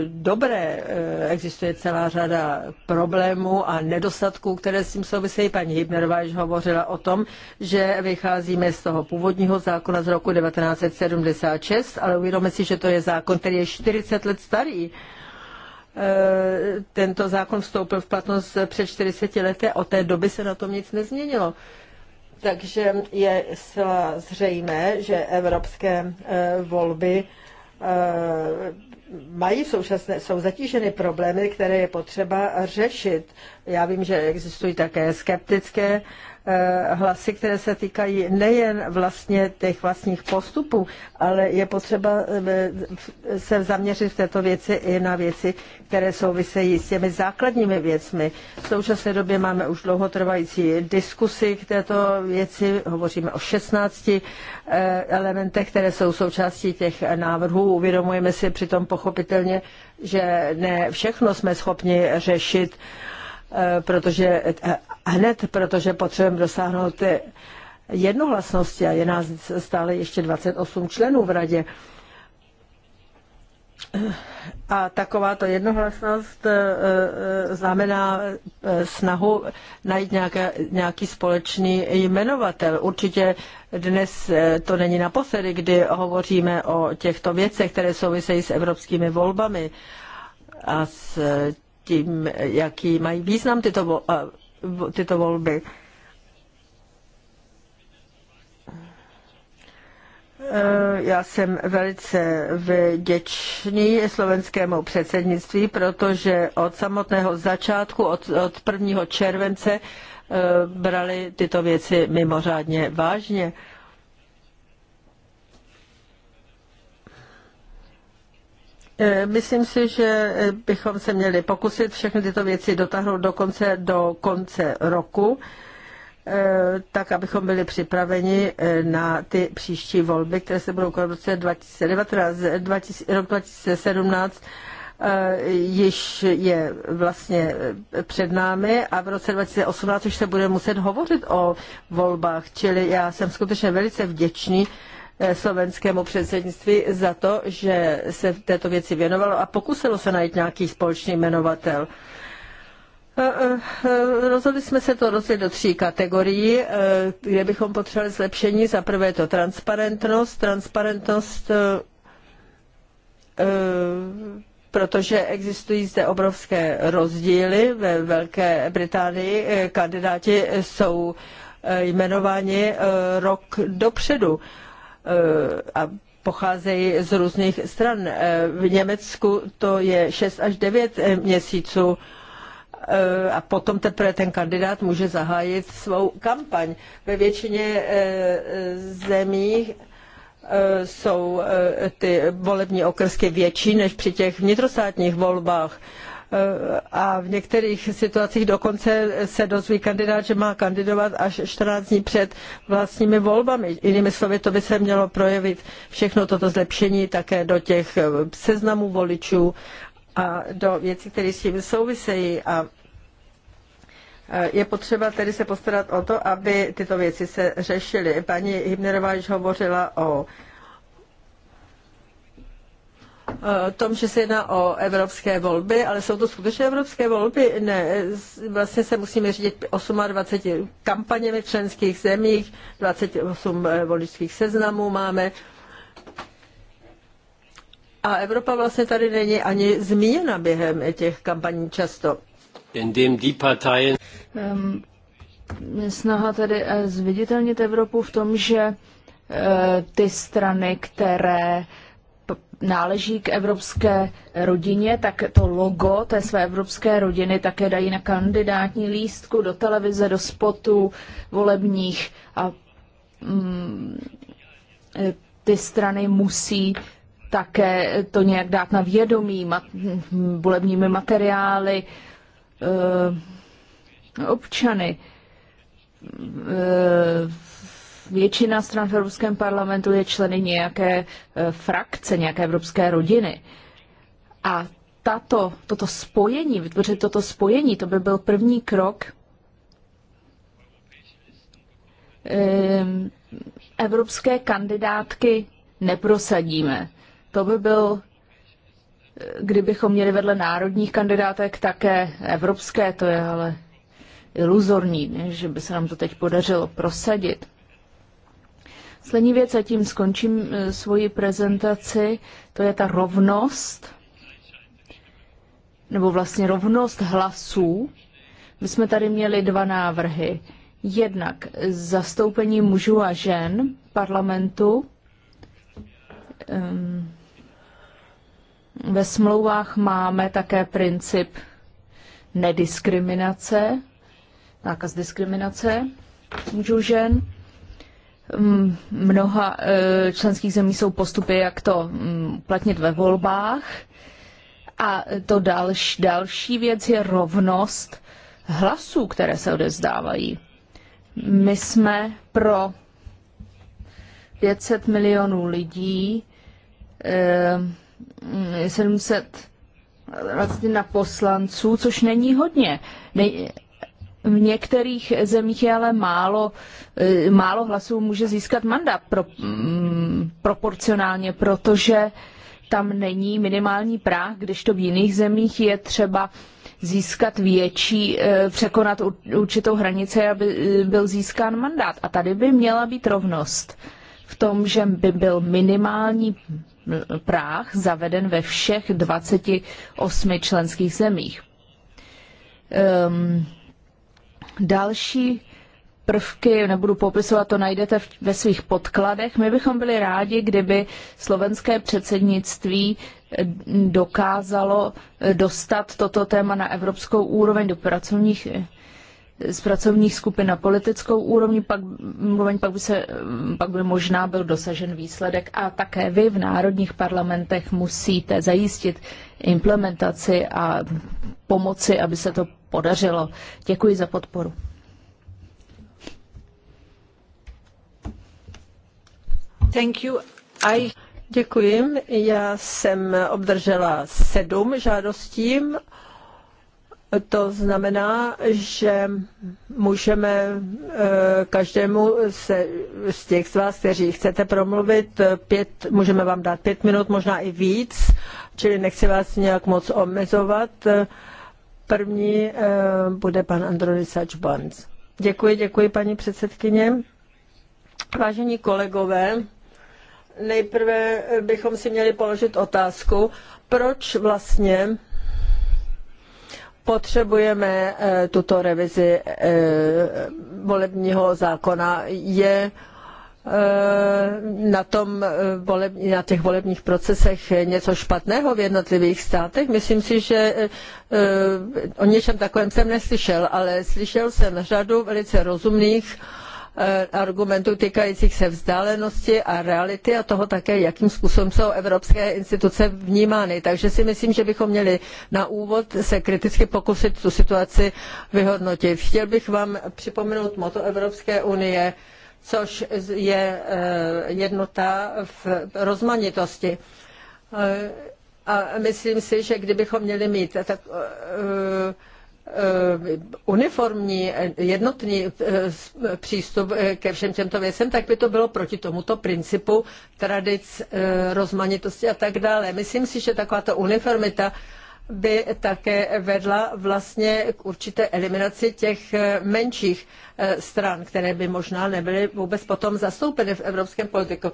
dobré. Eh, existuje celá řada problémů a nedostatků, které s tím souvisejí. Paní Hybnerová již hovořila o tom, že vycházíme z toho původního zákona z roku 1976, ale uvědomíme si, že to je zákon, který je 40 let starý eh, tento zákon vstoupil v platnost před 40 lety a od té doby se na tom nic nezměnilo. Takže je zřejmé, že evropské e, volby e, mají současné, jsou zatíženy problémy, které je potřeba řešit. Já vím, že existují také skeptické eh, hlasy, které se týkají nejen vlastně těch vlastních postupů, ale je potřeba eh, se zaměřit v této věci i na věci, které souvisejí s těmi základními věcmi. V současné době máme už dlouhotrvající diskusy k této věci, hovoříme o 16 eh, elementech, které jsou součástí těch návrhů. Uvědomujeme si přitom pochopitelně, že ne všechno jsme schopni řešit Eh, protože eh, hned, protože potřebujeme dosáhnout eh, jednohlasnosti a je nás stále ještě 28 členů v radě. A takováto jednohlasnost znamená snahu najít nějaké, nějaký společný jmenovatel. Určitě dnes to není naposledy, kdy hovoříme o těchto věcech, které souvisejí s evropskými volbami a s tím, jaký mají význam tyto, tyto volby. Eh, já jsem velice vděčný slovenskému předsednictví, protože od samotného začátku, od, od 1. července, eh, brali tyto věci mimořádně vážně. E, myslím si, že e, bychom se měli pokusit všechny tyto věci dotáhnout dokonce do konce roku, e, tak abychom byli připraveni na ty příští volby, které se budou konat v roce 2019, 20, rok 2017 již je vlastně před námi a v roce 2018 už se bude muset hovořit o volbách, čili já jsem skutečně velice vděčný Eh, slovenskému předsednictví za to, že se v této věci věnovalo a pokusilo se najít nějaký společný jmenovatel. Eh, eh, rozhodli jsme se to rozdělit do tří kategorií, kde bychom potřebovali zlepšení. Za prvé je to transparentnost. Transparentnost protože existují zde obrovské rozdíly. Ve Velké Británii kandidáti jsou jmenováni rok dopředu. Eh, a pocházejí z různých stran. Eh, v Německu to je 6 až 9 eh, měsíců a potom teprve ten kandidát může zahájit svou kampaň. Ve většině zemí jsou ty volební okrsky větší než při těch vnitrostátních volbách. Eh, a v některých situacích dokonce se dozví kandidát, že má kandidovat až 14 dní před vlastními volbami. Jinými slovy, to by se mělo projevit všechno toto zlepšení také do těch eh, seznamů voličů a do věcí, které s tím souvisejí a eh, je potřeba tedy se postarat o to, aby tyto věci se řešily. Paní Hybnerová již hovořila o Eh, tom, že se jedná o evropské volby, ale jsou to skutečně evropské volby? Ne, vlastně se musíme řídit 28 kampaněmi v členských zemích, 28 eh, voličských seznamů máme. A Evropa vlastně tady není ani zmíněna během těch kampaní často. Um, snaha tedy eh, zviditelnit Evropu v tom, že ty strany, které náleží k evropské rodině, tak to logo té své evropské rodiny také dají na kandidátní lístku, do televize, do spotů volebních a mm, e, ty strany musí také to nějak dát na vědomí mat, volebními materiály e, občany. E, většina stran v Evropském parlamentu je členy nějaké e, frakce, nějaké evropské rodiny. A tato, toto spojení, vytvořit toto spojení, to by byl první krok evropské kandidátky neprosadíme. To by byl, e, kdybychom měli vedle národních kandidátek také evropské, to je ale iluzorní, že by se nám to teď podařilo prosadit. Poslední věc, a tím skončím eh, svoji prezentaci, to je ta rovnost, nebo vlastně rovnost hlasů. My jsme tady měli dva návrhy. Jednak zastoupení mužů a žen parlamentu ehm, ve smlouvách máme také princip nediskriminace, nákaz diskriminace mužů žen. Mm, mnoha e, členských zemí jsou postupy, jak to mm, platnit ve volbách. A to další, další věc je rovnost hlasů, které se odezdávají. My jsme pro 500 milionů lidí, 700 vlastně na poslanců, což není hodně v některých zemích je ale málo, eh, málo hlasů může získat mandát pro, mm, proporcionálně, protože tam není minimální práh, když to v jiných zemích je třeba získat větší, eh, překonat určitou hranici, aby eh, byl získán mandát. A tady by měla být rovnost v tom, že by byl minimální práh zaveden ve všech 28 členských zemích. Um, Další prvky, nebudu popisovat, to najdete ve svých podkladech. My bychom byli rádi, kdyby slovenské předsednictví eh, dokázalo eh, dostat toto téma na evropskou úroveň do pracovních eh, z pracovních skupin na politickou úrovni, pak, pak, by se, pak by možná byl dosažen výsledek. A také vy v národních parlamentech musíte zajistit implementaci a pomoci, aby se to podařilo. Děkuji za podporu. Thank you. I... Děkuji. Já jsem obdržela sedm žádostí to znamená, že můžeme eh, každému se, z těch z vás, kteří chcete promluvit, pět, můžeme vám dát pět minut, možná i víc, čili nechci vás nějak moc omezovat. První eh, bude pan Androny Sačbans. Děkuji, děkuji paní předsedkyně. Vážení kolegové, nejprve bychom si měli položit otázku, proč vlastně potřebujeme eh, tuto revizi eh, volebního zákona. Je eh, na, tom, na těch volebních procesech něco špatného v jednotlivých státech? Myslím si, že o něčem takovém jsem neslyšel, ale slyšel jsem řadu velice rozumných Eh, argumentů týkajících se vzdálenosti a reality a toho také, jakým způsobem jsou evropské instituce vnímány. Takže si myslím, že bychom měli na úvod se kriticky pokusit tu situaci vyhodnotit. Chtěl bych vám připomenout moto Evropské unie, což je eh, jednota v rozmanitosti. Eh, a myslím si, že kdybychom měli mít tak, Eh, uniformní, jednotný eh, přístup eh, ke všem těmto věcem, tak by to bylo proti tomuto principu tradic, rozmanitosti a tak dále. Myslím si, že takováto uniformita by také vedla vlastně k určité eliminaci těch menších stran, které by možná nebyly vůbec potom zastoupeny v evropském politiku.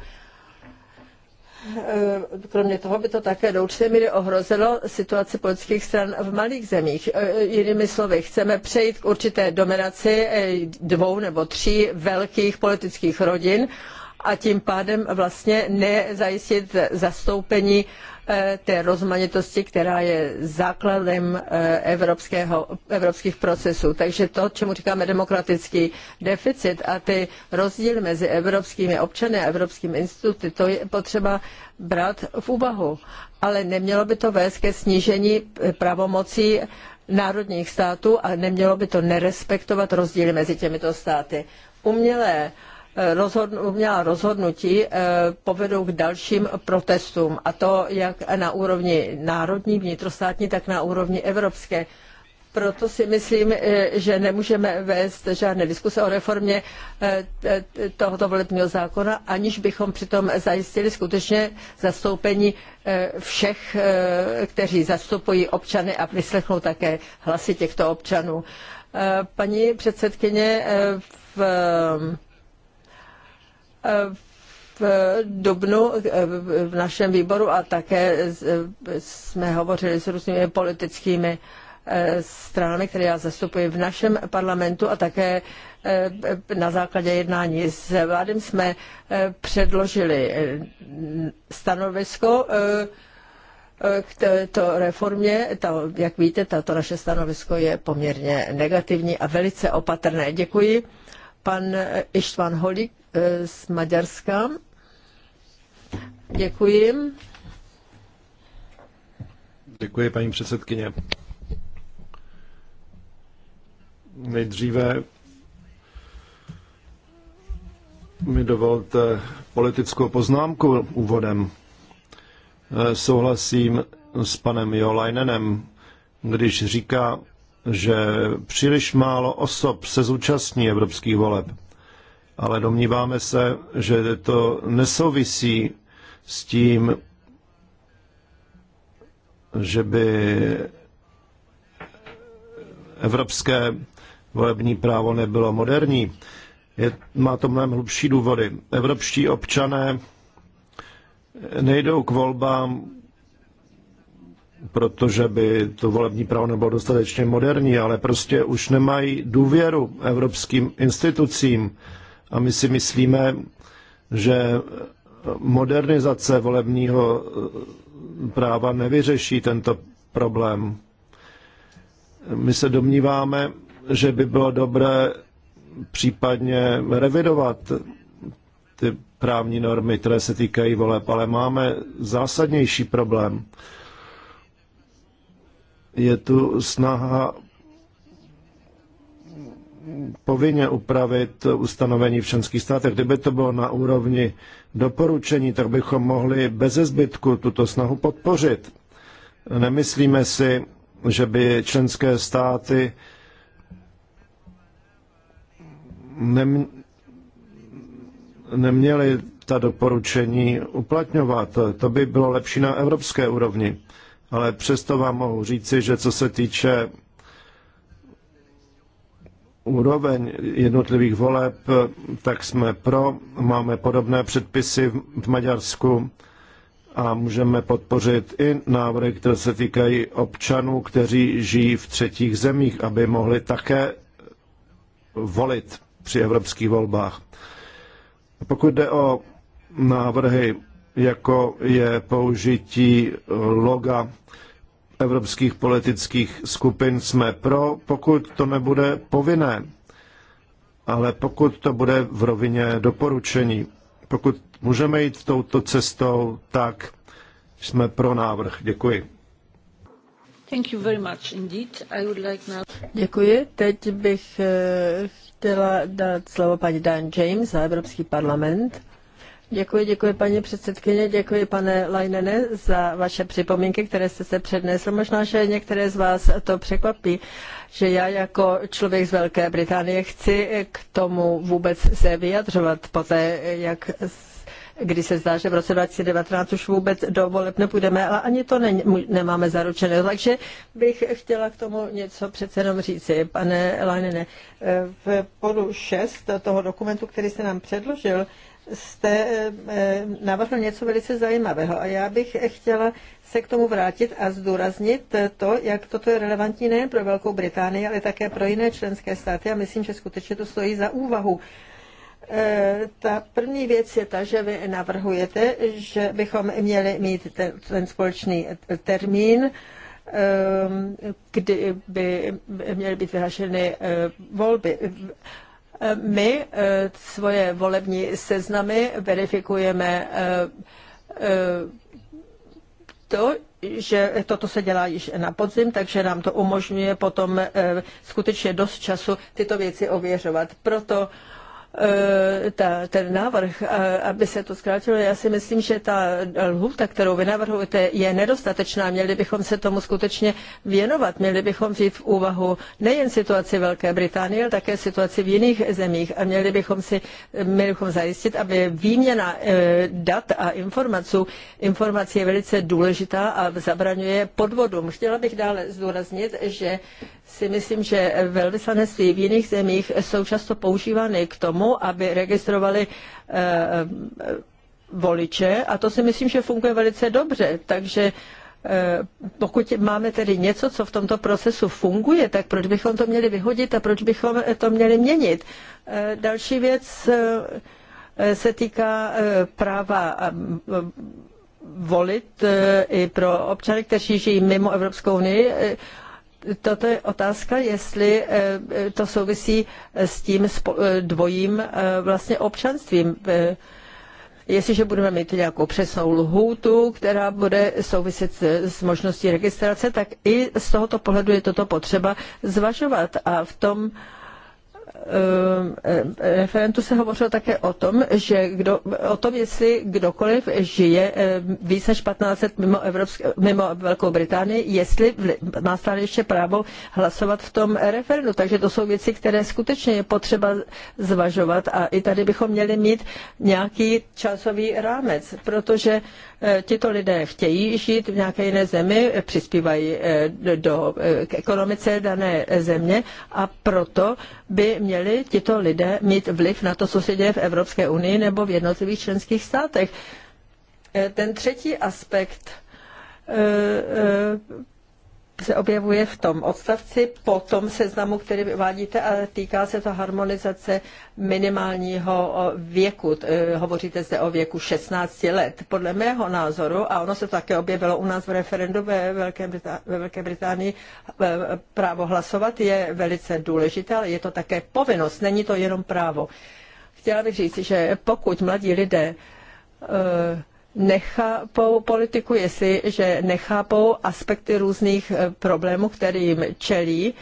Eh, kromě toho by to také do určité míry ohrozilo situaci politických stran v malých zemích. Eh, jinými slovy, chceme přejít k určité dominaci eh, dvou nebo tří velkých politických rodin a tím pádem vlastně nezajistit zastoupení Eh, té rozmanitosti, která je základem eh, evropského, evropských procesů. Takže to, čemu říkáme demokratický deficit a ty rozdíly mezi evropskými občany a evropskými instituty, to je potřeba brát v úvahu. Ale nemělo by to vést ke snížení eh, pravomocí národních států a nemělo by to nerespektovat rozdíly mezi těmito státy. Umělé uh, měla rozhodnutí eh, povedou k dalším protestům, a to jak na úrovni národní, vnitrostátní, tak na úrovni evropské. Proto si myslím, eh, že nemůžeme vést žádné diskuse o reformě eh, tohoto volebního zákona, aniž bychom přitom zajistili skutečně zastoupení všech, kteří zastupují občany a vyslechnou také hlasy těchto občanů. Paní předsedkyně, v v Dubnu eh, v našem výboru a také jsme hovořili s různými politickými eh, stranami, které já zastupuji v našem parlamentu a také eh, na základě jednání s vládem jsme předložili stanovisko k této reformě. To, jak víte, tato naše stanovisko je poměrně negativní a velice opatrné. Děkuji. Pan Ištvan Holík Eh, z Maďarska. Děkuji. Děkuji, paní předsedkyně. Nejdříve mi dovolte politickou poznámku úvodem. Eh, souhlasím s panem Jolajnenem, když říká, že příliš málo osob se zúčastní evropských voleb ale domníváme se, že to nesouvisí s tím, že by evropské volební právo nebylo moderní. Je, má to mnohem hlubší důvody. Evropští občané nejdou k volbám, protože by to volební právo nebylo dostatečně moderní, ale prostě už nemají důvěru evropským institucím a my si myslíme, že modernizace volebního eh, práva nevyřeší tento problém. My se domníváme, že by bylo dobré případně revidovat ty právní normy, které se týkají voleb, ale máme zásadnější problém. Je tu snaha povinně upravit ustanovení v členských státech. Kdyby to bylo na úrovni doporučení, tak bychom mohli bez zbytku tuto snahu podpořit. Nemyslíme si, že by členské státy nem, neměly ta doporučení uplatňovat. To by bylo lepší na evropské úrovni. Ale přesto vám mohu říci, že co se týče úroveň jednotlivých voleb, tak jsme pro. Máme podobné předpisy v Maďarsku a můžeme podpořit i návrhy, které se týkají občanů, kteří žijí v třetích zemích, aby mohli také volit při evropských volbách. Pokud jde o návrhy, jako je použití loga evropských politických skupin jsme pro, pokud to nebude povinné, ale pokud to bude v rovině doporučení. Pokud můžeme jít touto cestou, tak jsme pro návrh. Děkuji. Děkuji. Teď bych eh, chtěla dát slovo paní Dan James za Evropský parlament. Děkuji, děkuji paní předsedkyně, děkuji pane Lajnene za vaše připomínky, které jste se přednesl. Možná, že některé z vás to překvapí, že já jako člověk z Velké Británie chci k tomu vůbec se vyjadřovat poté, jak kdy se zdá, že v roce 2019 už vůbec do voleb nepůjdeme, ale ani to ne, nemáme zaručené. Takže bych chtěla k tomu něco přece jenom říci. Pane Lajnene, v podu 6 toho dokumentu, který se nám předložil, jste eh, eh, navrhl něco velice zajímavého a já bych chtěla se k tomu vrátit a zdůraznit to, jak toto je relevantní nejen pro Velkou Británii, ale také pro jiné členské státy a myslím, že skutečně to stojí za úvahu. Eh, ta první věc je ta, že vy navrhujete, že bychom měli mít ten, ten společný termín, ehm, kdy by měly být vyhašeny volby. My eh, svoje volební seznamy verifikujeme eh, eh, to, že toto se dělá již na podzim, takže nám to umožňuje potom skutečně dost času tyto věci ověřovat. Proto Eh, ta, ten návrh, eh, aby se to zkrátilo, já si myslím, že ta lhůta, kterou vy navrhujete, je nedostatečná. Měli bychom se tomu skutečně věnovat. Měli bychom vzít v úvahu nejen situaci Velké Británie, ale také situaci v jiných zemích. A měli bychom, si, měli bychom zajistit, aby výměna eh, dat a informací, informací je velice důležitá a zabraňuje podvodům. Chtěla bych dále zdůraznit, že si myslím, že velvyslanectví v jiných zemích jsou často používány k tomu, aby registrovali eh, eh, voliče a to si myslím, že funguje velice dobře. Takže eh, pokud máme tedy něco, co v tomto procesu funguje, tak proč bychom to měli vyhodit a proč bychom to měli měnit? Další věc se týká práva volit i pro občany, kteří žijí mimo Evropskou unii toto je otázka, jestli eh, to souvisí s tím eh, dvojím eh, vlastně občanstvím. Jestliže budeme mít nějakou přesnou lhůtu, která bude souviset s možností registrace, tak i z tohoto pohledu je toto potřeba zvažovat. A v tom Eh, eh, referentu se hovořilo také o tom, že kdo, o tom, jestli kdokoliv žije eh, více než 15 let mimo, Evropské, mimo Velkou Británii, jestli má stále ještě právo hlasovat v tom referendu. Takže to jsou věci, které skutečně je potřeba zvažovat a i tady bychom měli mít nějaký časový rámec, protože Eh, tito lidé chtějí žít v nějaké jiné zemi, eh, přispívají eh, do, k ekonomice dané země a proto by měli tito lidé mít vliv na to, co se děje v Evropské unii nebo v jednotlivých členských státech. Ten třetí aspekt se objevuje v tom odstavci po tom seznamu, který vádíte, ale týká se to harmonizace minimálního věku. E, hovoříte zde o věku 16 let. Podle mého názoru, a ono se také objevilo u nás v referendu ve Velké, Britá- ve Velké Británii, e, právo hlasovat je velice důležité, ale je to také povinnost, není to jenom právo. Chtěla bych říct, že pokud mladí lidé uh, nechápou politiku, že nechápou aspekty různých eh, problémů, kterým čelí,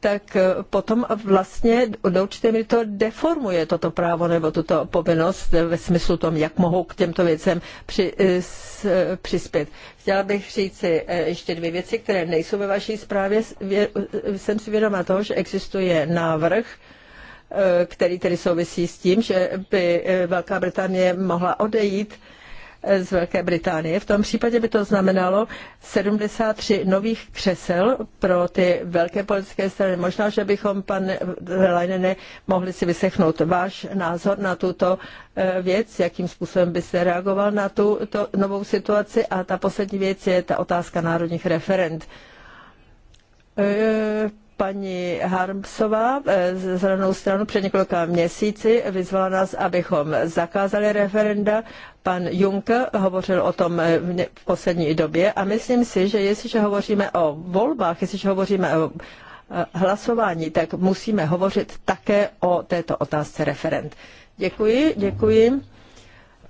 tak eh, potom vlastně do určité míry to deformuje toto právo nebo tuto povinnost ve smyslu tom, jak mohou k těmto věcem při, eh, s, přispět. Chtěla bych si ještě dvě věci, které nejsou ve vaší zprávě. Jsem si vědoma toho, že existuje návrh, který tedy souvisí s tím, že by Velká Británie mohla odejít z Velké Británie. V tom případě by to znamenalo 73 nových křesel pro ty velké politické strany. Možná, že bychom, pane Leinene, mohli si vysechnout váš názor na tuto eh, věc, jakým způsobem byste reagoval na tu to novou situaci. A ta poslední věc je ta otázka národních referent. Eh, paní Harmsová eh, z zelenou stranu před několika měsíci vyzvala nás, abychom zakázali referenda. Pan Juncker hovořil o tom eh, v poslední době a myslím si, že jestliže hovoříme o volbách, jestliže hovoříme o eh, hlasování, tak musíme hovořit také o této otázce referend. Děkuji, děkuji.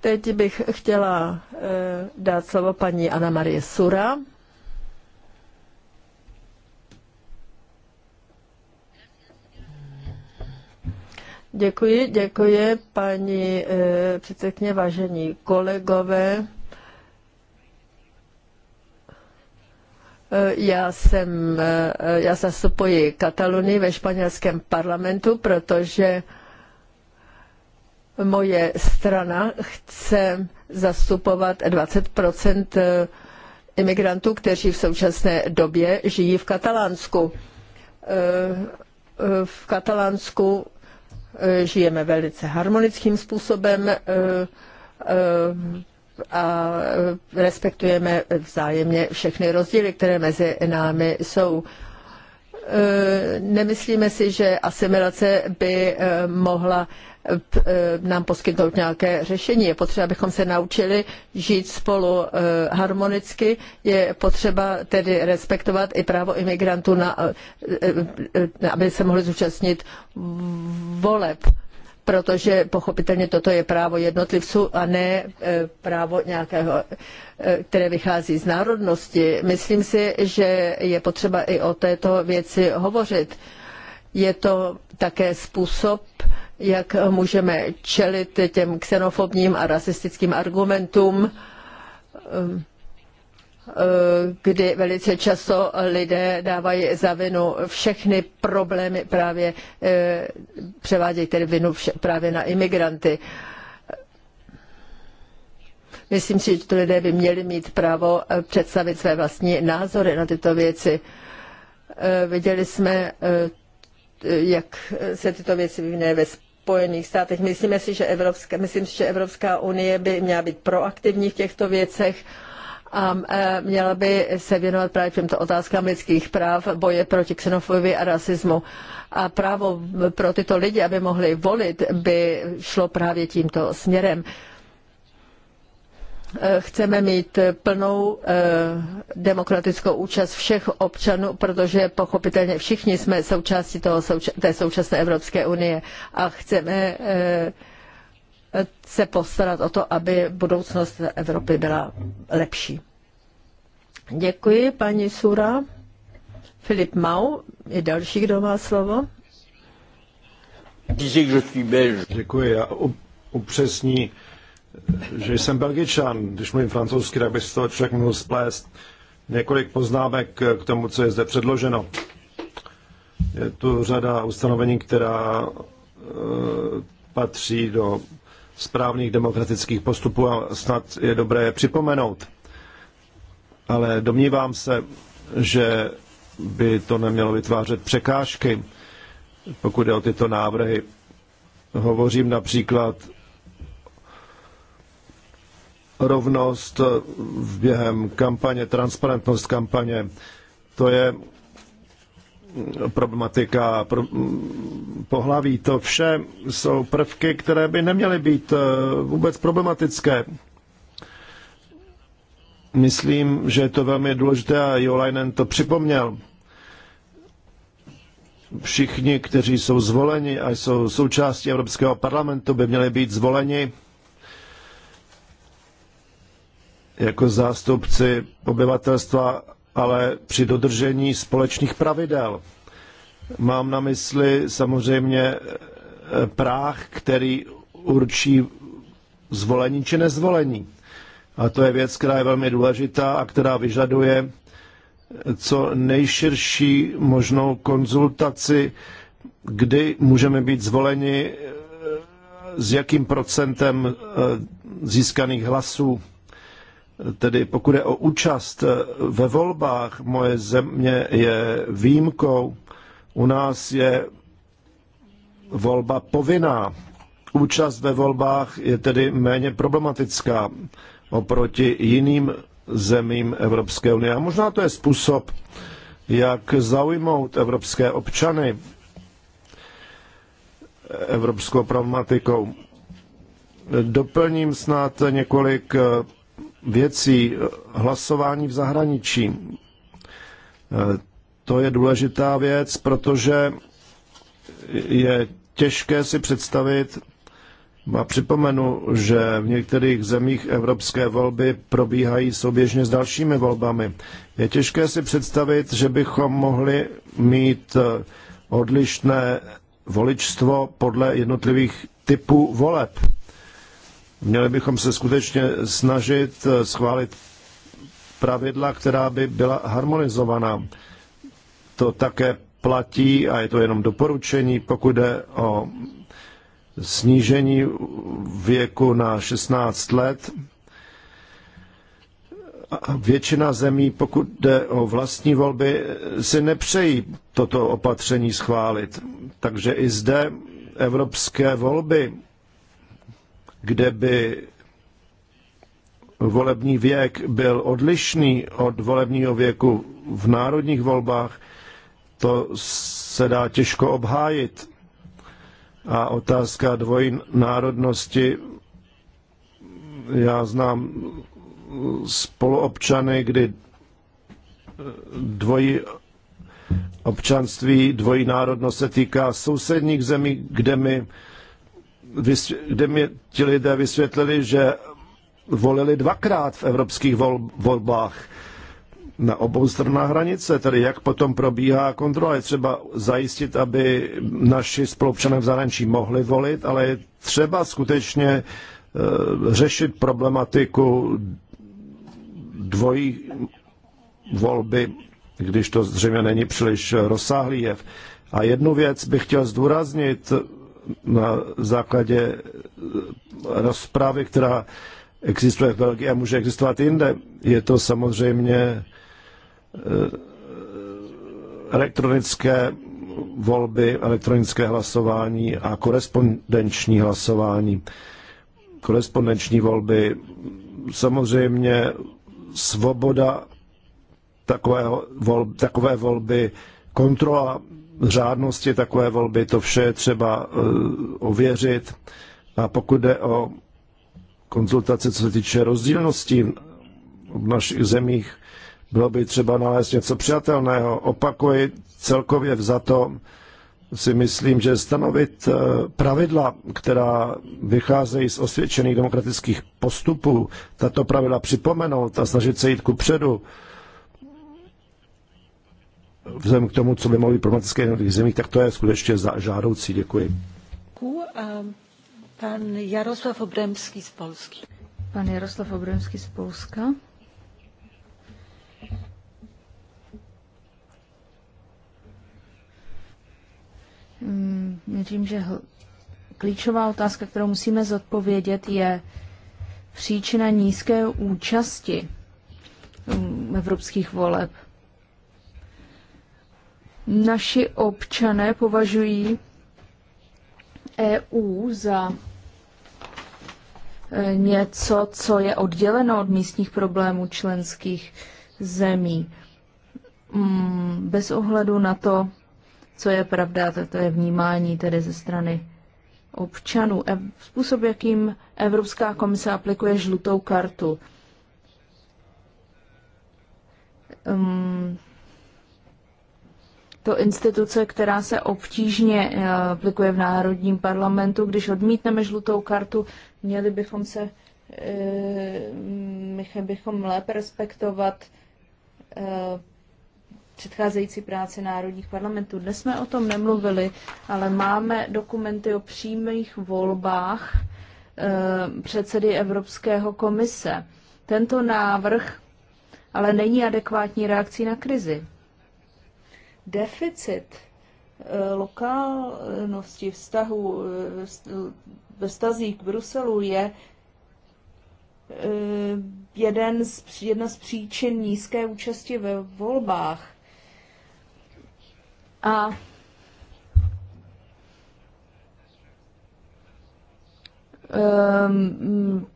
Teď bych chtěla dát slovo paní Ana Marie Sura. Děkuji, děkuji, paní eh, předsedkyně, vážení kolegové. Eh, já jsem, eh, já zastupuji Katalonii ve španělském parlamentu, protože moje strana chce zastupovat 20 imigrantů, kteří v současné době žijí v Katalánsku. V Katalánsku Eh, žijeme velice harmonickým způsobem eh, eh, a respektujeme vzájemně všechny rozdíly, které mezi námi jsou. Nemyslíme si, že asimilace by mohla E, nám poskytnout nějaké řešení. Je potřeba, abychom se naučili žít spolu e, harmonicky. Je potřeba tedy respektovat i právo imigrantů, na, e, aby se mohli zúčastnit voleb protože pochopitelně toto je právo jednotlivců a ne právo nějakého, které vychází z národnosti. Myslím si, že je potřeba i o této věci hovořit. Je to také způsob, jak můžeme čelit těm xenofobním a rasistickým argumentům, kdy velice často lidé dávají za vinu všechny problémy právě, převádějí tedy vinu právě na imigranty. Myslím si, že to lidé by měli mít právo představit své vlastní názory na tyto věci. Viděli jsme, jak se tyto věci vyvíjí ve Spojených státech. Myslíme si, že Evropská, myslím si, že Evropská unie by měla být proaktivní v těchto věcech a e, měla by se věnovat právě těmto otázkám lidských práv, boje proti xenofobii a rasismu. A právo pro tyto lidi, aby mohli volit, by šlo právě tímto směrem. Eh, chceme mít plnou eh, demokratickou účast všech občanů, protože pochopitelně všichni jsme součástí toho, té současné Evropské unie a chceme eh, se postarat o to, aby budoucnost Evropy byla lepší. Děkuji, paní Sura. Filip Mau je další, kdo má slovo. Děkuji, já upřesní že jsem belgičan, když mluvím francouzsky, tak by se toho člověk mohl splést. Několik poznámek k tomu, co je zde předloženo. Je tu řada ustanovení, která eh, patří do správných demokratických postupů a snad je dobré je připomenout. Ale domnívám se, že by to nemělo vytvářet překážky, pokud je o tyto návrhy. Hovořím například rovnost v během kampaně, transparentnost kampaně. To je problematika pro, pohlaví. To vše jsou prvky, které by neměly být eh, vůbec problematické. Myslím, že je to velmi důležité a Jolainen to připomněl. Všichni, kteří jsou zvoleni a jsou součástí Evropského parlamentu, by měli být zvoleni jako zástupci obyvatelstva, ale při dodržení společných pravidel. Mám na mysli samozřejmě eh, práh, který určí zvolení či nezvolení. A to je věc, která je velmi důležitá a která vyžaduje eh, co nejširší možnou konzultaci, kdy můžeme být zvoleni, eh, s jakým procentem získaných hlasů. Tedy pokud je o účast ve volbách, moje země je výjimkou. U nás je volba povinná. Účast ve volbách je tedy méně problematická oproti jiným zemím Evropské unie. A možná to je způsob, jak zaujmout evropské občany evropskou problematikou. Doplním snad několik věcí eh, hlasování v zahraničí. Eh, to je důležitá věc, protože je těžké si představit, a připomenu, že v některých zemích evropské volby probíhají souběžně s dalšími volbami. Je těžké si představit, že bychom mohli mít eh, odlišné voličstvo podle jednotlivých typů voleb. Měli bychom se skutečně snažit eh, schválit pravidla, která by byla harmonizovaná. To také platí a je to jenom doporučení, pokud jde o snížení věku na 16 let. Většina zemí, pokud jde o vlastní volby, si nepřejí toto opatření schválit. Takže i zde evropské volby kde by volební věk byl odlišný od volebního věku v národních volbách, to se dá těžko obhájit. A otázka dvojnárodnosti, národnosti, já znám spoluobčany, kdy dvojí občanství, dvojí národnost se týká sousedních zemí, kde my kde mi ti lidé vysvětlili, že volili dvakrát v evropských volbách na obou stranách hranice, tedy jak potom probíhá kontrola. Je třeba zajistit, aby naši spolupčané v zahraničí mohli volit, ale je třeba skutečně eh, řešit problematiku dvojí volby, když to zřejmě není příliš rozsáhlý jev. A jednu věc bych chtěl zdůraznit, na základě rozpravy, která existuje v Belgii a může existovat jinde. Je to samozřejmě eh, elektronické volby, elektronické hlasování a korespondenční hlasování. Korespondenční volby. Samozřejmě svoboda takového, vol, takové volby, kontrola řádnosti takové volby, to vše je třeba e, ověřit. A pokud jde o konzultace, co se týče rozdílností v našich zemích, bylo by třeba nalézt něco přijatelného. Opakuji, celkově vzato si myslím, že stanovit e, pravidla, která vycházejí z osvědčených demokratických postupů, tato pravidla připomenout a snažit se jít ku předu, vzhledem k tomu, co by mohly problematické v jednotlivých zemích, tak to je skutečně žádoucí. Děkuji. Pan Jaroslav Obremský z Polsky. Pan Jaroslav Obremský z Polska. Mm, myslím, že klíčová otázka, kterou musíme zodpovědět, je příčina nízké účasti mm, evropských voleb Naši občané považují EU za e, něco, co je odděleno od místních problémů členských zemí. Mm, bez ohledu na to, co je pravda, to je vnímání tedy ze strany občanů. E, způsob, jakým Evropská komise aplikuje žlutou kartu. Mm, to instituce, která se obtížně eh, aplikuje v Národním parlamentu. Když odmítneme žlutou kartu, měli bychom se eh, my bychom lépe respektovat eh, předcházející práci národních parlamentů. Dnes jsme o tom nemluvili, ale máme dokumenty o přímých volbách předsedy Evropského komise. Tento návrh ale není adekvátní reakcí na krizi deficit eh, lokálnosti vztahu eh, ve stazích k Bruselu je eh, jeden z, jedna z příčin nízké účasti ve volbách. A um,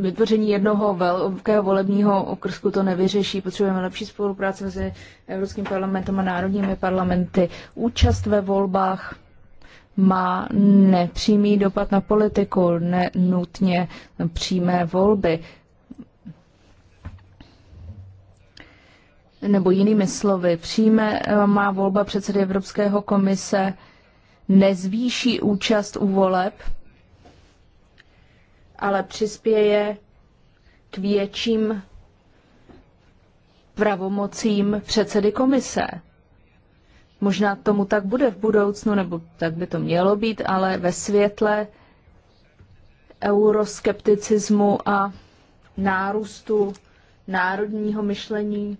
vytvoření jednoho velkého volebního okrsku to nevyřeší. Potřebujeme lepší spolupráci mezi Evropským parlamentem a národními parlamenty. Účast ve volbách má nepřímý dopad na politiku, ne nutně přímé volby. Nebo jinými slovy, přímé eh, má volba předsedy Evropského komise nezvýší účast u voleb, ale přispěje k větším pravomocím předsedy komise. Možná tomu tak bude v budoucnu, nebo tak by to mělo být, ale ve světle euroskepticismu a nárůstu národního myšlení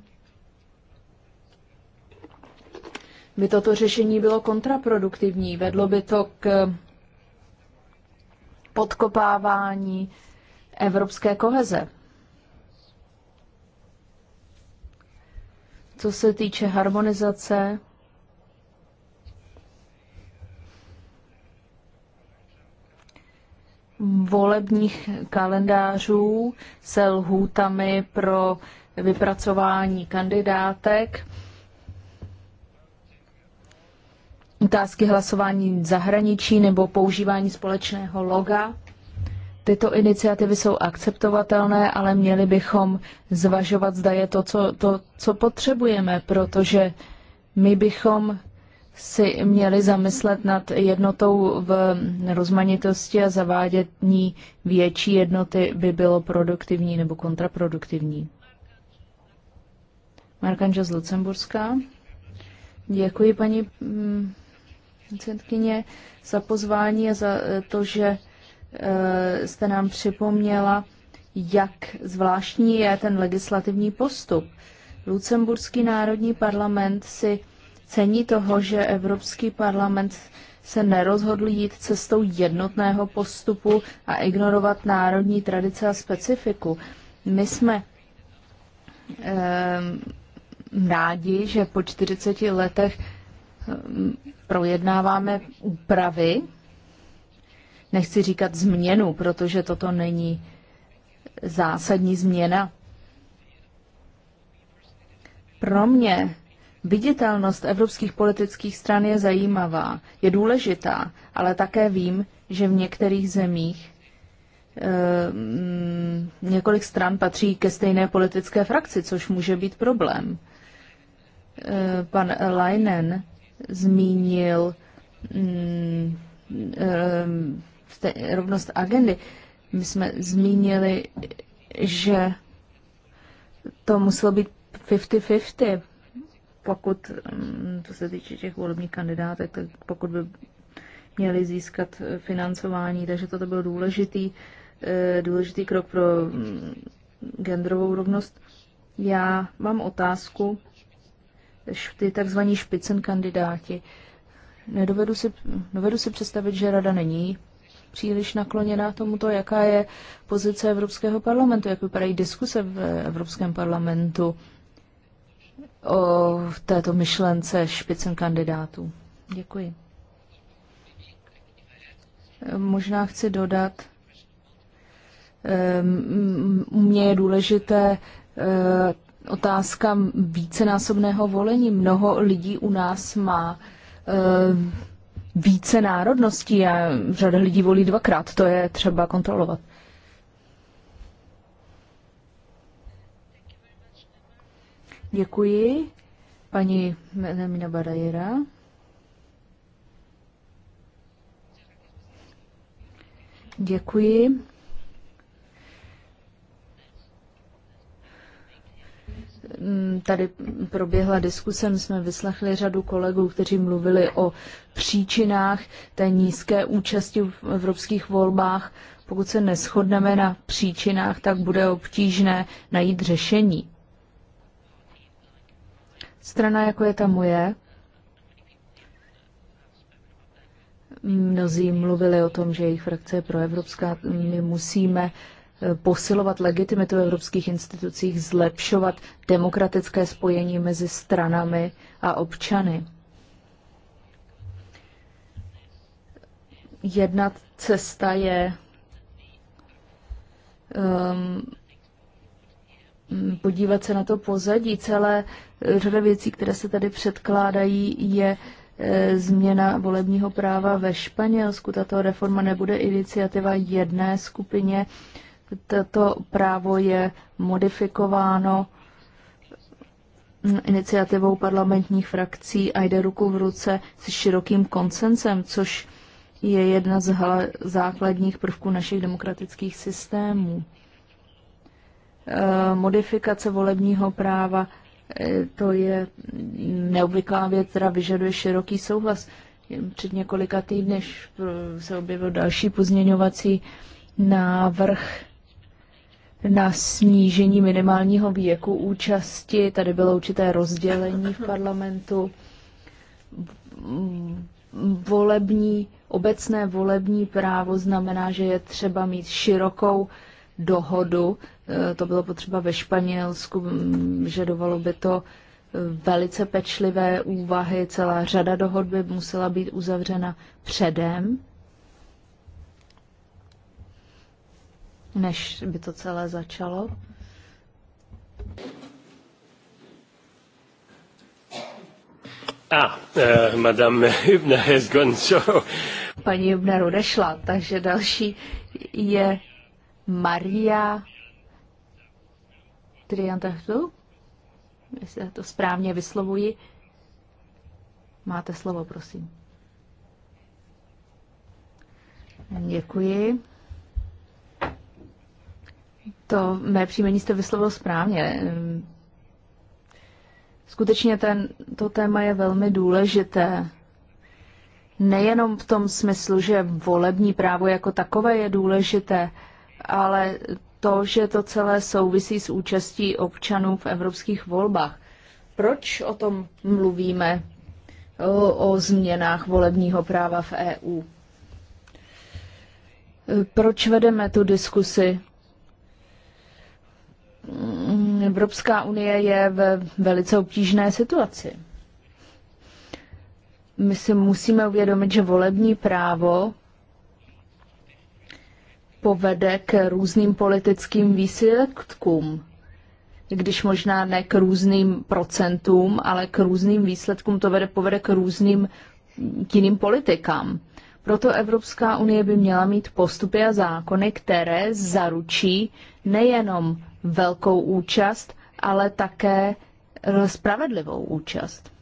by toto řešení bylo kontraproduktivní. Vedlo by to k podkopávání evropské koheze. Co se týče harmonizace, volebních kalendářů se lhůtami pro vypracování kandidátek otázky hlasování v zahraničí nebo používání společného loga. Tyto iniciativy jsou akceptovatelné, ale měli bychom zvažovat, zda je to, co, to, co potřebujeme, protože my bychom si měli zamyslet nad jednotou v rozmanitosti a zavádění větší jednoty by bylo produktivní nebo kontraproduktivní. Markanža z Lucemburska. Děkuji, paní mm, předsedkyně, za pozvání a za eh, to, že eh, jste nám připomněla, jak zvláštní je ten legislativní postup. Lucemburský národní parlament si cení toho, že Evropský parlament se nerozhodl jít cestou jednotného postupu a ignorovat národní tradice a specifiku. My jsme eh, rádi, že po 40 letech ehm, projednáváme úpravy, nechci říkat změnu, protože toto není zásadní změna. Pro mě viditelnost evropských politických stran je zajímavá, je důležitá, ale také vím, že v některých zemích e, několik stran patří ke stejné politické frakci, což může být problém. E, pan Leinen zmínil mm, rovnost agendy. My jsme zmínili, že to muselo být 50-50, pokud, mm, to se týče těch volebních kandidátek, tak pokud by měli získat financování, takže toto byl důležitý, eh, důležitý krok pro mm, genderovou rovnost. Já mám otázku, ty takzvaní špicen kandidáti. Nedovedu si, dovedu si představit, že rada není příliš nakloněná tomuto, jaká je pozice Evropského parlamentu, jak vypadají diskuse v Evropském parlamentu o této myšlence špicen kandidátů. Děkuji. Možná chci dodat, u eh, mě je důležité eh, otázka vícenásobného volení. Mnoho lidí u nás má uh, více národností a řada lidí volí dvakrát. To je třeba kontrolovat. Děkuji. Paní Nemina Barajera. Děkuji. tady proběhla diskuse, my jsme vyslechli řadu kolegů, kteří mluvili o příčinách té nízké účasti v evropských volbách. Pokud se neschodneme na příčinách, tak bude obtížné najít řešení. Strana, jako je ta moje, mnozí mluvili o tom, že jejich frakce je proevropská, my musíme uh, posilovat legitimitu evropských institucích, zlepšovat demokratické spojení mezi stranami a občany. Jedna cesta je um, podívat se na to pozadí. Celé eh, řada věcí, které se tady předkládají, je eh, změna volebního práva ve Španělsku. Tato reforma nebude iniciativa jedné skupině Toto právo je modifikováno iniciativou parlamentních frakcí a jde ruku v ruce s širokým konsensem, což je jedna z základních prvků našich demokratických systémů. E, modifikace volebního práva e, to je neobvyklá věc, která vyžaduje široký souhlas. Před několika týdny se objevil další pozměňovací návrh na snížení minimálního věku účasti. Tady bylo určité rozdělení v parlamentu. Volební, obecné volební právo znamená, že je třeba mít širokou dohodu. E, to bylo potřeba ve Španělsku, žadovalo by to e, velice pečlivé úvahy. Celá řada dohod by musela být uzavřena předem než by to celé začalo. Ah, eh, madame Hübner has gone, so... Paní Hübner odešla, takže další je Maria Triantachtu, jestli to správně vyslovuji. Máte slovo, prosím. Děkuji. To mé příjmení jste vyslovil správně. Skutečně ten, to téma je velmi důležité. Nejenom v tom smyslu, že volební právo jako takové je důležité, ale to, že to celé souvisí s účastí občanů v evropských volbách. Proč o tom mluvíme, o, o změnách volebního práva v EU? Proč vedeme tu diskusi Mm, Evropská unie je ve velice obtížné situaci. My si musíme uvědomit, že volební právo povede k různým politickým výsledkům. Když možná ne k různým procentům, ale k různým výsledkům to vede, povede k různým k jiným politikám. Proto Evropská unie by měla mít postupy a zákony, které zaručí nejenom velkou účast, ale také spravedlivou účast.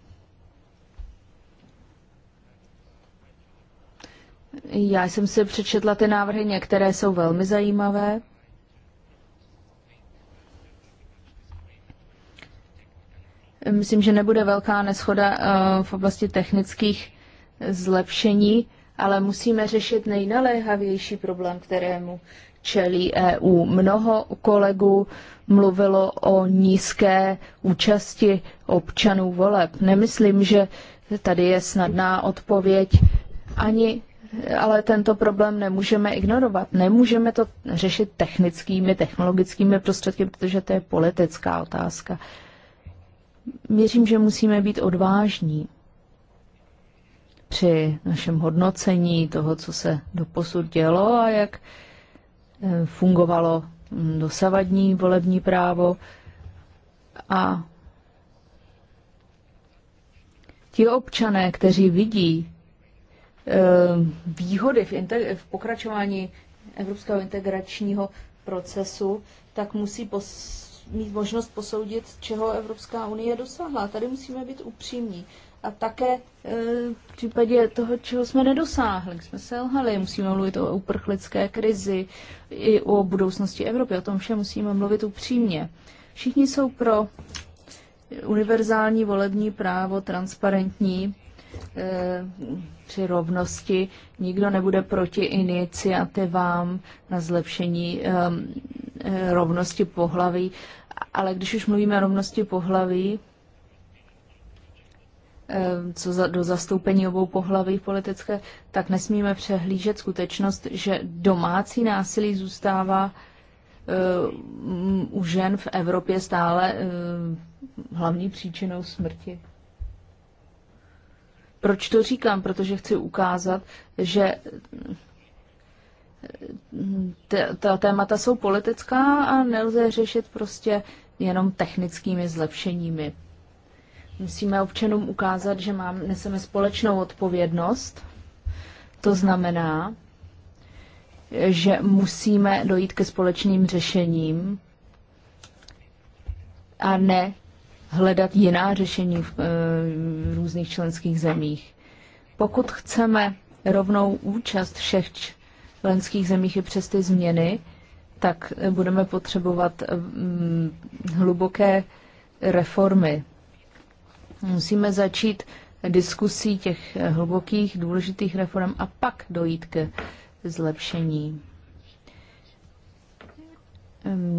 Já jsem si přečetla ty návrhy, některé jsou velmi zajímavé. Myslím, že nebude velká neschoda eh, v oblasti technických zlepšení, ale musíme řešit nejnaléhavější problém, kterému čelí EU. Mnoho kolegů mluvilo o nízké účasti občanů voleb. Nemyslím, že tady je snadná odpověď ani ale tento problém nemůžeme ignorovat. Nemůžeme to řešit technickými, technologickými prostředky, protože to je politická otázka. Věřím, že musíme být odvážní při našem hodnocení toho, co se doposud dělo a jak fungovalo mm, dosavadní volební právo a ti občané, kteří vidí eh, výhody v, v pokračování evropského integračního procesu, tak musí mít možnost posoudit, čeho Evropská unie dosáhla. Tady musíme být upřímní a také e, v případě toho, čeho jsme nedosáhli, jsme selhali, musíme mluvit o uprchlické krizi, i o budoucnosti Evropy, o tom vše musíme mluvit upřímně. Všichni jsou pro univerzální volební právo, transparentní, e, při rovnosti. Nikdo nebude proti iniciativám na zlepšení e, rovnosti pohlaví, ale když už mluvíme o rovnosti pohlaví, Eh, co za, do zastoupení obou pohlaví politické, tak nesmíme přehlížet skutečnost, že domácí násilí zůstává eh, u žen v Evropě stále eh, hlavní příčinou smrti. Proč to říkám? Protože chci ukázat, že ta témata jsou politická a nelze řešit prostě jenom technickými zlepšeními. Musíme občanům ukázat, že mám, neseme společnou odpovědnost. To znamená, že musíme dojít ke společným řešením a ne hledat jiná řešení v, eh, v různých členských zemích. Pokud chceme rovnou účast všech členských zemích i přes ty změny, tak budeme potřebovat mm, hluboké reformy Musíme začít diskusí těch hlubokých, důležitých reform a pak dojít ke zlepšení.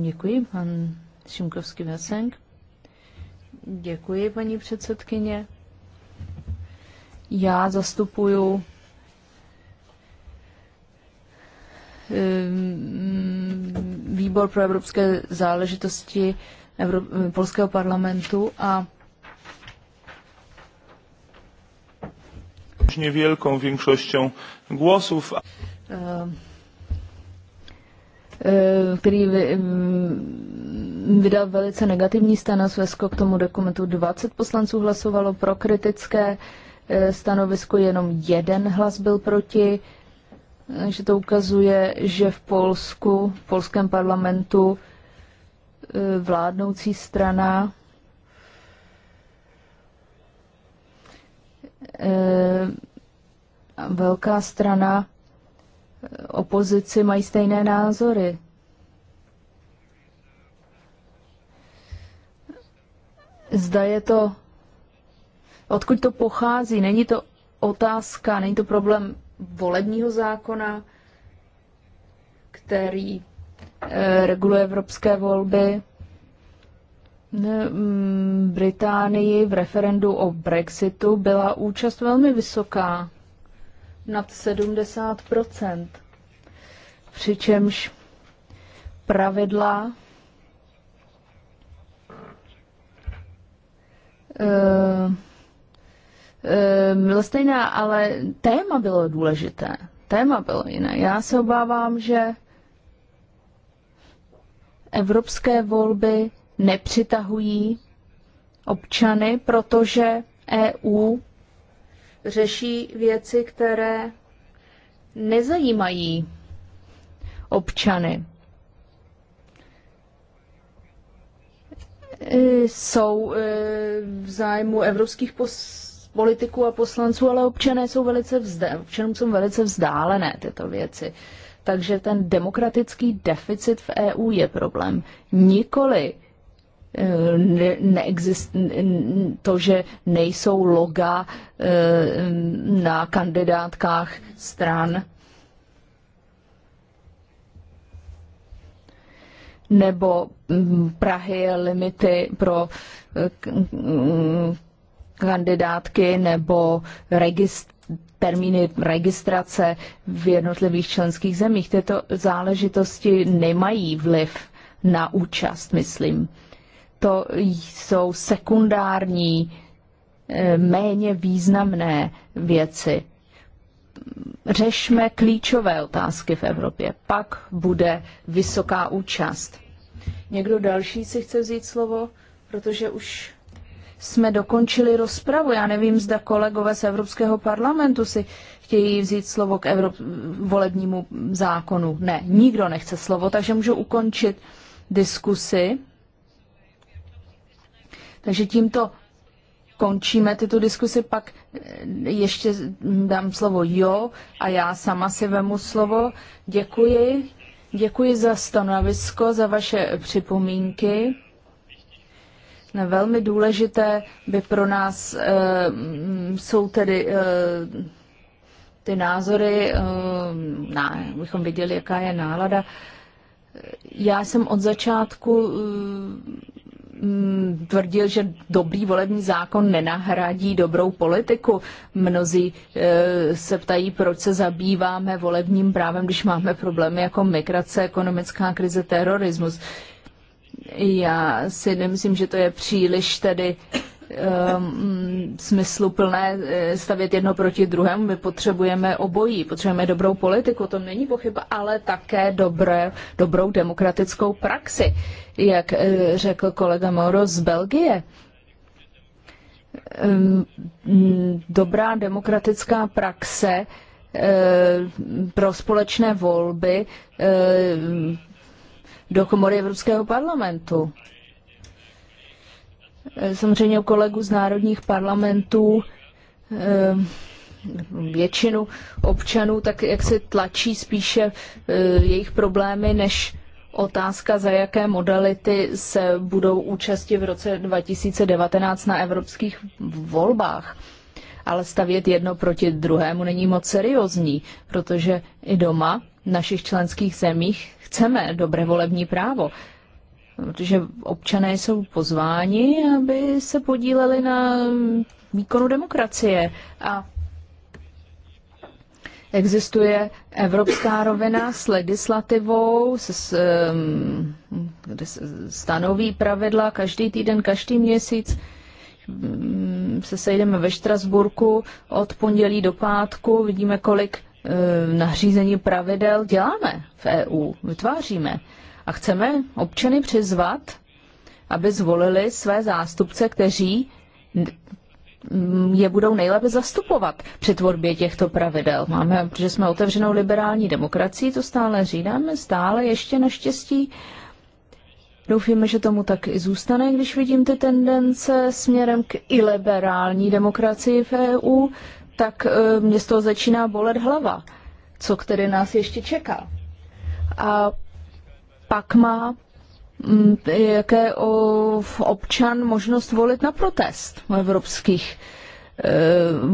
Děkuji, pan Šimkovský Vesenk. Děkuji, paní předsedkyně. Já zastupuju výbor pro evropské záležitosti Evrop- Polského parlamentu a Niewielką większością głosów. Eh, který mm, vydal velice negativní stanovisko k tomu dokumentu. 20 poslanců hlasovalo pro kritické eh, stanovisko, jenom jeden hlas byl proti. Eh, že to ukazuje, že v Polsku, v polském parlamentu vládnoucí strana Eh, velká strana eh, opozici mají stejné názory. Zda je to, odkud to pochází, není to otázka, není to problém volebního zákona, který eh, reguluje evropské volby, Mm, Británii v referendu o Brexitu byla účast velmi vysoká, nad 70 Přičemž pravidla uh, byla stejná, ale téma bylo důležité. Téma bylo jiné. Já se obávám, že evropské volby nepřitahují občany, protože EU řeší věci, které nezajímají občany. E, jsou e, v zájmu evropských politiků a poslanců, ale občané jsou velice vzde, občanům jsou velice vzdálené tyto věci. Takže ten demokratický deficit v EU je problém. Nikoli ne, neexist, to, že nejsou loga eh, na kandidátkách stran, nebo mm, Prahy limity pro eh, mm, kandidátky nebo registr termíny registrace v jednotlivých členských zemích. Tyto záležitosti nemají vliv na účast, myslím to jsou sekundární, eh, méně významné věci. Řešme klíčové otázky v Evropě, pak bude vysoká účast. Někdo další si chce vzít slovo, protože už jsme dokončili rozpravu. Já nevím, zda kolegové z Evropského parlamentu si chtějí vzít slovo k Evrop- volebnímu zákonu. Ne, nikdo nechce slovo, takže můžu ukončit diskusi. Takže tímto končíme tyto diskusy, pak eh, ještě dám slovo jo a já sama si vemu slovo. Děkuji. Děkuji za stanovisko, za vaše připomínky. velmi důležité by pro nás uh, jsou tedy uh, ty názory, uh, na, bychom viděli, jaká je nálada. Já jsem od začátku uh, Mm, tvrdil, že dobrý volební zákon nenahradí dobrou politiku. Mnozí eh, se ptají, proč se zabýváme volebním právem, když máme problémy jako migrace, ekonomická krize, terorismus. Já si nemyslím, že to je příliš tedy um, smysluplné eh, stavět jedno proti druhému. My potřebujeme obojí, potřebujeme dobrou politiku, to není pochyb, ale také dobré, dobrou demokratickou praxi, jak eh, řekl kolega Mauro z Belgie. Um, dobrá demokratická praxe eh, pro společné volby do komory Evropského parlamentu. Eh, samozřejmě u kolegů z národních parlamentů eh, většinu občanů, tak jak se tlačí spíše eh, jejich problémy, než otázka, za jaké modality se budou účasti v roce 2019 na evropských volbách. Ale stavět jedno proti druhému není moc seriózní, protože i doma v našich členských zemích chceme dobré volební právo protože občané jsou pozváni, aby se podíleli na výkonu demokracie. A existuje evropská rovina s legislativou, s, kde stanoví pravidla každý týden, každý měsíc. Se sejdeme ve Štrasburku od pondělí do pátku, vidíme, kolik nařízení pravidel děláme v EU, vytváříme. A chceme občany přizvat, aby zvolili své zástupce, kteří je budou nejlépe zastupovat při tvorbě těchto pravidel. Máme, že jsme otevřenou liberální demokracii, to stále říkáme, stále ještě naštěstí. Doufíme, že tomu tak i zůstane, když vidím ty tendence směrem k iliberální demokracii v EU, tak e, mě z toho začíná bolet hlava, co který nás ještě čeká. A pak má mm, jaké občan možnost volit na protest v evropských eh,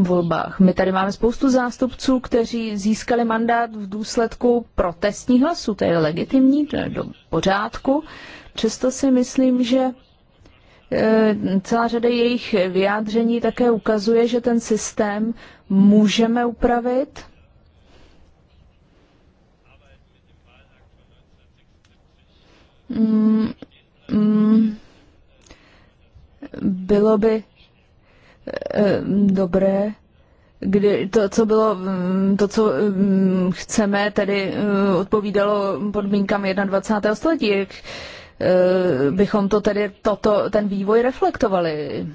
volbách. My tady máme spoustu zástupců, kteří získali mandát v důsledku protestních hlasů. To je legitimní, to je do pořádku. Přesto si myslím, že eh, celá řada jejich vyjádření také ukazuje, že ten systém můžeme upravit, Mm, mm, bylo by eh, dobré, kdy to, co bylo, mm, to, co chceme, tedy eh, odpovídalo podmínkám 21. století, jak eh, bychom to tedy toto, ten vývoj reflektovali.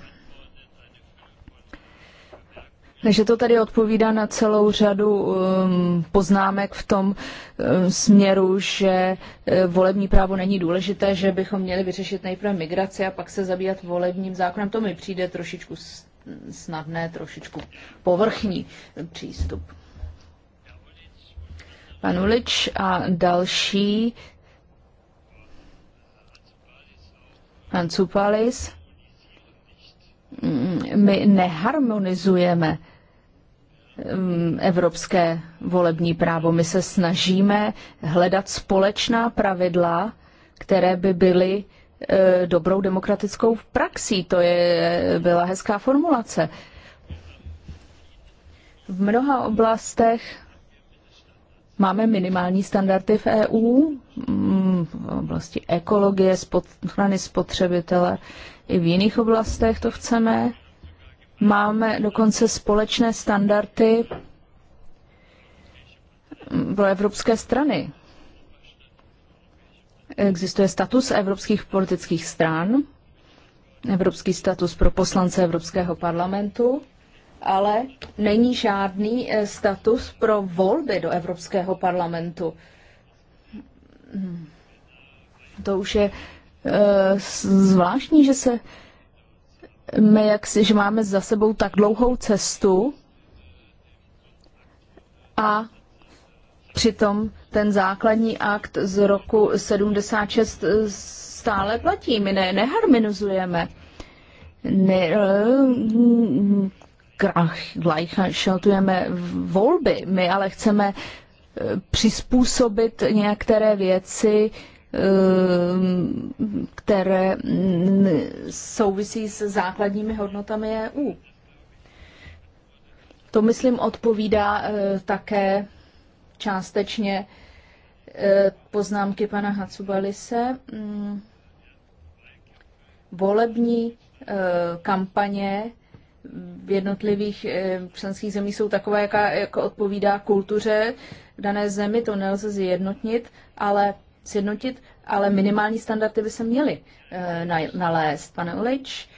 Takže to tady odpovídá na celou řadu um, poznámek v tom um, směru, že uh, volební právo není důležité, že bychom měli vyřešit nejprve migraci a pak se zabývat volebním zákonem. To mi přijde trošičku snadné, trošičku povrchní přístup. Pan Ulič a další. Pan Cupalis. Mm, my neharmonizujeme evropské volební právo. My se snažíme hledat společná pravidla, které by byly e, dobrou demokratickou praxí. To je, byla hezká formulace. V mnoha oblastech máme minimální standardy v EU, mm, v oblasti ekologie, spot, ochrany spotřebitele, i v jiných oblastech to chceme. Máme dokonce společné standardy pro evropské strany. Existuje status evropských politických stran, evropský status pro poslance Evropského parlamentu, ale není žádný eh, status pro volby do Evropského parlamentu. Hmm. To už je eh, zvláštní, že se my, jaksi že máme za sebou tak dlouhou cestu a přitom ten základní akt z roku 76 stále platí. My ne, neharmonizujeme. Ne, krach, šaltujeme volby. My ale chceme eh, přizpůsobit některé věci Ehm, které souvisí s základními hodnotami EU. To, myslím, odpovídá eh, také částečně eh, poznámky pana Hacubalise. Mm, volební eh, kampaně v jednotlivých členských zemí jsou takové, jaká jako odpovídá kultuře dané zemi, to nelze zjednotnit, ale sjednotit, ale minimální standardy by se měly eh, nalézt. Pane Ulič,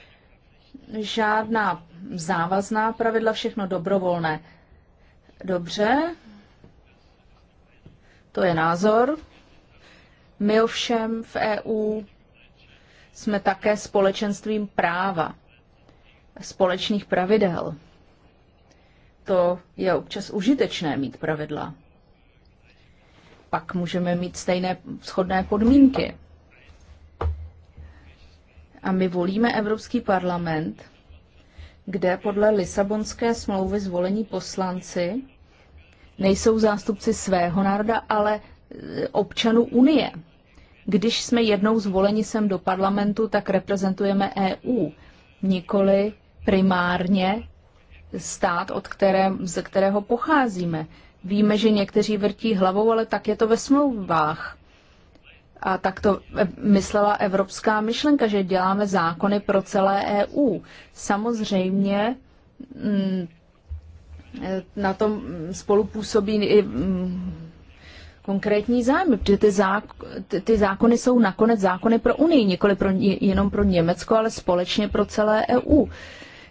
žádná závazná pravidla, všechno dobrovolné. Dobře, to je názor. My ovšem v EU jsme také společenstvím práva, společných pravidel. To je občas užitečné mít pravidla pak můžeme mít stejné shodné podmínky. A my volíme Evropský parlament, kde podle Lisabonské smlouvy zvolení poslanci nejsou zástupci svého národa, ale e, občanů Unie. Když jsme jednou zvoleni sem do parlamentu, tak reprezentujeme EU, nikoli primárně stát, od které, ze kterého pocházíme. Víme, že někteří vrtí hlavou, ale tak je to ve smlouvách. A tak to myslela evropská myšlenka, že děláme zákony pro celé EU. Samozřejmě mm, na tom spolupůsobí i mm, konkrétní zájmy, protože ty, zák- ty zákony jsou nakonec zákony pro Unii, nikoli pro, jenom pro Německo, ale společně pro celé EU.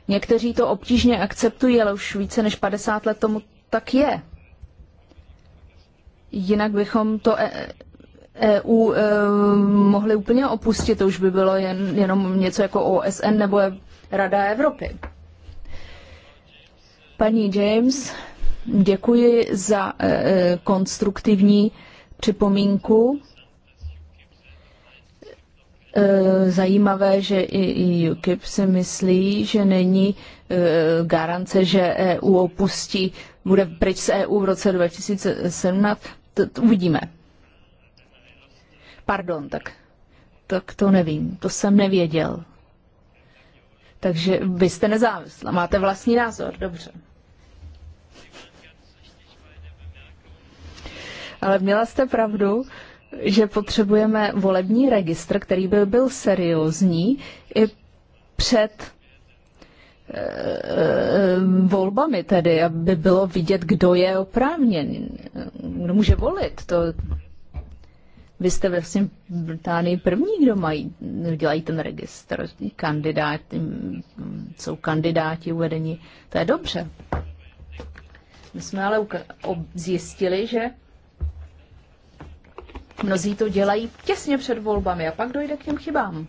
Někteří to obtížně akceptují, ale už více než 50 let tomu tak je. Jinak bychom to EU e e, mohli úplně opustit, to už by bylo jen, jenom něco jako OSN nebo Rada Evropy. Paní James, děkuji za e, konstruktivní připomínku. Zajímavé, že i UKIP si myslí, že není garance, že EU opustí, bude pryč z EU v roce 2017 uvidíme. Pardon, tak, tak to nevím, to jsem nevěděl. Takže vy jste nezávislá, máte vlastní názor, dobře. Ale měla jste pravdu, že potřebujeme volební registr, který by byl seriózní i před Eh, volbami tedy, aby bylo vidět, kdo je oprávněn, kdo může volit. To vy jste vlastně Británii první, kdo mají, dělají ten registr. Kandidáti, jsou kandidáti uvedeni. To je dobře. My jsme ale zjistili, že mnozí to dělají těsně před volbami a pak dojde k těm chybám.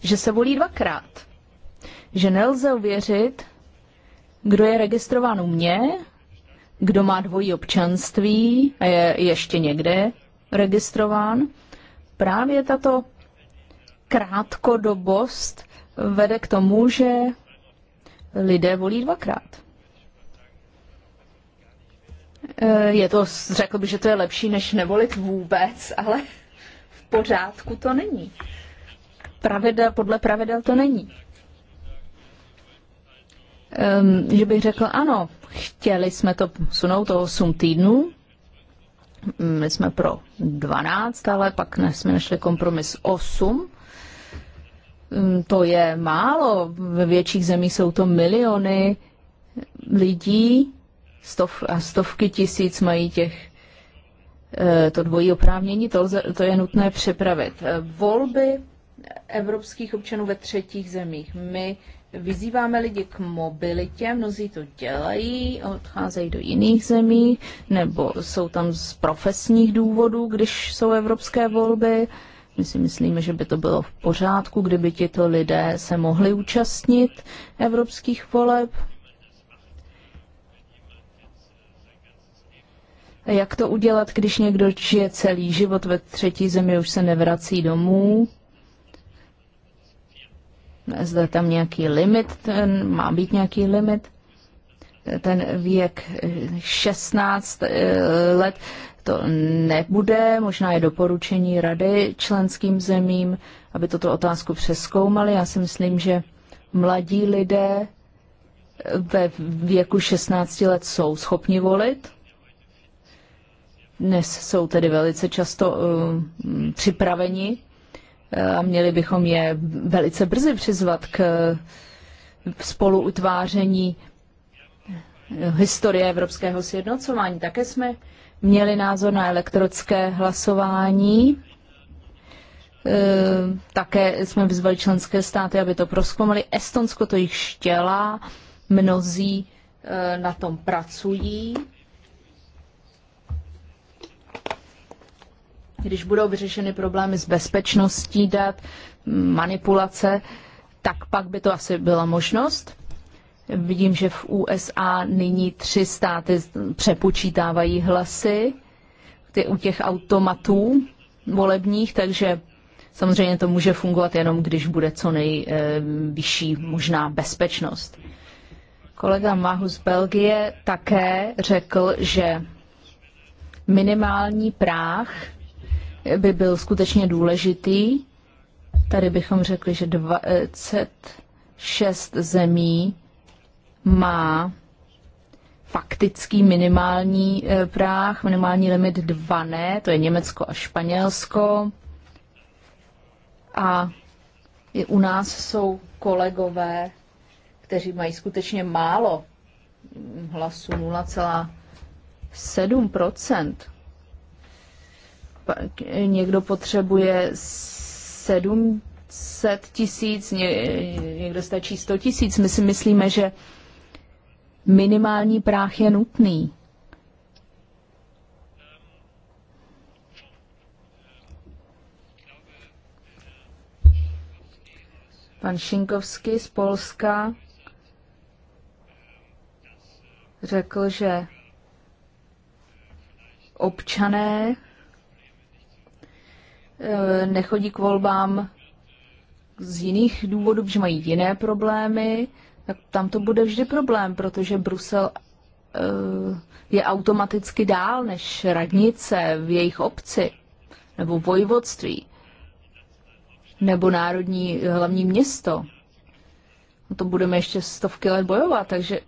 Že se volí dvakrát že nelze uvěřit, kdo je registrován u mě, kdo má dvojí občanství a je ještě někde registrován. Právě tato krátkodobost vede k tomu, že lidé volí dvakrát. E, je to, řekl bych, že to je lepší, než nevolit vůbec, ale v pořádku to není. Pravidel, podle pravidel to není um, že bych řekl, ano, chtěli jsme to posunout o 8 týdnů, my jsme pro 12, ale pak jsme našli kompromis 8. Ehm, to je málo, ve větších zemích jsou to miliony lidí stov, a stovky tisíc mají těch eh, to dvojí oprávnění, to, to je nutné připravit. Ehm, volby evropských občanů ve třetích zemích. My Vyzýváme lidi k mobilitě, mnozí to dělají, odcházejí do jiných zemí, nebo jsou tam z profesních důvodů, když jsou evropské volby. My si myslíme, že by to bylo v pořádku, kdyby tito lidé se mohli účastnit evropských voleb. Jak to udělat, když někdo žije celý život ve třetí zemi, už se nevrací domů? Zda tam nějaký limit, ten, má být nějaký limit. Ten věk 16 eh, let to nebude, možná je doporučení rady členským zemím, aby toto otázku přeskoumali. Já si myslím, že mladí lidé ve věku 16 let jsou schopni volit. Dnes jsou tedy velice často uh, připraveni a měli bychom je velice brzy přizvat k spoluutváření historie evropského sjednocování. Také jsme měli názor na elektronické hlasování. E, také jsme vyzvali členské státy, aby to proskoumali. Estonsko to již chtěla, mnozí e, na tom pracují Když budou vyřešeny problémy s bezpečností dat, manipulace, tak pak by to asi byla možnost. Vidím, že v USA nyní tři státy přepočítávají hlasy ty, u těch automatů volebních, takže samozřejmě to může fungovat jenom, když bude co nejvyšší možná bezpečnost. Kolega Mahu z Belgie také řekl, že minimální práh by byl skutečně důležitý. Tady bychom řekli, že 26 zemí má faktický minimální eh, práh, minimální limit 2 ne, to je Německo a Španělsko. A i u nás jsou kolegové, kteří mají skutečně málo hm, hlasů, 0,7 někdo potřebuje 700 tisíc, někdo stačí 100 tisíc. My si myslíme, že minimální práh je nutný. Pan Šinkovský z Polska řekl, že občané Eh, nechodí k volbám z jiných důvodů, protože mají jiné problémy, tak tam to bude vždy problém, protože Brusel eh, je automaticky dál než radnice v jejich obci nebo vojvodství nebo národní eh, hlavní město. No to budeme ještě stovky let bojovat, takže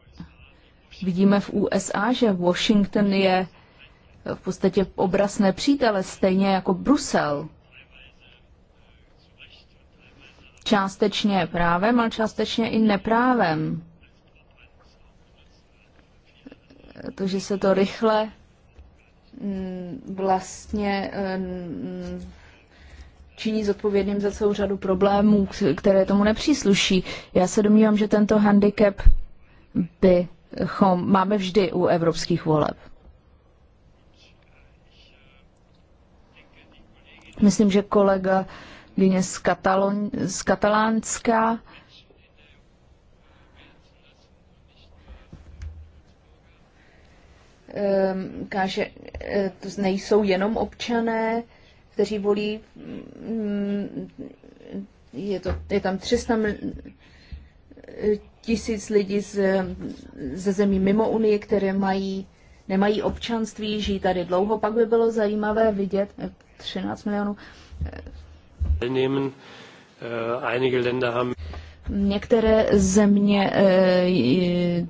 vidíme v USA, že Washington je v podstatě obraz nepřítele, stejně jako Brusel. částečně právem, ale částečně i neprávem. To, že se to rychle mm, vlastně mm, činí zodpovědným za celou řadu problémů, které tomu nepřísluší. Já se domnívám, že tento handicap bychom, máme vždy u evropských voleb. Myslím, že kolega kolegyně z, Katalon, z Katalánska. Ehm, káže, eh, to nejsou jenom občané, kteří volí, mm, je, to, je tam 300 tisíc lidí z, ze zemí mimo Unie, které mají, nemají občanství, žijí tady dlouho, pak by bylo zajímavé vidět, 13 eh, milionů, eh, Äh, Některé země äh,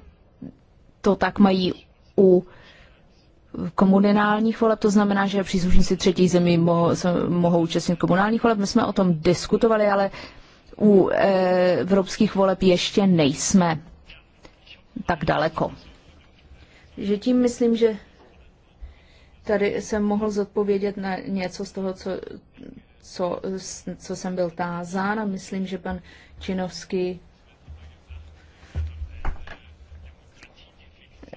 to tak mají u komunálních voleb, to znamená, že příslušníci třetí zemí mohou, účastnit komunálních voleb. My jsme o tom diskutovali, ale u e, evropských voleb ještě nejsme tak daleko. Že tím myslím, že tady jsem mohl zodpovědět na něco z toho, co co, co jsem byl tázán a myslím, že pan Činovský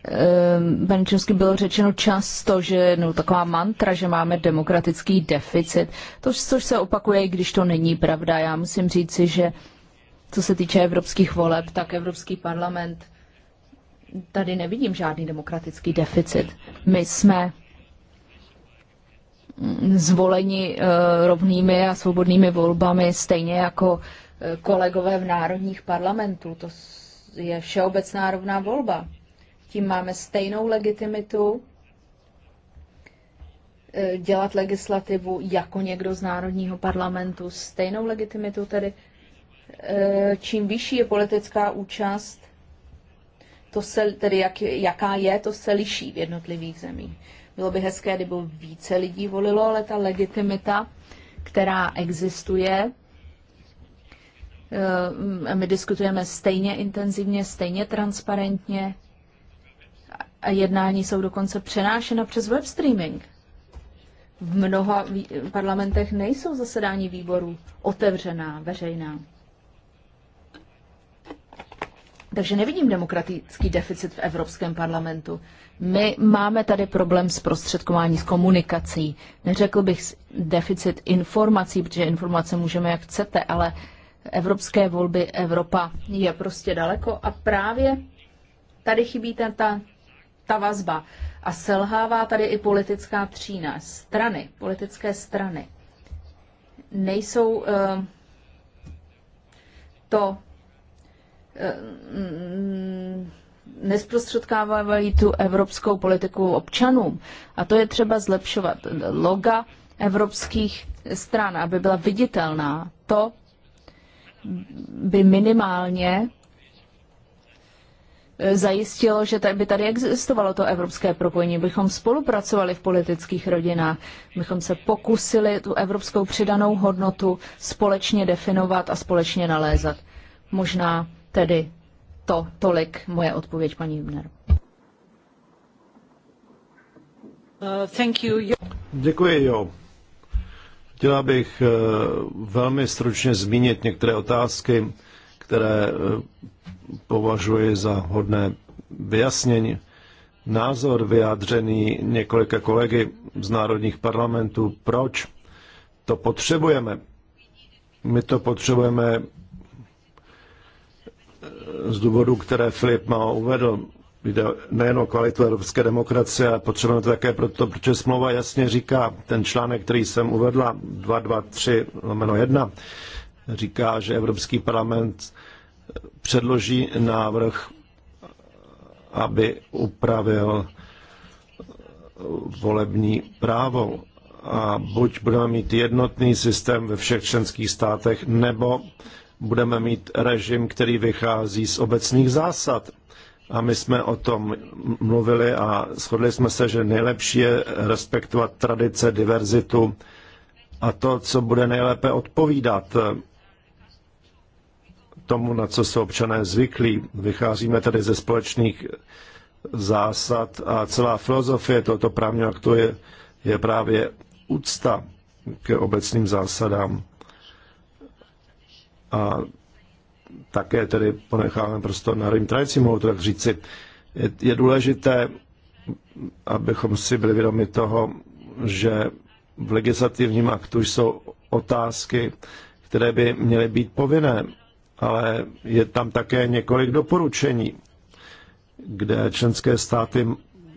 ehm, Pan Činovský bylo řečeno často, že no, taková mantra, že máme demokratický deficit, to, což se opakuje, i když to není pravda. Já musím říci, že co se týče evropských voleb, tak Evropský parlament tady nevidím žádný demokratický deficit. My jsme zvoleni eh, rovnými a svobodnými volbami, stejně jako eh, kolegové v národních parlamentů. To je všeobecná rovná volba. Tím máme stejnou legitimitu eh, dělat legislativu jako někdo z národního parlamentu, stejnou legitimitu tedy. Čím vyšší je politická účast, to se, tedy jak, jaká je, to se liší v jednotlivých zemích. Bylo by hezké, kdyby více lidí volilo, ale ta legitimita, která existuje, eh, my diskutujeme stejně intenzivně, stejně transparentně a jednání jsou dokonce přenášena přes web streaming. V mnoha parlamentech nejsou zasedání výborů otevřená, veřejná. Takže nevidím demokratický deficit v Evropském parlamentu. My máme tady problém s prostředkování, s komunikací. Neřekl bych deficit informací, protože informace můžeme jak chcete, ale evropské volby Evropa je prostě daleko a právě tady chybí ten, ta, ta vazba. A selhává tady i politická třína. Strany, politické strany nejsou uh, to Eh, mm, nesprostředkávají tu evropskou politiku občanům. A to je třeba zlepšovat. Loga evropských stran, aby byla viditelná, to by minimálně eh, zajistilo, že by tady existovalo to evropské propojení, bychom spolupracovali v politických rodinách, bychom se pokusili tu evropskou přidanou hodnotu společně definovat a společně nalézat. Možná Tedy to, tolik moje odpověď, paní Hübner. Uh, thank you. Děkuji, jo. Chtěla bych uh, velmi stručně zmínit některé otázky, které uh, považuji za hodné vyjasnění. Názor vyjádřený několika kolegy z národních parlamentů, proč to potřebujeme. My to potřebujeme z důvodu, které Filip má uvedl, jde nejen o kvalitu evropské demokracie, ale potřebujeme to také proto, protože smlouva jasně říká, ten článek, který jsem uvedla, 223 lomeno 1, říká, že Evropský parlament předloží návrh, aby upravil volební právo. A buď budeme mít jednotný systém ve všech členských státech, nebo budeme mít režim, který vychází z obecných zásad. A my jsme o tom mluvili a shodli jsme se, že nejlepší je respektovat tradice, diverzitu a to, co bude nejlépe odpovídat tomu, na co jsou občané zvyklí. Vycházíme tedy ze společných zásad a celá filozofie tohoto právního aktu je, je právě úcta k obecným zásadám a také tedy ponecháme prostor rým tradicím, mohu to tak říci. Je, je důležité, abychom si byli vědomi toho, že v legislativním aktu jsou otázky, které by měly být povinné, ale je tam také několik doporučení, kde členské státy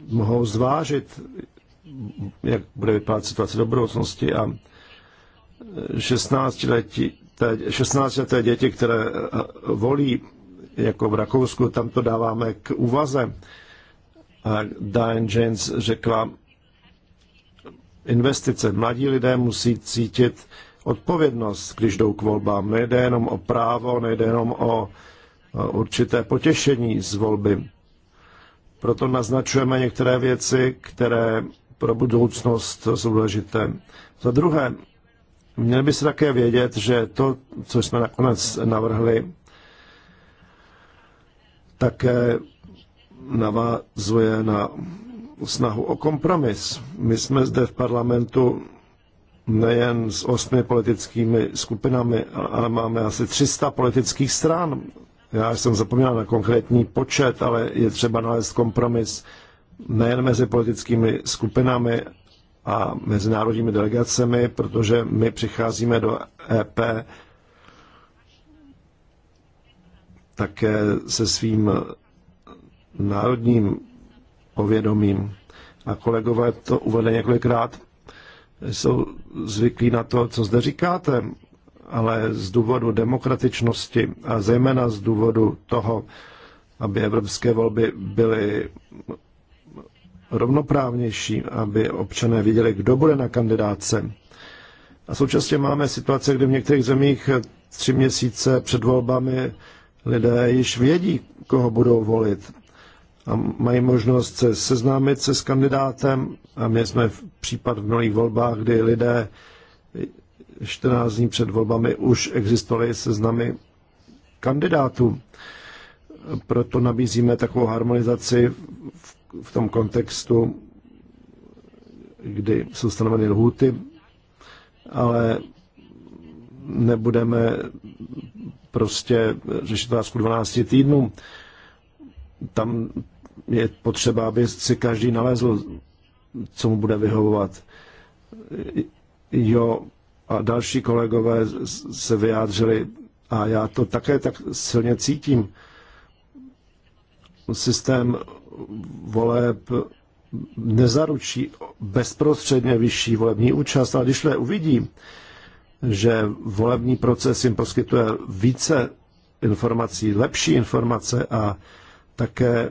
mohou zvážit, jak bude vypadat situace do budoucnosti a 16-letí 16-leté děti, které eh, volí, jako v Rakousku, tam to dáváme k úvaze. A Diane James řekla, investice. Mladí lidé musí cítit odpovědnost, když jdou k volbám. Nejde jenom o právo, nejde jenom o určité potěšení z volby. Proto naznačujeme některé věci, které pro budoucnost jsou důležité. Za druhé, Měli by se také vědět, že to, co jsme nakonec navrhli, také navázuje na snahu o kompromis. My jsme zde v parlamentu nejen s osmi politickými skupinami, ale máme asi 300 politických stran. Já jsem zapomněl na konkrétní počet, ale je třeba nalézt kompromis nejen mezi politickými skupinami, a mezinárodními delegacemi, protože my přicházíme do EP také se svým národním povědomím. A kolegové to uvedli několikrát, jsou zvyklí na to, co zde říkáte, ale z důvodu demokratičnosti a zejména z důvodu toho, aby evropské volby byly rovnoprávnější, aby občané věděli, kdo bude na kandidáce. A současně máme situace, kdy v některých zemích tři měsíce před volbami lidé již vědí, koho budou volit. A mají možnost se seznámit se s kandidátem. A my jsme v případ v mnohých volbách, kdy lidé 14 dní před volbami už existovaly seznamy kandidátů. Proto nabízíme takovou harmonizaci v tom kontextu, kdy jsou stanoveny lhůty, ale nebudeme prostě řešit otázku 12 týdnů. Tam je potřeba, aby si každý nalezl, co mu bude vyhovovat. Jo, a další kolegové se vyjádřili, a já to také tak silně cítím. Systém voleb nezaručí bezprostředně vyšší volební účast, ale když uvidí, že volební proces jim poskytuje více informací, lepší informace a také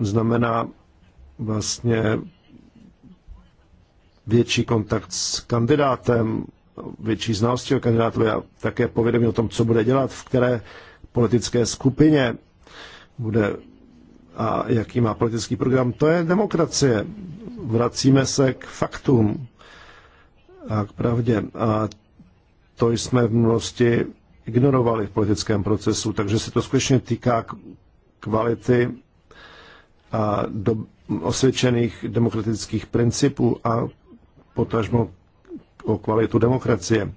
znamená vlastně větší kontakt s kandidátem, větší znalosti o kandidátu a také povědomí o tom, co bude dělat, v které politické skupině bude a jaký má politický program. To je demokracie. Vracíme se k faktům a k pravdě. A to jsme v minulosti ignorovali v politickém procesu, takže se to skutečně týká kvality a do, osvědčených demokratických principů a potažmo o kvalitu demokracie.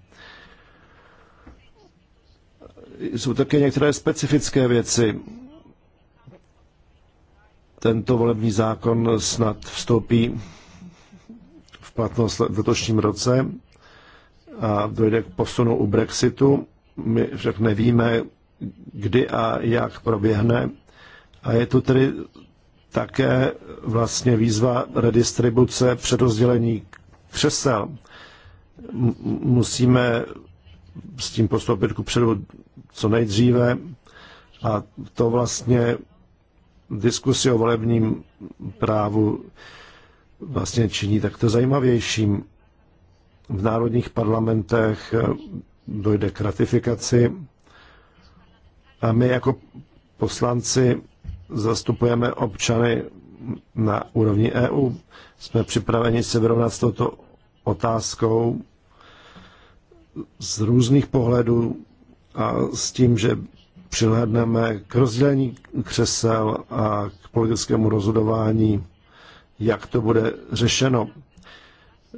Jsou také některé specifické věci, tento volební zákon snad vstoupí v platnost v letošním roce a dojde k posunu u Brexitu. My však nevíme, kdy a jak proběhne. A je tu tedy také vlastně výzva redistribuce předozdělení křesel. Musíme s tím postoupit ku předu co nejdříve a to vlastně diskusi o volebním právu vlastně činí takto zajímavějším. V národních parlamentech eh, dojde k ratifikaci a my jako poslanci zastupujeme občany na úrovni EU. Jsme připraveni se vyrovnat s touto otázkou z různých pohledů a s tím, že přihlédneme k rozdělení křesel a k politickému rozhodování, jak to bude řešeno.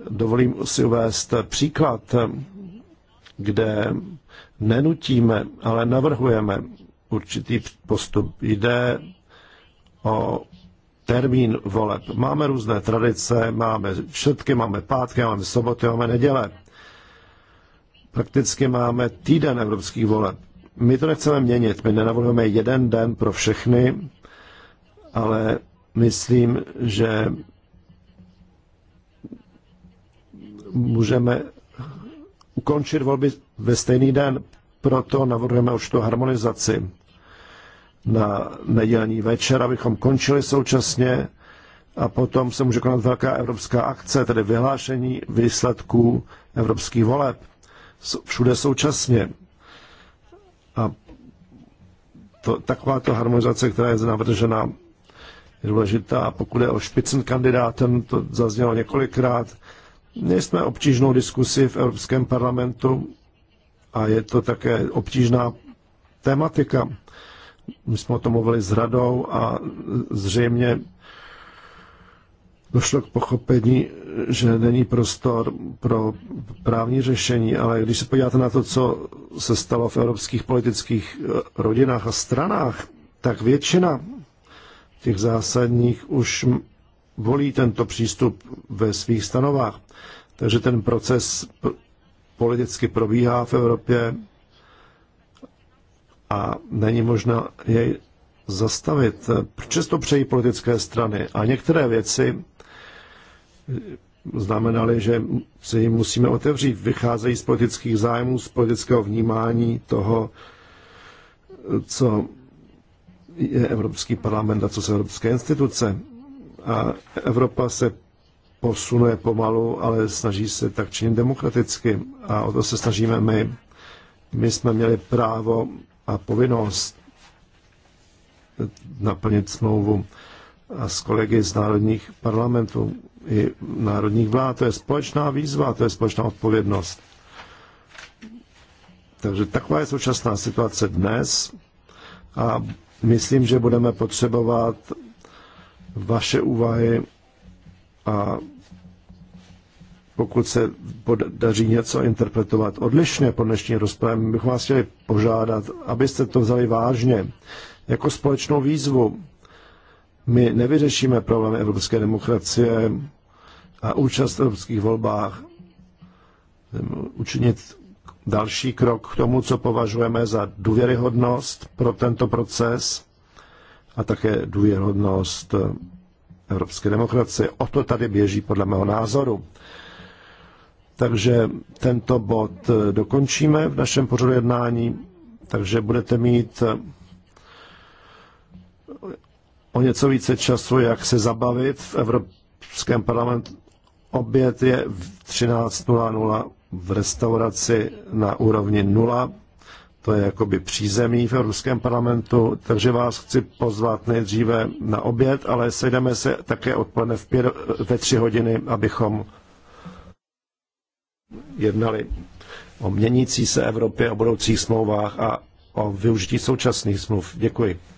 Dovolím si uvést příklad, kde nenutíme, ale navrhujeme určitý postup. Jde o termín voleb. Máme různé tradice, máme všetky, máme pátky, máme soboty, máme neděle. Prakticky máme týden evropských voleb. My to nechceme měnit, my nenavrhujeme jeden den pro všechny, ale myslím, že můžeme ukončit volby ve stejný den, proto navrhujeme tu harmonizaci na nedělní večer, abychom končili současně a potom se může konat velká evropská akce, tedy vyhlášení výsledků evropských voleb. Všude současně. A to, takováto harmonizace, která je navržena, je důležitá. pokud je o špicen kandidátem, to zaznělo několikrát, měli jsme obtížnou diskusi v Evropském parlamentu a je to také obtížná tematika. My jsme o tom mluvili s radou a zřejmě došlo k pochopení, že není prostor pro právní řešení, ale když se podíváte na to, co se stalo v evropských politických eh, rodinách a stranách, tak většina těch zásadních už volí tento přístup ve svých stanovách. Takže ten proces politicky probíhá v Evropě a není možné jej zastavit. Přesto přejí politické strany a některé věci znamenaly, že se jim musíme otevřít. Vycházejí z politických zájmů, z politického vnímání toho, co je Evropský parlament a co jsou evropské instituce. A Evropa se posunuje pomalu, ale snaží se tak činit demokraticky. A o to se snažíme my. My jsme měli právo a povinnost naplnit smlouvu a s kolegy z národních parlamentů i národních vlád. To je společná výzva, to je společná odpovědnost. Takže taková je současná situace dnes a myslím, že budeme potřebovat vaše úvahy a pokud se podaří něco interpretovat odlišně po dnešní rozpravě, bych vás chtěli požádat, abyste to vzali vážně jako společnou výzvu. My nevyřešíme problém evropské demokracie a účast v evropských volbách učinit další krok k tomu, co považujeme za důvěryhodnost pro tento proces a také důvěryhodnost evropské demokracie. O to tady běží podle mého názoru. Takže tento bod dokončíme v našem pořadu jednání, takže budete mít o něco více času, jak se zabavit v Evropském parlamentu Oběd je v 13.00 v restauraci na úrovni 0. To je jakoby přízemí v Evropském parlamentu, takže vás chci pozvat nejdříve na oběd, ale sejdeme se také odpoledne v pět, ve tři hodiny, abychom jednali o měnící se Evropě, o budoucích smlouvách a o využití současných smluv. Děkuji.